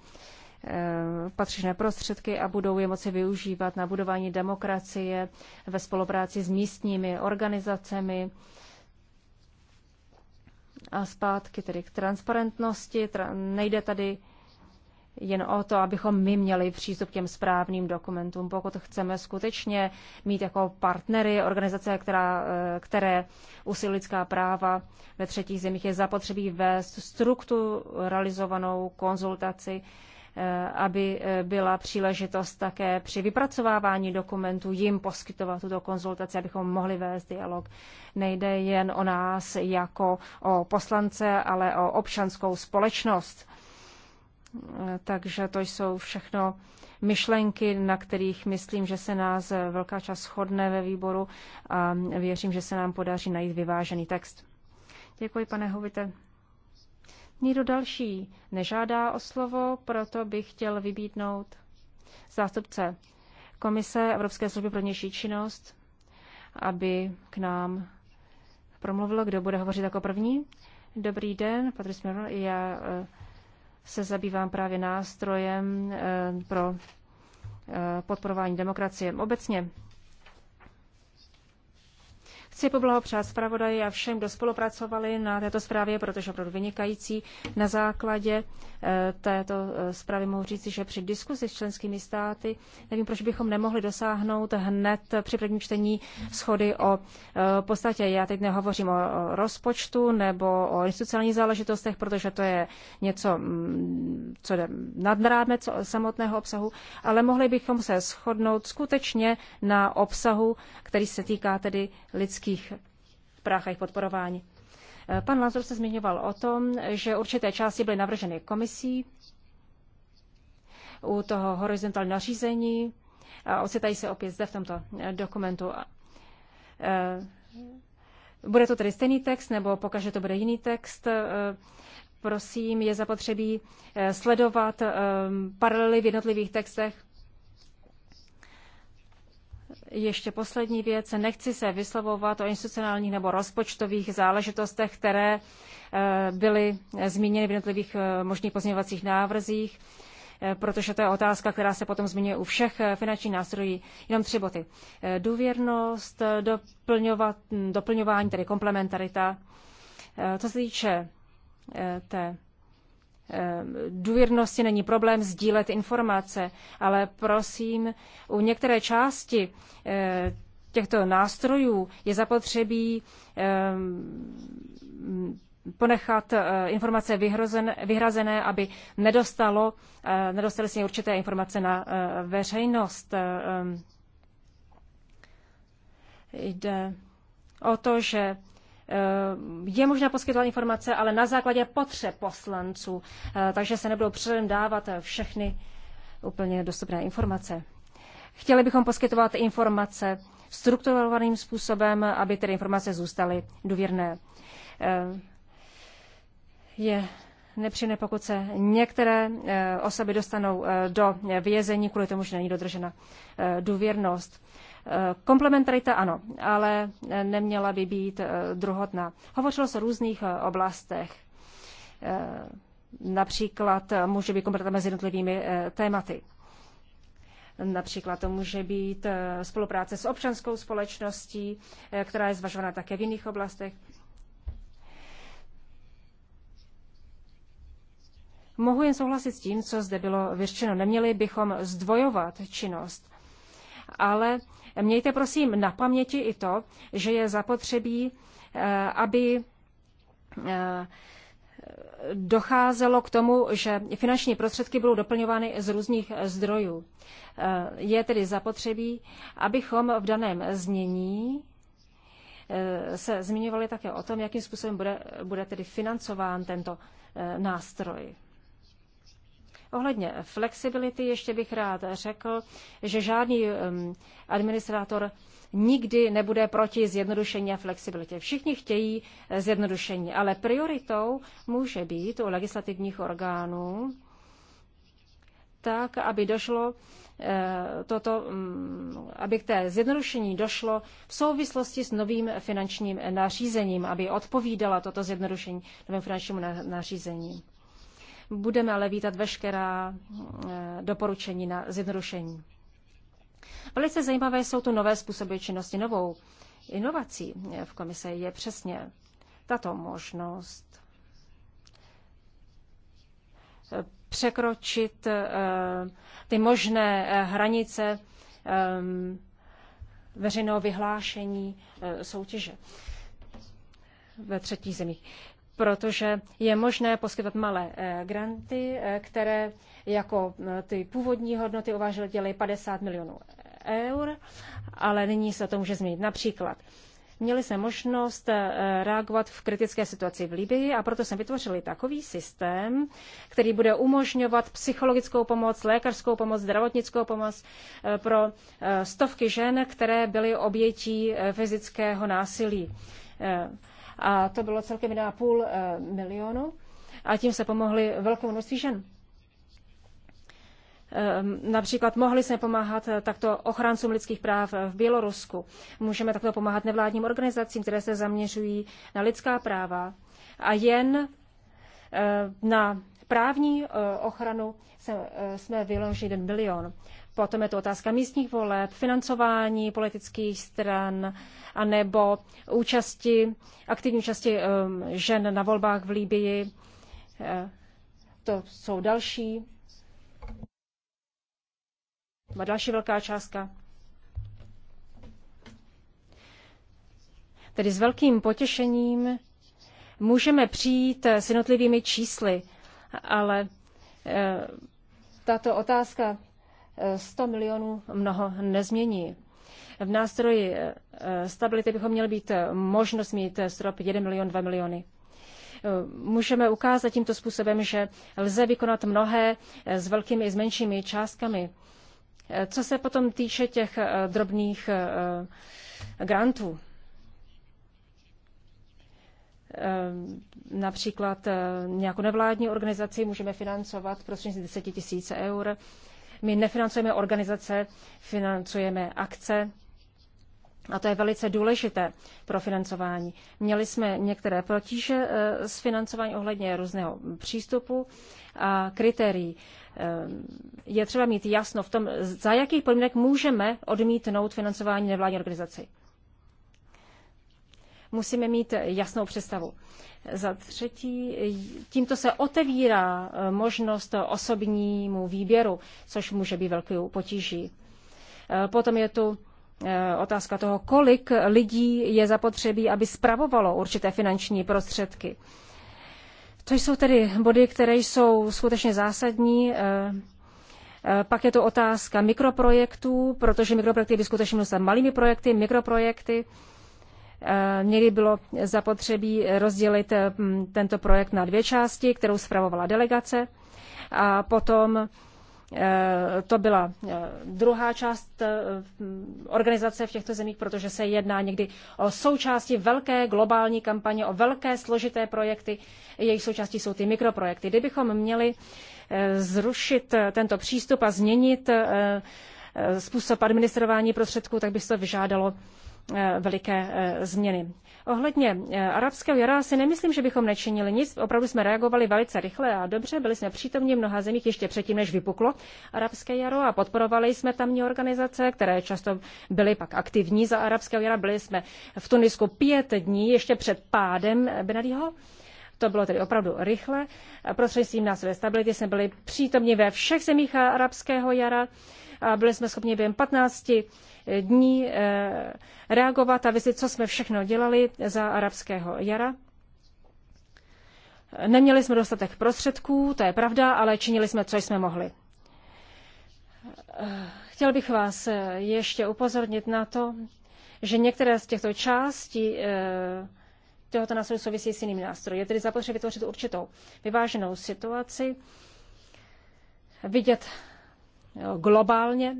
patřičné prostředky a budou je moci využívat na budování demokracie ve spolupráci s místními organizacemi. A zpátky tedy k transparentnosti. Nejde tady jen o to, abychom my měli přístup k těm správným dokumentům. Pokud chceme skutečně mít jako partnery organizace, která, eh, které usilují lidská práva ve třetích zemích, je zapotřebí vést strukturalizovanou konzultaci, eh, aby eh, byla příležitost také při vypracovávání dokumentů jim poskytovat tuto konzultaci, abychom mohli vést dialog. Nejde jen o nás jako o poslance, ale o občanskou společnost takže to jsou všechno myšlenky, na kterých myslím, že se nás velká část shodne ve výboru a věřím, že se nám podaří najít vyvážený text. Děkuji, pane Hovite. Nikdo další nežádá o slovo, proto bych chtěl vybídnout zástupce Komise Evropské služby pro vnější činnost, aby k nám promluvilo, kdo bude hovořit jako první. Dobrý den, Patrice Miron, já eh, se zabývám právě nástrojem eh, pro eh, podporování demokracie obecně. Chci poblahopřát zpravodaji a všem, kdo spolupracovali na této zprávě, protože opravdu vynikající. Na základě e, této e, zprávy mohu říci, že při diskusi s členskými státy, nevím, proč bychom nemohli dosáhnout hned při prvním čtení schody o e, podstatě. Já teď nehovořím o rozpočtu nebo o institucionálních záležitostech, protože to je něco, mm, co jde nad rámec samotného obsahu, ale mohli bychom se shodnout skutečně na obsahu, který se týká tedy lidských lidských práv a jejich podporování. Pan Lanzor se zmiňoval o tom, že určité části byly navrženy komisí u toho horizontálního nařízení. A ocitají se opět zde v tomto dokumentu. E, bude to tedy stejný text, nebo pokaže to bude jiný text? E, prosím, je zapotřebí e, sledovat paralely v jednotlivých textech ještě poslední věc. Nechci se vyslovovat o institucionálních nebo rozpočtových záležitostech, které eh, byly eh, zmíněny v jednotlivých eh, možných pozměňovacích návrzích, protože to je otázka, která se potom zmiňuje u všech finančních nástrojů. Jenom tři boty. Důvěrnost, doplňovat, hm, doplňování, tedy komplementarita. Co se týče té Ehm, důvěrnosti není problém sdílet informace, ale prosím, u některé části eh, těchto nástrojů je zapotřebí ehm, ponechat eh, informace vyhrozen, vyhrazené, aby nedostalo, eh, nedostali si určité informace na veřejnost. Ehm, jde o to, že Eh, je možné poskytovat informace, ale na základě potřeb poslanců, eh, takže se nebudou předem dávat všechny úplně dostupné informace. Chtěli bychom poskytovat informace strukturovaným způsobem, aby ty informace zůstaly důvěrné. Eh, je nepříjemné, pokud se některé osoby dostanou do vězení kvůli tomu, že není dodržena důvěrnost. Eh, komplementarita ano, ale eh, neměla by být eh, druhotná. Hovořilo se o různých oblastech. Například může být komplementa mezi jednotlivými tématy. Například to může být spolupráce s občanskou společností, která je zvažována také v jiných oblastech. Mohu jen souhlasit s tím, co zde bylo vyřčeno. Neměli bychom zdvojovat činnost, ale Mějte prosím na paměti i to, že je zapotřebí, eh, aby eh, docházelo k tomu, že finanční prostředky budou doplňovány z různých zdrojů. Eh, je tedy zapotřebí, abychom v daném znění se zmiňovali také o tom, jakým způsobem bude, bude tedy financován tento nástroj. Ohledně flexibility ještě bych rád řekl, že žádný um, administrátor nikdy nebude proti zjednodušení a flexibilitě. Všichni chtějí zjednodušení, ale prioritou může být u legislativních orgánů tak, aby došlo eh, toto, mm, aby k té zjednodušení došlo v souvislosti s novým finančním nařízením, aby odpovídala toto zjednodušení novým finančnímu nařízení. Budeme ale vítat veškerá eh, doporučení na zjednodušení. Velice zajímavé jsou tu nové způsoby činnosti. Novou inovací eh, v komise je přesně tato možnost eh, překročit ty možné hranice veřejného vyhlášení soutěže ve třetích zemích protože je možné poskytovat malé eh, granty, eh, které jako eh, ty původní hodnoty uvážel dělají 50 milionů eur, ale nyní se to může změnit. Například měli jsme možnost reagovat v kritické situaci v Libii a proto jsme vytvořili takový systém, který bude umožňovat psychologickou pomoc, lékařskou pomoc, zdravotnickou pomoc pro stovky žen, které byly obětí fyzického násilí a to bylo celkem 1,5 eh, milionu a tím se pomohli velkou množství žen. Ehm, například mohli jsme pomáhat eh, takto ochráncům lidských práv v Bělorusku. Můžeme takto pomáhat nevládním organizacím, které se zaměřují na lidská práva. A jen eh, na právní ochranu jsme vyložili 1 milion. Potom je to otázka místních voleb, financování politických stran, anebo účasti, aktivní účasti um, žen na volbách v Líbii. Eh, to jsou další, další velká částka. Tedy s velkým potěšením můžeme přijít s jednotlivými čísly, ale eh, tato otázka 100 milionů mnoho nezmění. V nástroji eh, eh, stability bychom měli být eh, možnost mít strop 1 milion, 2 miliony. Můžeme ukázat tímto způsobem, že lze vykonat mnohé s velkými i s menšími částkami. Co se potom týče těch drobných grantů, například nějakou nevládní organizaci můžeme financovat prostřednictvím 10 000 eur, my nefinancujeme organizace, financujeme akce. A to je velice důležité pro financování. Měli jsme některé protíže eh, s financováním ohledně různého přístupu a kritérií. Eh, je třeba mít jasno v tom, za jakých podmínek můžeme odmítnout financování nevládní organizaci. Musíme mít jasnou představu. Za třetí, tímto se otevírá eh, možnost osobnímu výběru, což může být velkou potíží. Eh, potom je tu eh, otázka toho, kolik lidí je zapotřebí, aby spravovalo určité finanční prostředky. To jsou tedy body, které jsou skutečně zásadní. Pak je to otázka mikroprojektů, protože mikroprojekty by skutečně malými projekty, mikroprojekty. Někdy eh, bylo zapotřebí rozdělit eh, tento projekt na dvě části, kterou zpravovala delegace. A potom eh, to byla druhá část organizace v těchto zemích, protože se jedná někdy o součásti velké globální kampaně, o velké složité projekty. Jejich součástí jsou ty mikroprojekty. Kdybychom měli zrušit tento přístup a změnit způsob administrování prostředků, tak by se to vyžádalo Eh, veliké eh, změny. Ohledně eh, arabského jara si nemyslím, že bychom nečinili nic. Opravdu jsme reagovali velice rychle a dobře. Byli jsme přítomni v mnoha zemích ještě předtím, než vypuklo arabské jaro a podporovali jsme tamní organizace, které často byly pak aktivní za arabského jara. Byli jsme v Tunisku pět dní ještě před pádem Benadího. To bylo tedy opravdu rychle. Prostřednictvím nástroje stability jsme byli přítomni ve všech zemích arabského jara. Byli jsme schopni během 15 dní eh, reagovat a vysvětlit, co jsme všechno dělali za arabského jara. Neměli jsme dostatek prostředků, to je pravda, ale činili jsme, co jsme mohli. Eh, chtěl bych vás eh, ještě upozornit na to, že některé z těchto částí tohoto nástroje souvisí s jinými nástroji. Je tedy zapotřebí vytvořit určitou vyváženou situaci, vidět globálně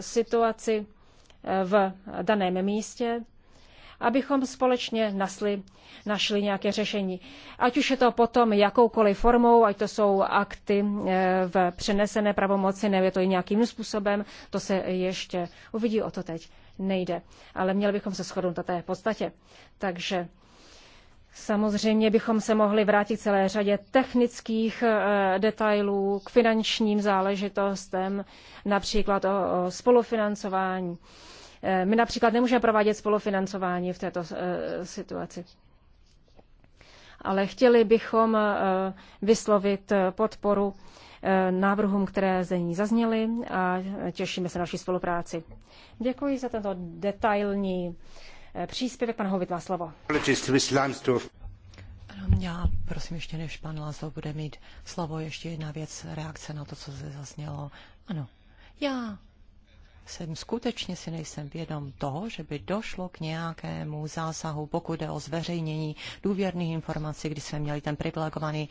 situaci v daném místě, abychom společně nasli, našli nějaké řešení. Ať už je to potom jakoukoliv formou, ať to jsou akty eh, v přenesené pravomoci, nebo je to i nějakým způsobem, to se ještě uvidí, o to teď nejde. Ale měli bychom se shodnout na té podstatě. Takže Samozřejmě bychom se mohli vrátit celé řadě technických eh, detailů k finančním záležitostem, například o, o spolufinancování. Eh, my například nemůžeme provádět spolufinancování v této eh, situaci. Ale chtěli bychom vyslovit podporu návrhům, které ze ní zazněly a těšíme se na naší spolupráci. Děkuji za tento detailní příspěvek. Pan Hovit, má slovo. Já prosím ještě, než pan Lázo bude mít slovo, ještě jedna věc, reakce na to, co se zaznělo. Ano, já jsem skutečně si nejsem vědom toho, že by došlo k nějakému zásahu, pokud jde o zveřejnění důvěrných informací, kdy jsme měli ten privilegovaný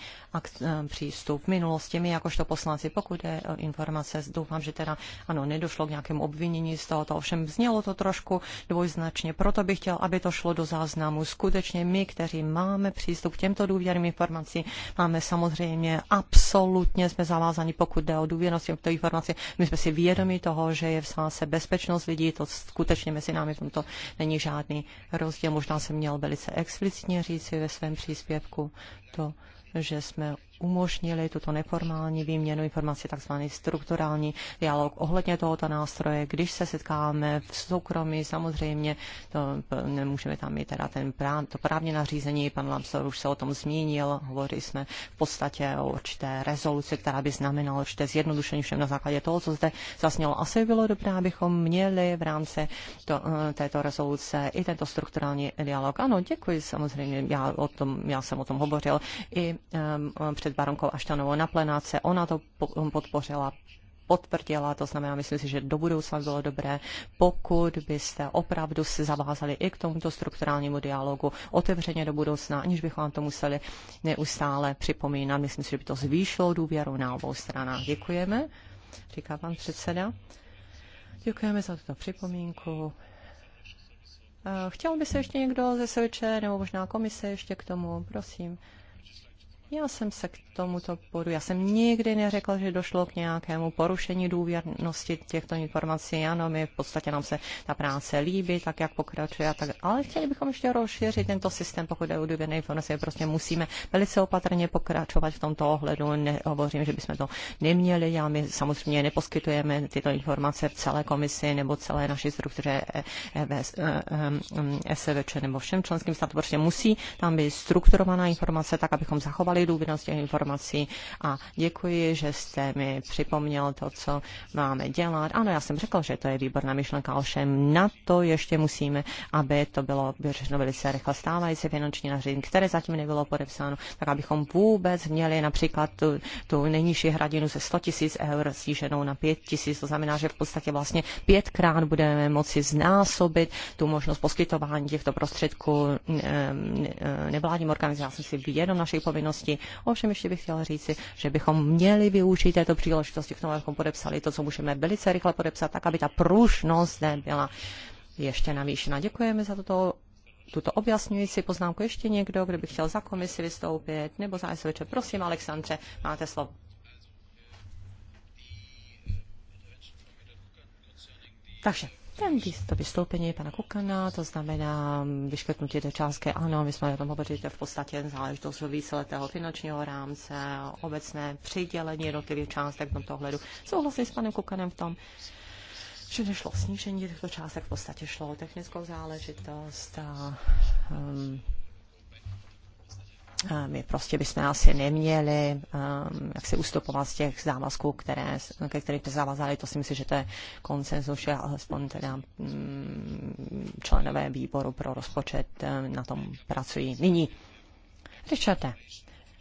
eh, přístup v minulosti. My jakožto poslanci, pokud jde o informace, doufám, že teda ano, nedošlo k nějakému obvinění z toho. ovšem znělo to trošku dvojznačně. Proto bych chtěl, aby to šlo do záznamu. Skutečně my, kteří máme přístup k těmto důvěrným informacím, máme samozřejmě absolutně jsme zavázáni, pokud jde o důvěrnost těchto informací. My jsme si vědomi toho, že je v se bezpečnost lidí, to skutečně mezi námi v tomto není žádný rozdíl. Možná jsem měl velice explicitně říci ve svém příspěvku to, že jsme umožnili tuto neformální výměnu informací, takzvaný strukturální dialog ohledně tohoto nástroje. Když se setkáme v soukromí, samozřejmě to nemůžeme tam mít teda ten práv, to právně nařízení, pan Lamsor už se o tom zmínil, hovořili jsme v podstatě o určité rezoluci, která by znamenala určité zjednodušení všem na základě toho, co zde zasnělo. Asi by bylo dobré, abychom měli v rámci to, eh, této rezoluce i tento strukturální dialog. Ano, děkuji samozřejmě, já, o tom, já jsem o tom hovořil i um, před baronkou Aštanovou na plenáce. Ona to podpořila potvrdila, to znamená, myslím si, že do budoucna bylo dobré, pokud byste opravdu se zavázali i k tomuto strukturálnímu dialogu otevřeně do budoucna, aniž bychom vám to museli neustále připomínat. Myslím si, že by to zvýšilo důvěru na obou stranách. Děkujeme, říká pan předseda. Děkujeme za tuto připomínku. Eh, chtěl by se ještě někdo ze SVČ nebo možná komise ještě k tomu, prosím. Já jsem se k tomuto bodu, já jsem nikdy neřekla, že došlo k nějakému porušení důvěrnosti těchto informací. Ano, my v podstatě nám se ta práce líbí, tak jak pokračuje tak, ale chtěli bychom ještě rozšířit tento systém, pokud je o důvěrné informace, prostě musíme velice opatrně pokračovat v tomto ohledu. Nehovořím, že bychom to neměli, já my samozřejmě neposkytujeme tyto informace v celé komisi nebo celé naší struktuře e- e SVČ e- nebo všem členským státům. Prostě musí tam být strukturovaná informace tak, abychom zachovali validu těch informací a děkuji, že jste mi připomněl to, co máme dělat. Ano, já jsem řekl, že to je výborná myšlenka, ovšem na to ještě musíme, aby to bylo vyřešeno velice rychle stávající finanční nařízení, které zatím nebylo podepsáno, tak abychom vůbec měli například tu, tu nejnižší hradinu ze 100 tisíc eur sníženou na 5 tisíc, to znamená, že v podstatě vlastně pětkrát budeme moci znásobit tu možnost poskytování těchto prostředků ehm, ehm, nevládním organizacím. Já jsem si vědom našich povinností možností. Ovšem ještě bych chtěla říci, že bychom měli využít této příležitosti k tomu, abychom podepsali to, co můžeme velice rychle podepsat, tak aby ta pružnost nebyla ještě navýšena. Děkujeme za toto tuto objasňující poznámku ještě někdo, kdo by chtěl za komisi vystoupit, nebo za SVČ. Prosím, Alexandře, máte slovo. Takže ten, to vystoupení pana Kukana, to znamená vyškrtnutí té částky, ano, my jsme o tom hovořili, to v podstatě záležitost víceletého finančního rámce, obecné přidělení jednotlivých částek v tomto ohledu. Souhlasím s panem Kukanem v tom, že nešlo snížení těchto částek, v podstatě šlo o technickou záležitost a um, Eh, my prostě bychom asi neměli eh, jak se ustupovat z těch závazků, které, ke kterým se zavazali. To si myslím, že to je konsenzus, že alespoň teda mm, členové výboru pro rozpočet eh, na tom pracují nyní. Richarde,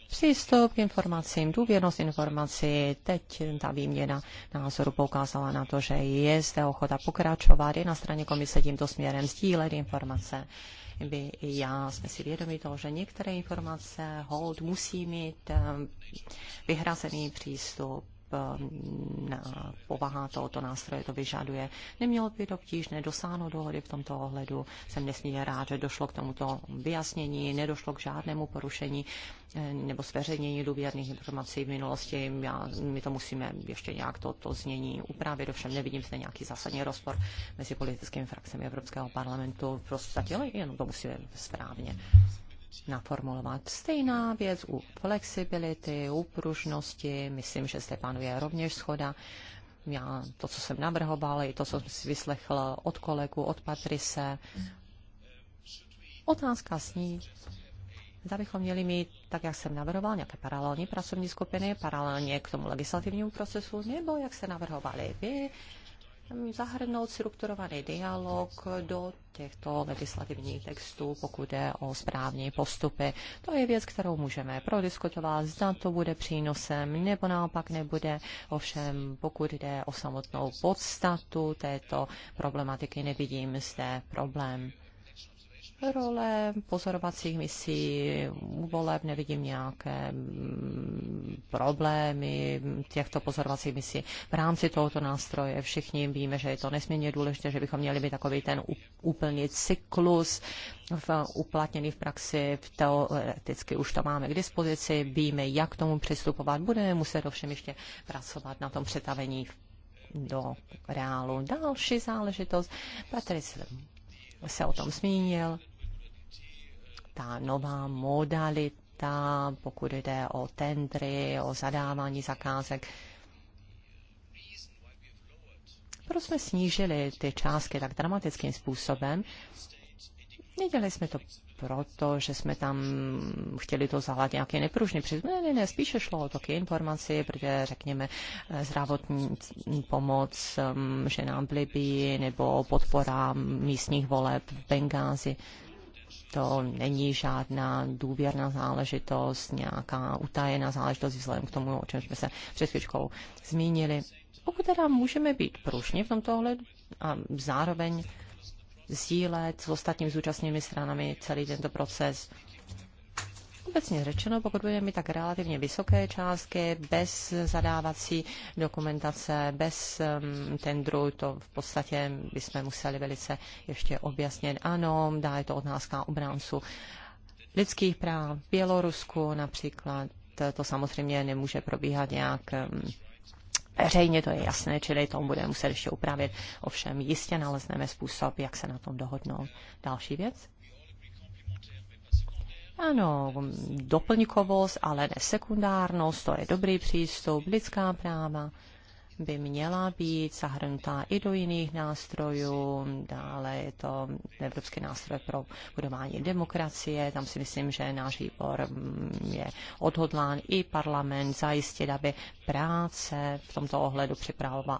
přístup k informacím, důvěrnost informací. Teď ta výměna názoru poukázala na to, že je zde ochota pokračovat i na straně komise tímto směrem, sdílet informace by i já jsme si vědomi toho, že některé informace hold musí mít eh, vyhrazený přístup na povaha tohoto nástroje to vyžaduje. Nemělo by to obtížné dosáhnout dohody v tomto ohledu. Jsem nesmírně rád, že došlo k tomuto vyjasnění, nedošlo k žádnému porušení eh, nebo zveřejnění důvěrných informací v minulosti. Já, my to musíme ještě nějak to, to znění upravit, ovšem nevidím zde nějaký zásadní rozpor mezi politickými frakcemi Evropského parlamentu. Prostě jenom to musíme správně naformulovat. Stejná věc u flexibility, u pružnosti, myslím, že zde panuje rovněž schoda. Já to, co jsem navrhoval, i to, co jsem si vyslechl od kolegu, od Patrise. Otázka zní, zda bychom měli mít, tak jak jsem navrhoval, nějaké paralelní pracovní skupiny, paralelně k tomu legislativnímu procesu, nebo jak se navrhovali vy, zahrnout strukturovaný dialog do těchto legislativních textů, pokud je o správní postupy. To je věc, kterou můžeme prodiskutovat, zda to bude přínosem nebo naopak nebude. Ovšem, pokud jde o samotnou podstatu této problematiky, nevidím zde problém role pozorovacích misí, voleb nevidím nějaké mm, problémy těchto pozorovacích misí. V rámci tohoto nástroje všichni víme, že je to nesmírně důležité, že bychom měli být takový ten úplný cyklus v, uplatněný v praxi, v teoreticky už to máme k dispozici, víme, jak k tomu přistupovat, budeme muset ovšem ještě pracovat na tom přetavení do reálu. Další záležitost, Patrice se o tom zmínil. Ta nová modalita, pokud jde o tendry, o zadávání zakázek, proč jsme snížili ty částky tak dramatickým způsobem? Nedělali jsme to proto, že jsme tam chtěli to zahlát nějaký nepružný přizm. Ne, ne, ne, spíše šlo o toky informaci, protože řekněme eh, zdravotní pomoc ehm, ženám v Libii nebo podpora místních voleb v Bengázi. To není žádná důvěrná záležitost, nějaká utajená záležitost vzhledem k tomu, o čem jsme se před chvíčkou zmínili. Pokud teda můžeme být pružní v tomto ohledu a zároveň sdílet s ostatními zúčastněnými stranami celý tento proces. Obecně řečeno, pokud budeme mít tak relativně vysoké částky, bez zadávací dokumentace, bez um, tendru, to v podstatě bychom museli velice ještě objasnit. Ano, dá je to otázka obránců lidských práv v Bělorusku například. To samozřejmě nemůže probíhat nějak um, veřejně, to je jasné, čili to budeme muset ještě upravit. Ovšem jistě nalezneme způsob, jak se na tom dohodnout. Další věc? Ano, doplňkovost, ale ne sekundárnost, to je dobrý přístup, lidská práva by měla být zahrnutá i do jiných nástrojů. Dále je to Evropský nástroj pro budování demokracie. Tam si myslím, že náš výbor mm, je odhodlán i parlament zajistit, aby práce v tomto ohledu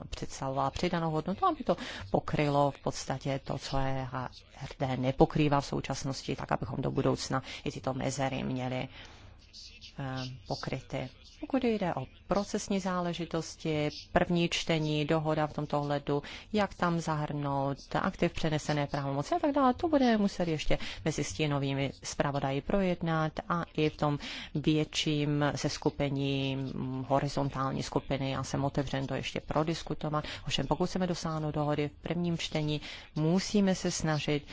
představovala přidanou hodnotu, aby to pokrylo v podstatě to, co je HRD nepokrývá v současnosti, tak abychom do budoucna i tyto mezery měli eh, pokryty. Pokud jde o procesní záležitosti, první čtení, dohoda v tomto ohledu, jak tam zahrnout aktiv přenesené pravomoci a tak dále, to bude muset ještě mezi stínovými zpravodaji projednat a i v tom větším seskupení horizontální skupiny. Já jsem otevřen to ještě prodiskutovat. Ovšem, pokud chceme dosáhnout dohody v prvním čtení, musíme se snažit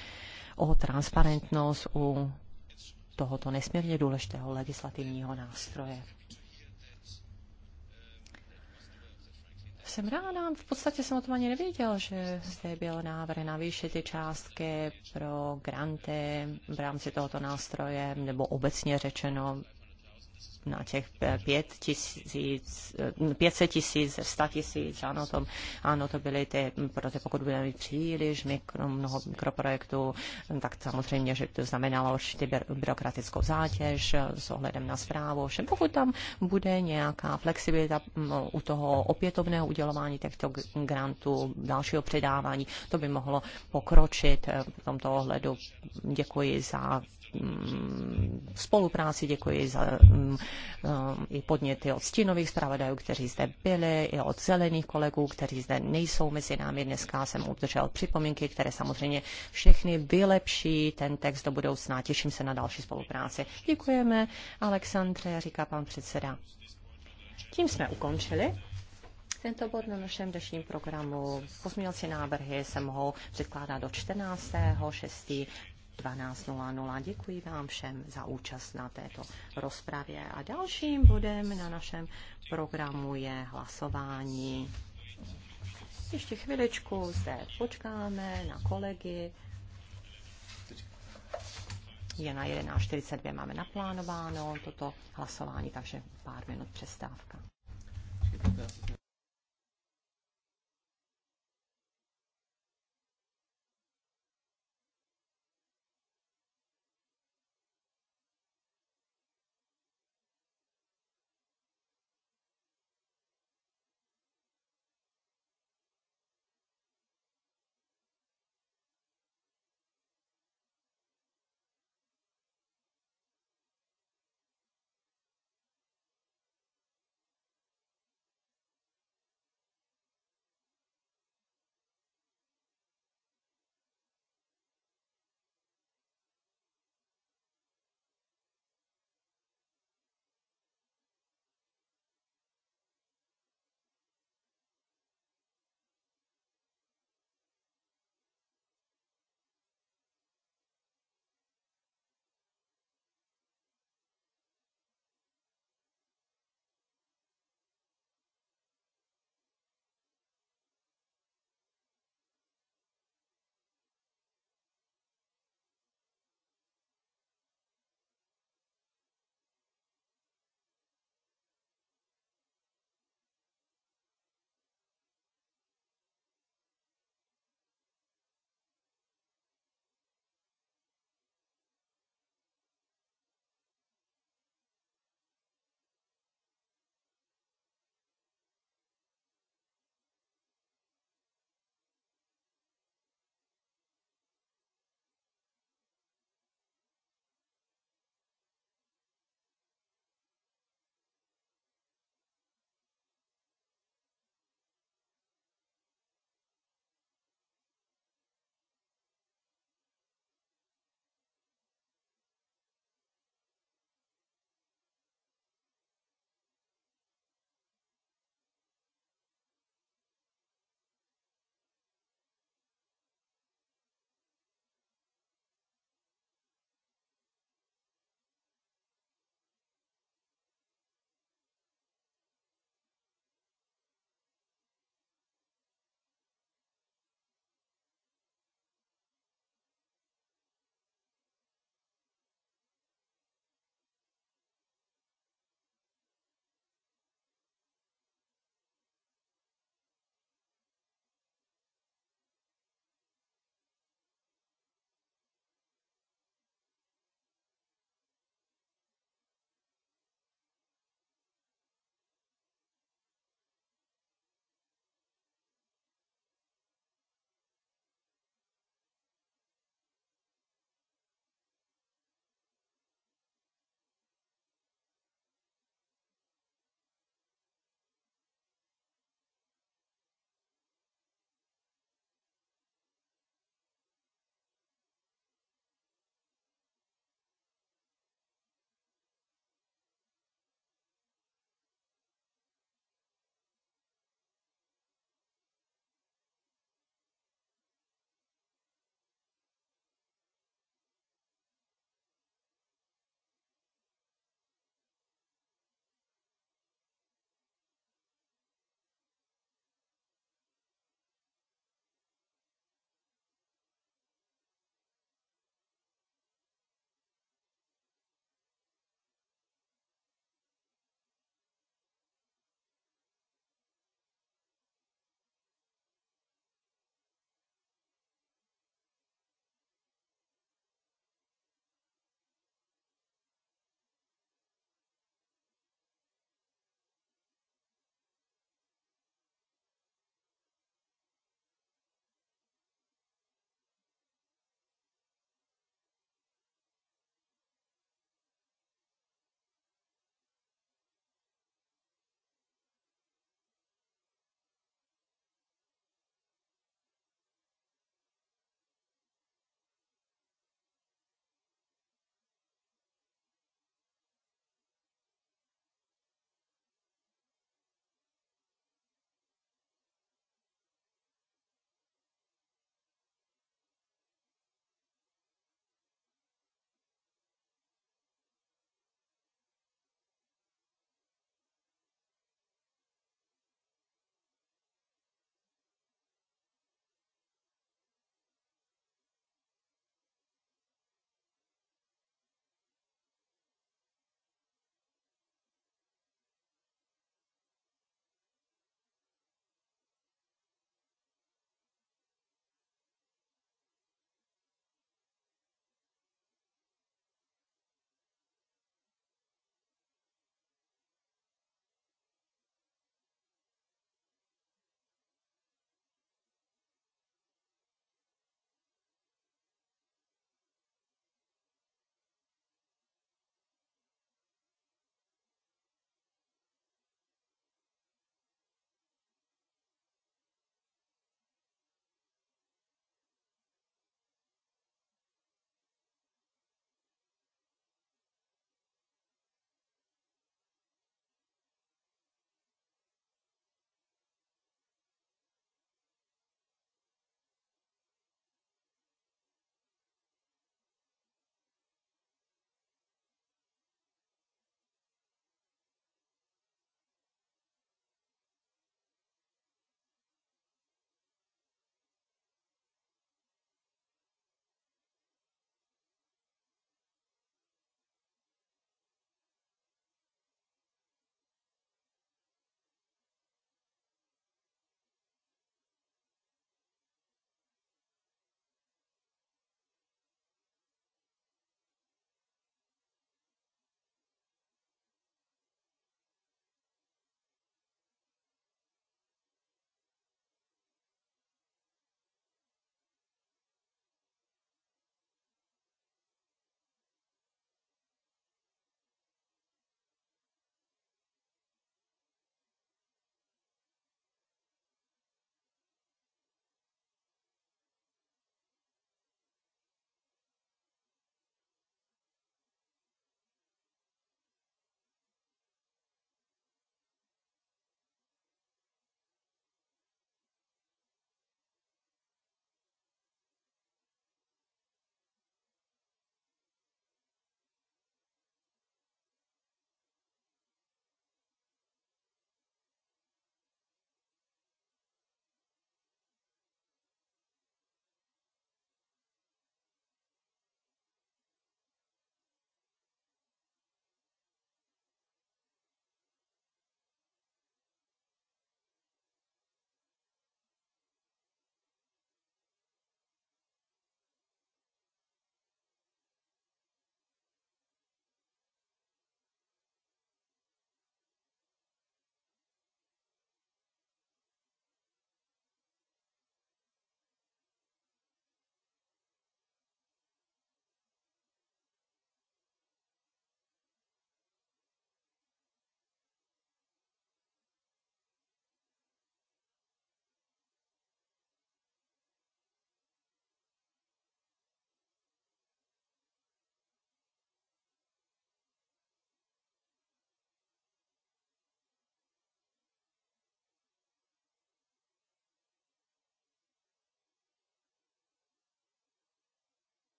o transparentnost u tohoto nesmírně důležitého legislativního nástroje. Jsem ráda, v podstatě jsem o tom ani nevěděl, že zde byl návrh navýšit ty částky pro granty v rámci tohoto nástroje, nebo obecně řečeno na těch pět tisíc, pětset tisíc, sta tisíc, ano to, ano, to byly ty, protože pokud budeme mít příliš mikro, mnoho mikroprojektů, tak samozřejmě, že to znamenalo určitě byrokratickou zátěž s ohledem na zprávu. Všem pokud tam bude nějaká flexibilita u toho opětovného udělování těchto grantů, dalšího předávání, to by mohlo pokročit v tomto ohledu. Děkuji za Mm, spolupráci, děkuji za mm, eh, i podněty od stínových zpravodajů, kteří zde byli, i od zelených kolegů, kteří zde nejsou mezi námi. Dneska jsem udržel připomínky, které samozřejmě všechny vylepší ten text do budoucna. Těším se na další spolupráci. Děkujeme, Alexandře, říká pan předseda. Tím jsme ukončili tento bod na našem dnešním programu. Pozměňovací návrhy se mohou předkládat do 14. 6. 12.00. Děkuji vám všem za účast na této rozpravě. A dalším bodem na našem programu je hlasování. Ještě chviličku zde počkáme na kolegy. Je na 11.42, máme naplánováno toto hlasování, takže pár minut přestávka.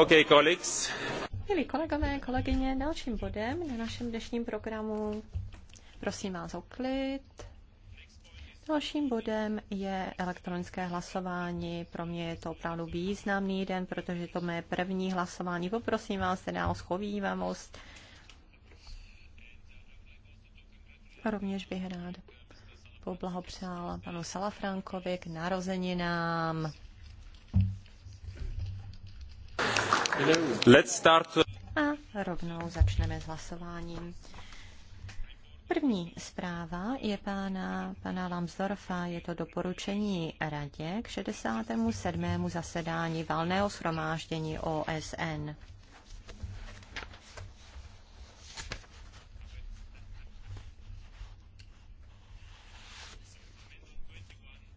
Okay, colleagues. Milí kolegové, kolegyně, dalším bodem na našem dnešním programu prosím vás o klid. Dalším bodem je elektronické hlasování. Pro mě je to opravdu významný den, protože to mé první hlasování. Poprosím vás teda o schovývavost. Rovněž bych rád poblahopřála panu Salafrankovi k narozeninám. Let's start. A rovnou začneme s hlasováním. První zpráva je pána, pana Lambsdorfa, je to doporučení radě k 67. zasedání valného shromáždění OSN.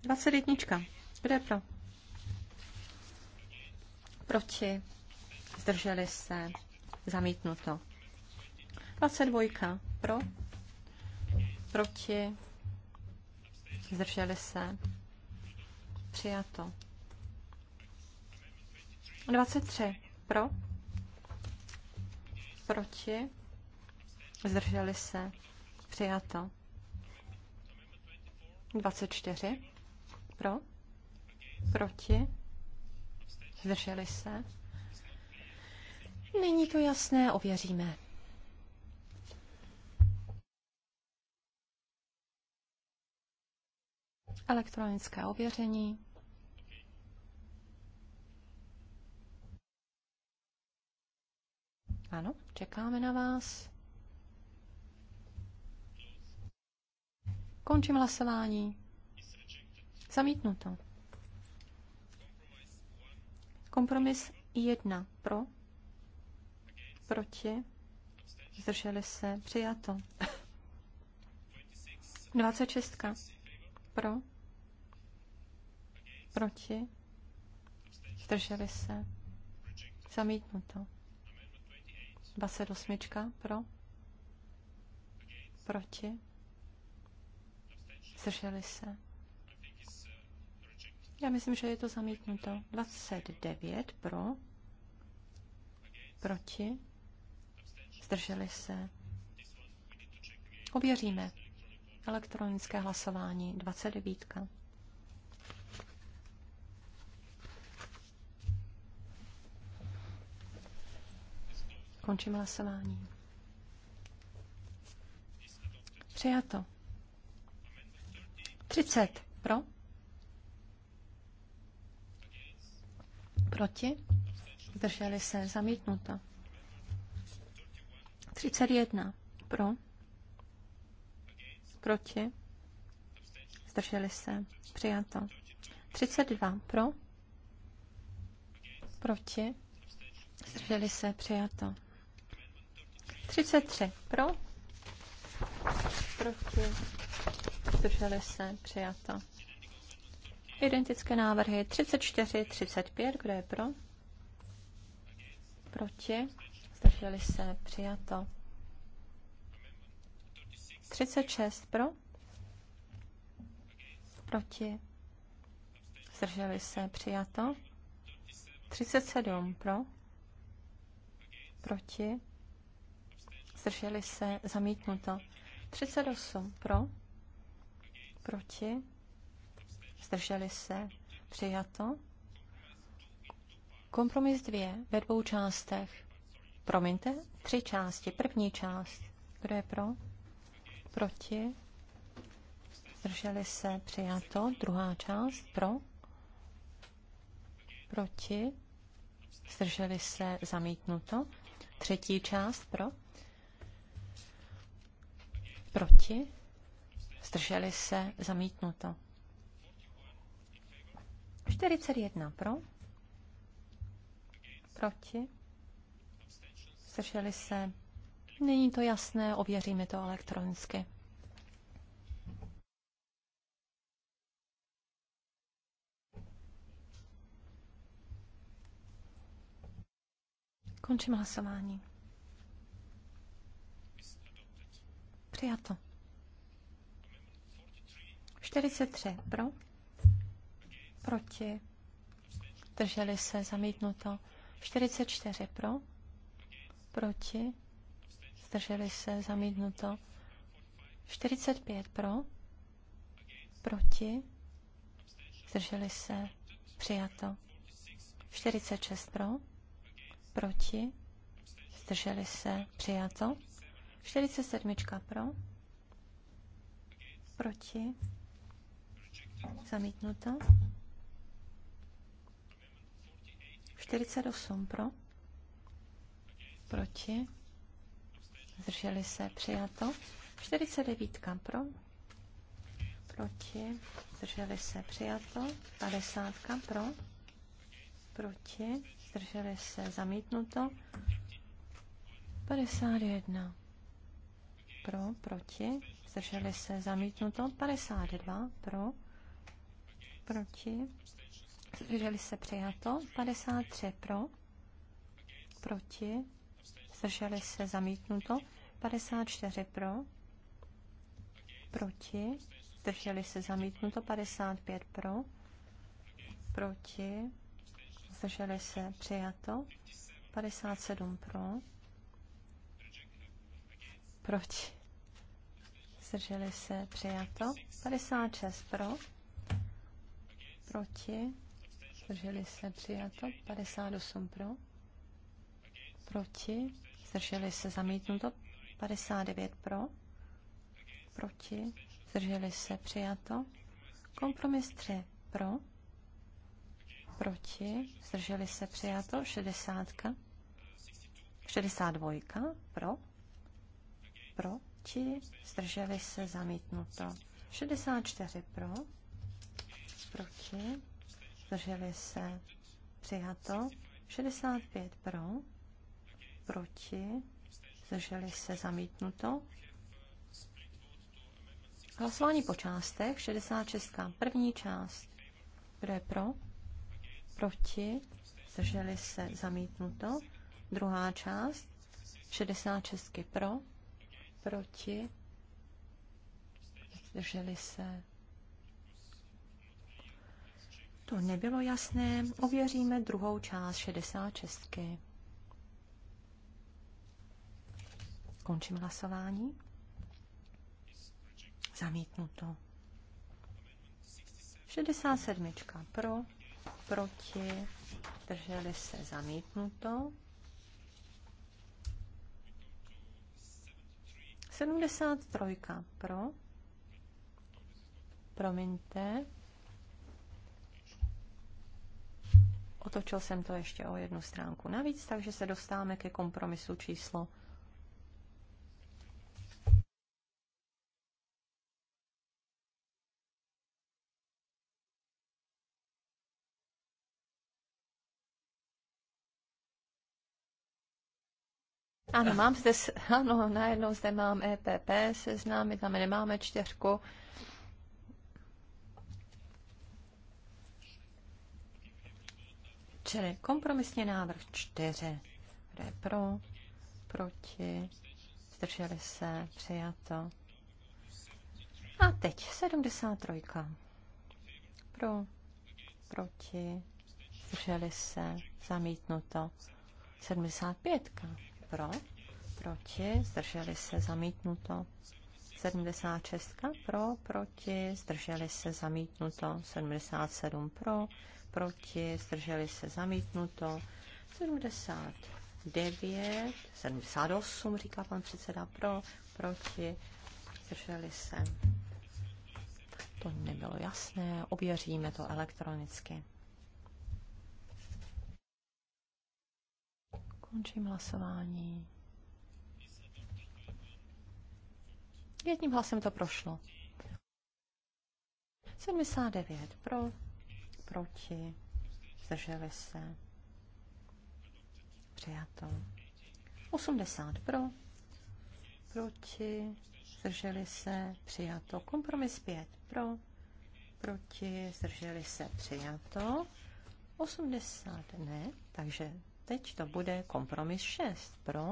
Dvacet jednička. Kde je pro? Proti? zdrželi se, zamítnuto. 22 pro, proti, zdrželi se, přijato. 23 pro, proti, zdrželi se, přijato. 24 pro, proti, zdrželi se, Není to jasné, ověříme. Elektronické ověření. Ano, čekáme na vás. Končím hlasování. Zamítnuto. Kompromis 1 pro, proti, zdrželi se, přijato. 26. *laughs* Pro, proti, zdrželi se, zamítnuto. 28. Pro, proti, zdrželi se. Já myslím, že je to zamítnuto. 29 pro, proti, zdrželi se. Ověříme. Elektronické hlasování 29. Končím hlasování. Přijato. 30 pro. Proti. Zdrželi se. Zamítnuto. 31 pro, proti, zdrželi se, přijato. 32 pro, proti, zdrželi se, přijato. 33 pro, proti, zdrželi se, přijato. Identické návrhy 34, 35, kdo je pro? Proti, zdrželi se, přijato. 36 pro, proti, zdrželi se, přijato. 37 pro, proti, zdrželi se, zamítnuto. 38 pro, proti, zdrželi se, přijato. Kompromis 2 ve dvou částech promiňte, tři části. První část, kdo je pro? Proti? Zdrželi se, přijato. Druhá část, pro? Proti? Zdrželi se, zamítnuto. Třetí část, pro? Proti? Zdrželi se, zamítnuto. 41 pro? Proti? zdrželi se. Není to jasné, ověříme to elektronicky. Končím hlasování. Přijato. 43 pro, proti, drželi se, zamítnuto. 44 pro, proti, zdrželi se, zamítnuto. 45 pro, proti, zdrželi se, přijato. 46 pro, proti, zdrželi se, přijato. 47 pro, proti, zamítnuto. 48 pro, proti, zdrželi se, přijato. 49 pro, proti, zdrželi se, přijato. 50 pro, proti, zdrželi se, zamítnuto. 51 pro, proti, zdrželi se, zamítnuto. 52 pro, proti, zdrželi se, přijato. 53 pro, proti, zdrželi se zamítnuto, 54 pro, proti, zdrželi se zamítnuto, 55 pro, proti, zdrželi se přijato, 57 pro, proti, zdrželi se přijato, 56 pro, proti, zdrželi se přijato, 58 pro, proti, zdrželi se zamítnuto, 59 pro, proti, zdrželi se přijato, kompromis 3 pro, proti, zdrželi se přijato, 60, 62 pro, proti, zdrželi se zamítnuto, 64 pro, proti, zdrželi se přijato, 65 pro, proti, zdrželi se zamítnuto. Hlasování po částech, 66. První část, kdo je pro, proti, zdrželi se zamítnuto. Druhá část, 66 pro, proti, zdrželi se. To nebylo jasné, ověříme druhou část 66. Končím hlasování. Zamítnuto. 67. pro, proti, drželi se zamítnuto. 73. pro, promiňte, otočil jsem to ještě o jednu stránku navíc, takže se dostáváme ke kompromisu číslo Ano, mám zde, *laughs* ano, najednou zde mám EPP seznámy, tam nemáme čtyřku. Čili kompromisní návrh čtyři. Kdo je pro, proti, zdrželi se, přijato. A teď 73. Pro, proti, zdrželi se, zamítnuto. 75 pro, proti, zdrželi se zamítnuto. 76 pro, proti, zdrželi se zamítnuto. 77 pro, proti, zdrželi se zamítnuto. 79, 78, říká pan předseda, pro, proti, zdrželi se. To nebylo jasné, ověříme to elektronicky. Končím hlasování. Jedním hlasem to prošlo. 79 pro, proti, zdrželi se, přijato. 80 pro, proti, zdrželi se, přijato. Kompromis 5 pro, proti, zdrželi se, přijato. 80 ne, takže teď to bude kompromis 6 pro,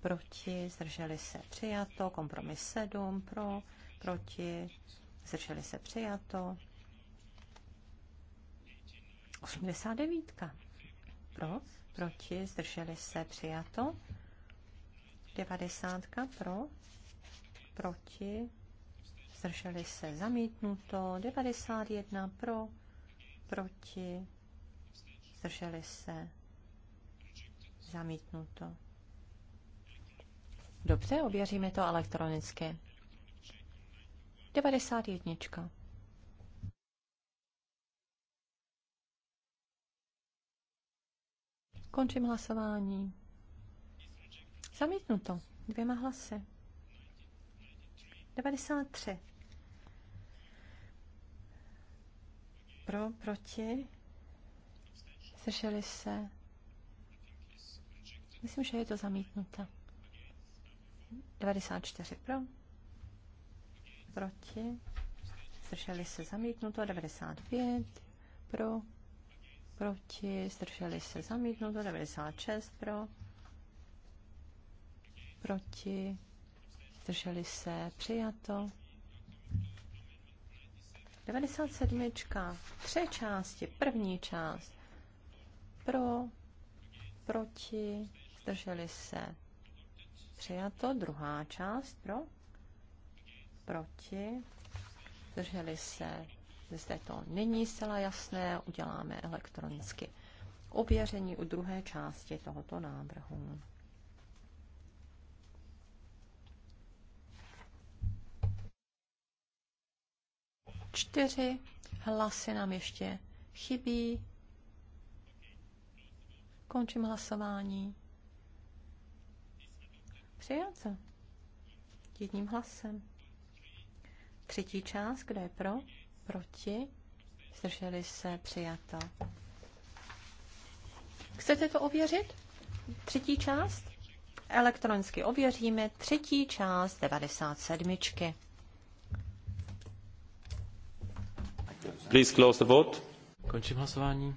proti, zdrželi se přijato, kompromis 7 pro, proti, zdrželi se přijato, 89 pro, proti, zdrželi se přijato, 90 pro, proti, zdrželi se zamítnuto, 91 pro, proti, zdrželi se Zamítnuto. Dobře, ověříme to elektronicky. 91. Končím hlasování. Zamítnuto. Dvěma hlasy. 93. Pro, proti. Zdrželi se. Myslím, že je to zamítnuté. 94 pro. Proti. Zdrželi se zamítnuto. 95 pro. Proti. Zdrželi se zamítnuto. 96 pro. Proti. Zdrželi se přijato. 97. Tři části. První část. Pro. Proti zdrželi se, přijato. Druhá část pro, proti, zdrželi se, zde to není zcela jasné, uděláme elektronicky ověření u druhé části tohoto návrhu. Čtyři hlasy nám ještě chybí. Končím hlasování. Přijato. Jedním hlasem. Třetí část, kde je pro? Proti? Zdrželi se? Přijato. Chcete to ověřit? Třetí část? Elektronicky ověříme třetí část 97. Please close the vote. Končím hlasování.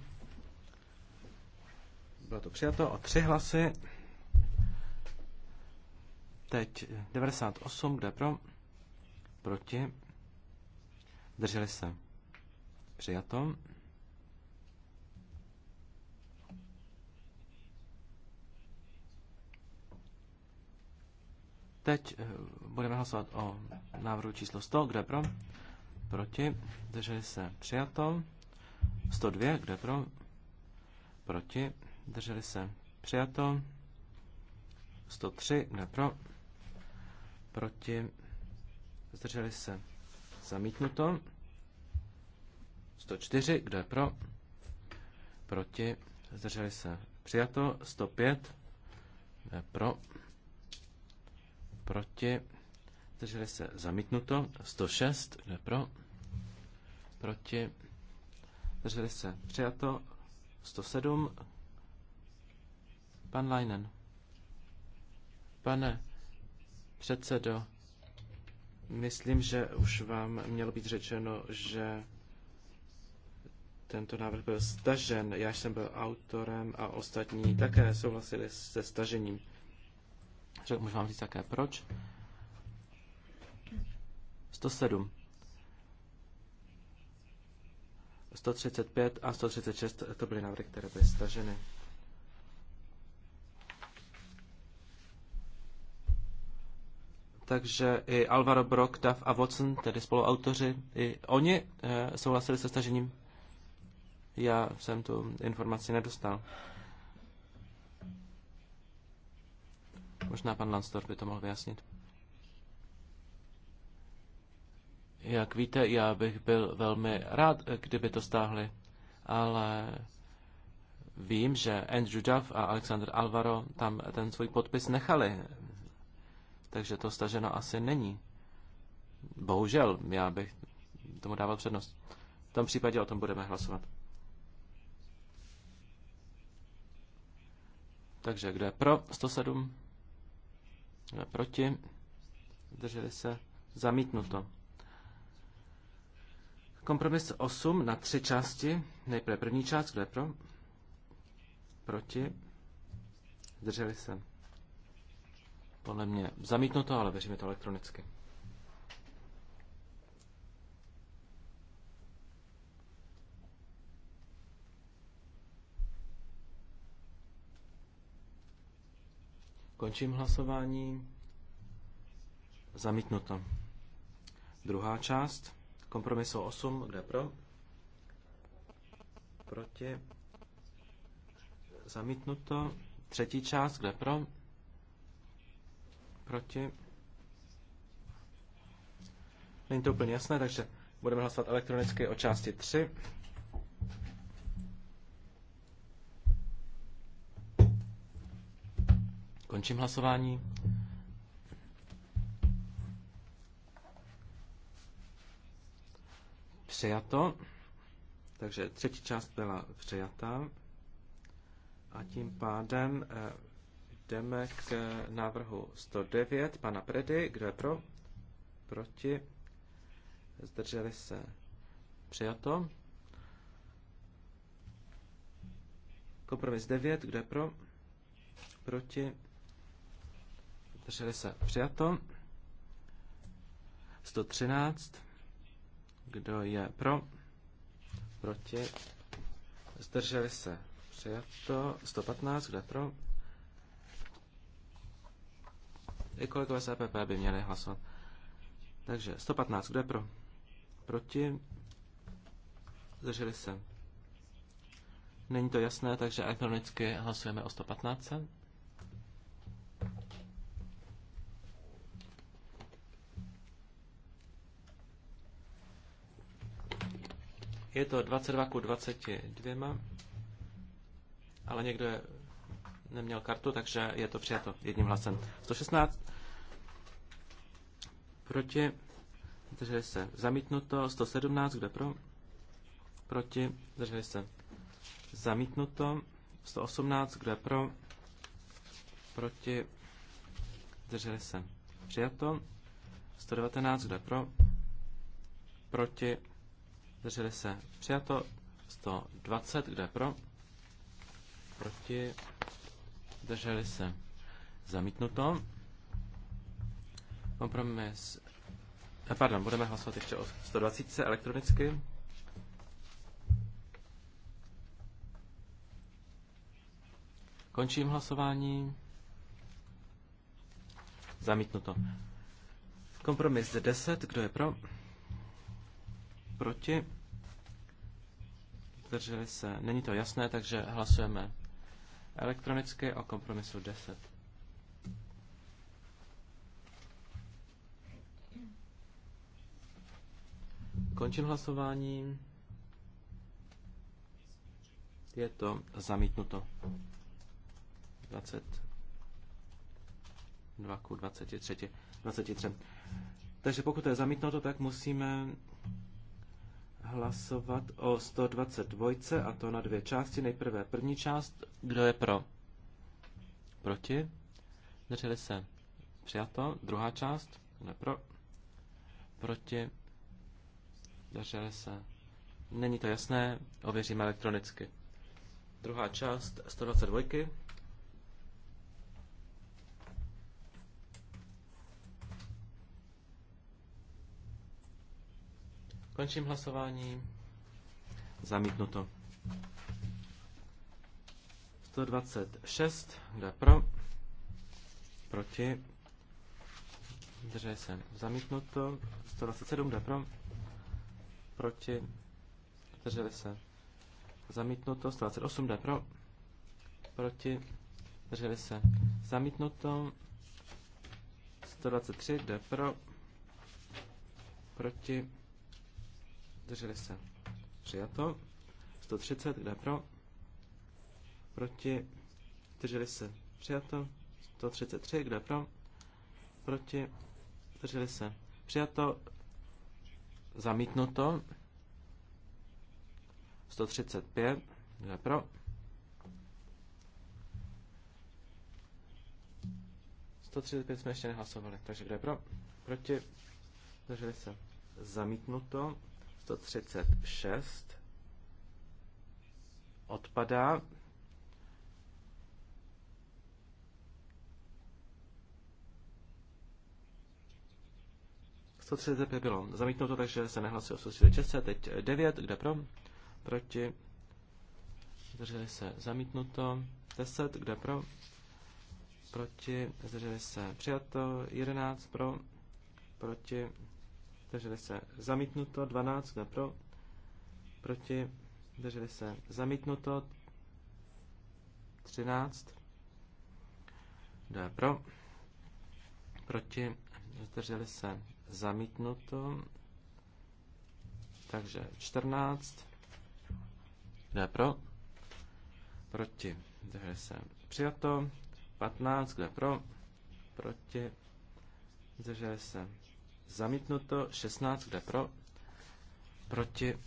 Bylo to přijato o tři hlasy. Teď 98, kde pro? Proti. Drželi se. Přijato. Teď eh, budeme hlasovat o návrhu číslo 100, kde pro? Proti. Drželi se. Přijato. 102, kde pro? Proti. Drželi se. Přijato. 103, kde pro? proti, zdrželi se, zamítnuto. 104, kdo je pro, proti, zdrželi se, přijato. 105, kdo je pro, proti, zdrželi se, zamítnuto. 106, kdo je pro, proti, zdrželi se, přijato. 107, pan Leinen. Pane předsedo. Myslím, že už vám mělo být řečeno, že tento návrh byl stažen. Já jsem byl autorem a ostatní také souhlasili se stažením. Můžu vám říct také proč. 107. 135 a 136 to byly návrhy, které byly staženy. takže i Alvaro Brock, Duff a Watson, tedy spoluautoři, i oni eh, souhlasili se stažením. Já jsem tu informaci nedostal. Možná pan Lansdorf by to mohl vyjasnit. Jak víte, já bych byl velmi rád, eh, kdyby to stáhli, ale vím, že Andrew Duff a Alexander Alvaro tam ten svůj podpis nechali takže to staženo asi není. Bohužel, já bych tomu dával přednost. V tom případě o tom budeme hlasovat. Takže kdo je pro 107? Kdo je proti? Drželi se? Zamítnuto. Kompromis 8 na tři části. Nejprve první část, kdo je pro? Proti? Drželi se? Podle mě zamítnuto, ale věříme to elektronicky. Končím hlasování. Zamítnuto. Druhá část. Kompromisu 8. Kde pro? Proti. Zamítnuto. Třetí část. Kde pro? Proti? Není to úplně jasné, takže budeme hlasovat elektronicky o části 3. Končím hlasování. Přijato. Takže třetí část byla přijata. A tím pádem eh, jdeme k návrhu 109 pana Predy. Kdo je pro? Proti? Zdrželi se? Přijato. Kompromis 9. Kdo je pro? Proti? Zdrželi se? Přijato. 113. Kdo je pro? Proti? Zdrželi se? Přijato. 115. Kdo je pro? I kolegové z EPP by měli hlasovat. Takže 115, kdo je pro? Proti? Zdrželi se. Není to jasné, takže elektronicky hlasujeme o 115. Je to 22 ku 22, ale někdo je neměl kartu, takže je to přijato jedním hlasem. 116 proti, zdrželi se zamítnuto. 117, kde pro? Proti, zdrželi se zamítnuto. 118, kde pro? Proti, zdrželi se přijato. 119, kde pro? Proti, zdrželi se přijato. 120, kde pro? Proti, Zdrželi se. Zamítnuto. Kompromis. A eh, pardon, budeme hlasovat ještě o 120 elektronicky. Končím hlasování. Zamítnuto. Kompromis 10. Kdo je pro? Proti? Zdrželi se. Není to jasné, takže hlasujeme elektronicky o kompromisu 10. Končím hlasování. Je to zamítnuto. 22 ku 23. 23. Takže pokud to je zamítnuto, tak musíme hlasovat o 122 a to na dvě části. Nejprve první část, kdo je pro? Proti? Zdrželi se. Přijato. Druhá část, kdo je pro? Proti? Zdrželi se. Není to jasné, ověříme elektronicky. Druhá část 122. Končím hlasování. Zamítnuto. 126, kdo je pro? Proti? Držej se. Zamítnuto. 127, kdo je pro? Proti? Drželi se. Zamítnuto. 128, kdo je pro? Proti? Drželi se. Zamítnuto. 123, kdo je pro? Proti? Drželi se. Přijato. 130, kde pro? Proti. Drželi se. Přijato. 133, kde pro? Proti. Drželi se. Přijato. Zamítnuto. 135, kde pro? pět. jsme ještě nehlasovali, takže kdo je pro? Proti? Zdrželi se. Zamítnuto. 136 odpadá. by bylo zamítnuto, takže se nehlasuje o 136, teď 9, kde pro, proti, zdrželi se zamítnuto, 10, kde pro, proti, zdrželi se přijato, 11 pro, proti, zdrželi se zamítnuto, 12, kdo pro, proti, zdrželi se zamítnuto, 13, kdo je pro, proti, zdrželi se zamítnuto, takže 14, kdo je pro, proti, zdrželi se přijato, 15, kdo je pro, proti, zdrželi se zamítnuto, 16, kde pro, proti,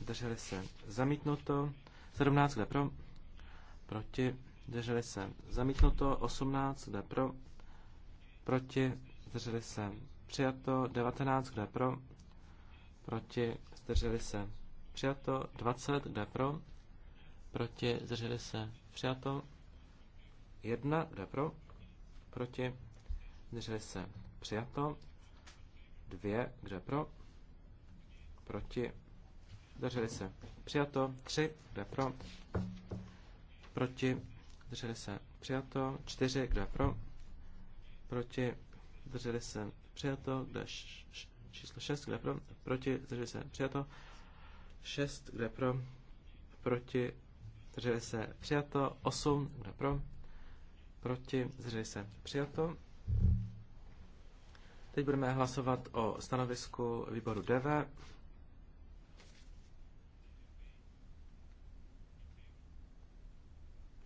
drželi se, zamítnuto, 17, kde pro, proti, drželi se, zamítnuto, 18, kde pro, proti, zdrželi se, přijato, 19, kde pro, proti, zdrželi se, přijato, 20, kde pro, proti, zdrželi se, přijato, 1, kde pro, proti, zdrželi se, přijato, dvě, kde pro, proti, zdrželi se, přijato, tři, kde pro, proti, zdrželi se, přijato, čtyři, kde pro, proti, zdrželi se, přijato, kde š, číslo šest, kde pro, proti, zdrželi se, přijato, šest, kde pro, proti, zdrželi se, přijato, osm, kde pro, proti, zdrželi se, přijato, Teď budeme hlasovat o stanovisku výboru DV.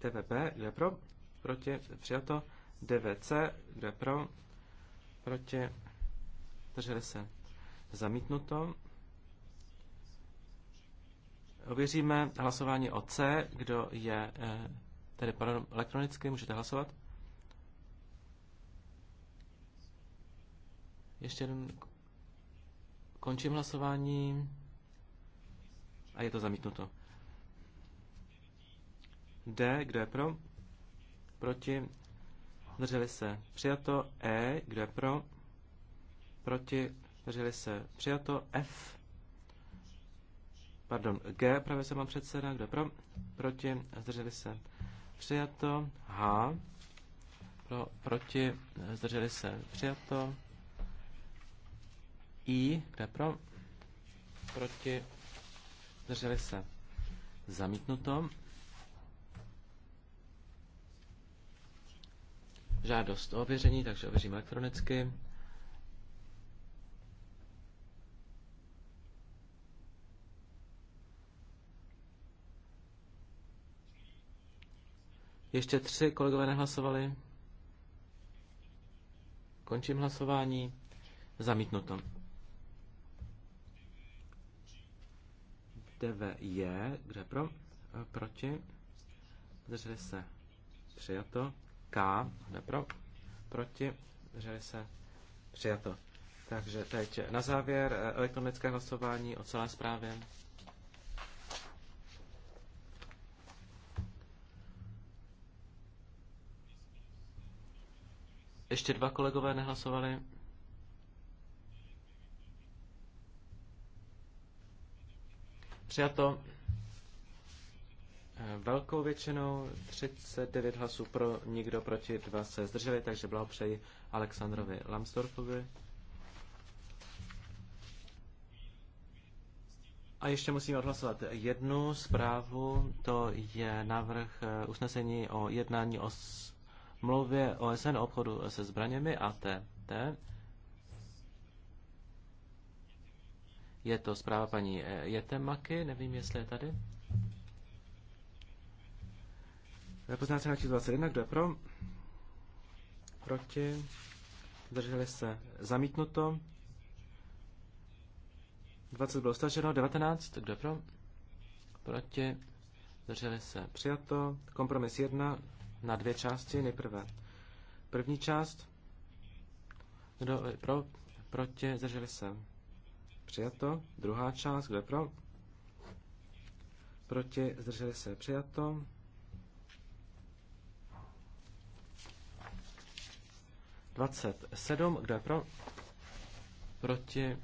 DVB, kdo je pro? Proti, přijato. DVC, kdo je pro? Proti, drželi se. Zamítnuto. Ověříme hlasování o C, kdo je, eh, tedy pardon, elektronicky, můžete hlasovat. Ještě jeden. Končím hlasování. A je to zamítnuto. D, kdo je pro? Proti. Drželi se. Přijato. E, kdo je pro? Proti. Drželi se. Přijato. F. Pardon, G, právě se mám předseda. Kdo je pro? Proti. Zdrželi se. Přijato. H. Pro, proti. Zdrželi se. Přijato. I, kde pro, proti, zdrželi se zamítnuto. Žádost o ověření, takže ověřím elektronicky. Ještě tři kolegové nehlasovali. Končím hlasování. Zamítnuto. DVJ, kde pro, e, proti, drželi se přijato, K, kde pro, proti, drželi se přijato. Takže teď na závěr e, elektronické hlasování o celé zprávě. Ještě dva kolegové nehlasovali. Přijato eh, velkou většinou 39 hlasů pro, nikdo proti, dva se zdrželi, takže blahopřeji Alexandrovi Lamstorfovi. A ještě musíme odhlasovat jednu zprávu, to je návrh eh, usnesení o jednání o mluvě OSN o obchodu se zbraněmi ATT. Je to zpráva paní eh, Jetemaky, nevím, jestli je tady. Eh, Poznáte na 21, kdo je pro? Proti? Zdrželi se zamítnuto. 20 bylo staženo, 19, kdo je pro? Proti? Zdrželi se přijato. Kompromis 1 na dvě části, nejprve první část. Kdo je pro? Proti? Zdrželi se přijato. Druhá část, kdo je pro? Proti, zdrželi se, přijato. Dvacet sedm, kdo je pro? Proti,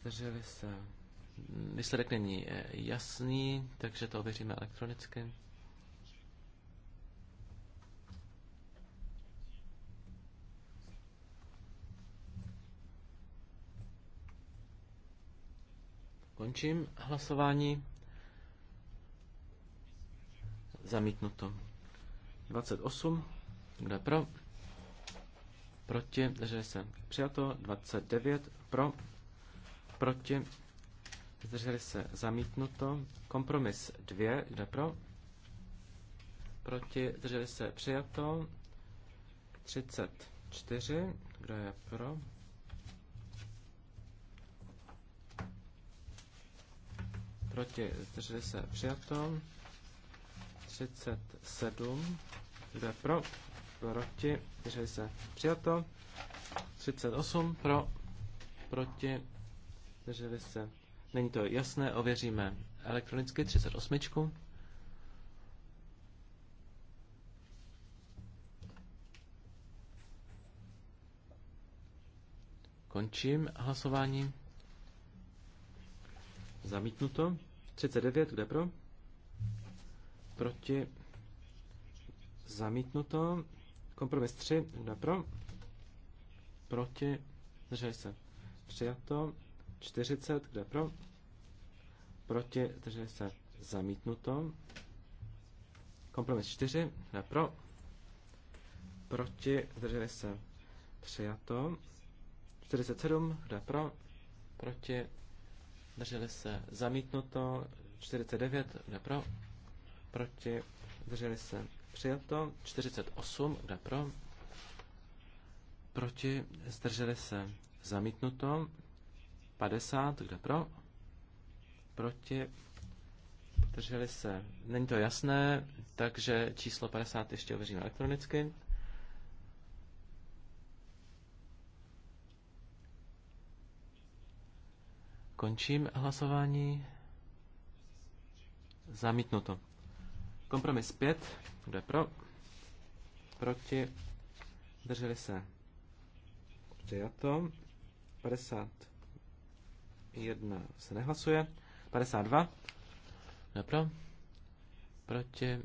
zdrželi se. Výsledek není eh, jasný, takže to ověříme elektronicky. Končím hlasování. Zamítnuto. 28. Kdo je pro? Proti. Zdrželi se. Přijato. 29. Pro. Proti. Zdrželi se. Zamítnuto. Kompromis 2. Kdo je pro? Proti. Zdrželi se. Přijato. 34. Kdo je pro? proti, zdrželi se, přijato. 37, kdo je pro, proti, zdrželi se, přijato. 38, pro, proti, zdrželi se. Není to jasné, ověříme elektronicky 38. Končím hlasování. Zamítnuto. 39, kde pro? Proti. Zamítnuto. Kompromis 3, kde pro? Proti. Zdrželi se. Přijato. 40, kde pro? Proti. Zdrželi se. Zamítnuto. Kompromis 4, kde pro? Proti. Zdrželi se. Přijato. 47, kde pro? Proti zdrželi se zamítnuto, 49 kde pro, proti, zdrželi se přijato, 48 kde pro, proti, zdrželi se zamítnuto, 50 kde pro, proti, zdrželi se, není to jasné, takže číslo 50 ještě ověříme elektronicky. Končím hlasování. Zamítnuto. Kompromis 5. Kdo je pro? Proti? Drželi se. Přijato. 51 se nehlasuje. 52. Kdo je pro? Proti?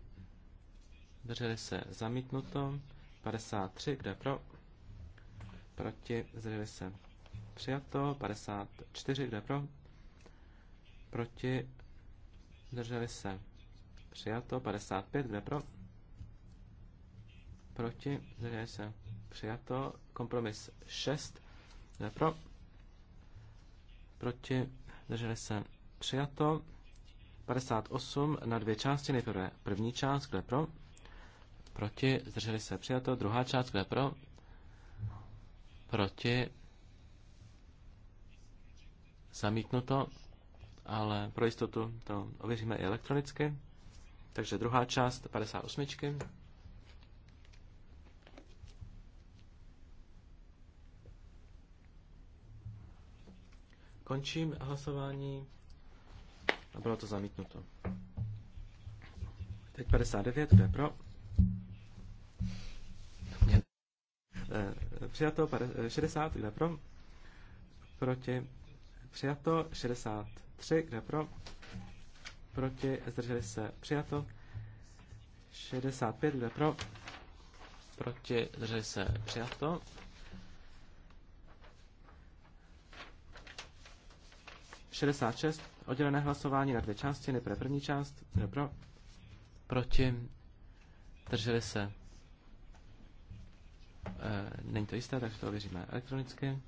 Drželi se. Zamítnuto. 53. Kdo je pro? Proti? Zdrželi se. Přijato. 54. Kdo je pro? Proti. Zdrželi se. Přijato. 55. Kdo je pro? Proti. Zdrželi se. Přijato. Kompromis 6. Kdo je pro? Proti. Zdrželi se. Přijato. 58 na dvě části. Nejprve první část. Kdo je pro? Proti. Zdrželi se. Přijato. Druhá část. Kdo je pro? Proti zamítnuto, ale pro jistotu to ověříme i elektronicky. Takže druhá část 58. Končím hlasování a bylo to zamítnuto. Teď 59, kdo je pro? Eh, přijato 60, kdo je pro? Proti Přijato 63, kde pro? Proti, zdrželi se. Přijato 65, kde pro? Proti, zdrželi se. Přijato. Šedesát šest, oddělené hlasování na dvě části, nejprve první část, kde pro? Proti, drželi se. E, není to jisté, tak to ověříme elektronicky.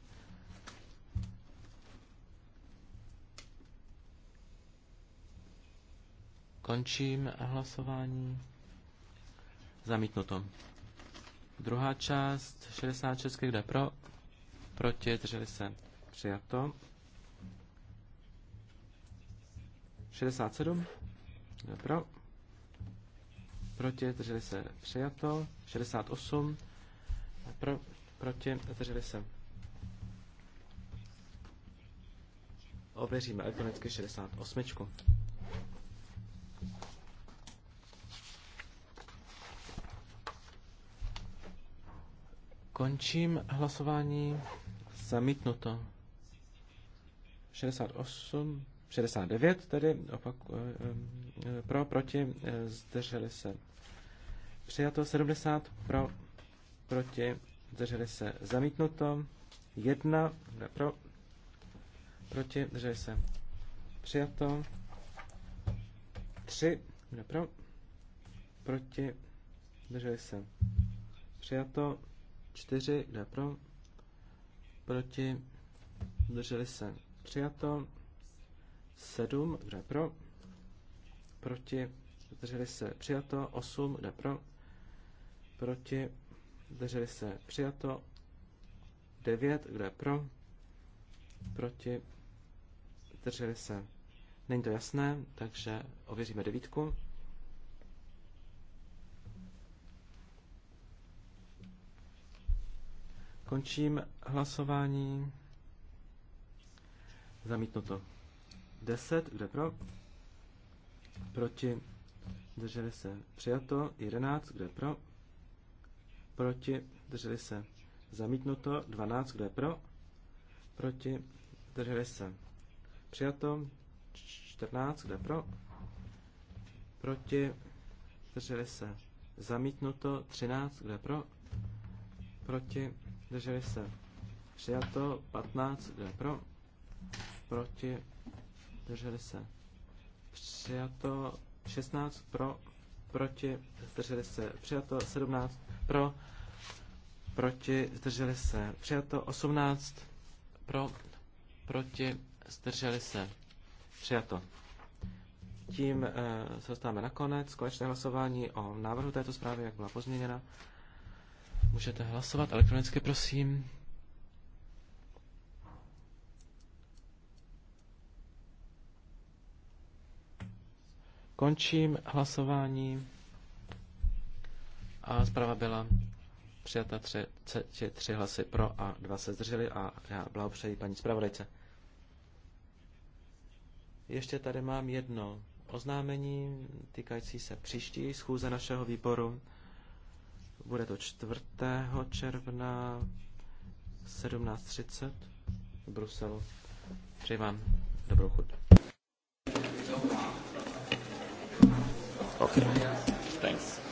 Končím hlasování. Zamítnuto. Druhá část, 66, kde pro, proti, drželi se, přijato. 67, kde pro, proti, drželi se, přijato. 68, pro, proti, drželi se. Ověříme elektronicky 68. Končím hlasování. Zamítnuto. 68, 69 tedy opak, pro, proti, zdrželi se. Přijato 70 pro, proti, zdrželi se. Zamítnuto. 1 pro, proti, zdrželi se. Přijato. 3 pro, proti, zdrželi se. Přijato. 4, kdo je pro? Proti? Zdrželi se. Přijato. 7, kdo je pro? Proti? Zdrželi se. Přijato. 8, kdo je pro? Proti? Zdrželi se. Přijato. 9, kdo je pro? Proti? Zdrželi se. Není to jasné, takže ověříme devítku. Končím hlasování. Zamítnuto. 10, kde pro? Proti. Drželi se. Přijato. 11, kde pro? Proti. Drželi se. Zamítnuto. 12, kde pro? Proti. Drželi se. Přijato. 14, kde pro? Proti. Drželi se. Zamítnuto. 13, kde pro? Proti Zdrželi se. Přijato 15, je pro? Proti. Zdrželi se. Přijato 16, pro. Proti. Zdrželi se. Přijato 17, pro. Proti. Zdrželi se. Přijato 18, pro. Proti. Zdrželi se. Přijato. Tím eh, se dostáváme na konec konečné hlasování o návrhu této zprávy, jak byla pozměněna. Můžete hlasovat elektronicky, prosím. Končím hlasování a zpráva byla přijata tři, tři, tři hlasy pro a dva se zdrželi a já blahopřeji paní zpravodajce. Ještě tady mám jedno oznámení týkající se příští schůze našeho výboru bude to 4. června 17.30 v Bruselu. Přeji vám dobrou chuť. Okay. Thanks.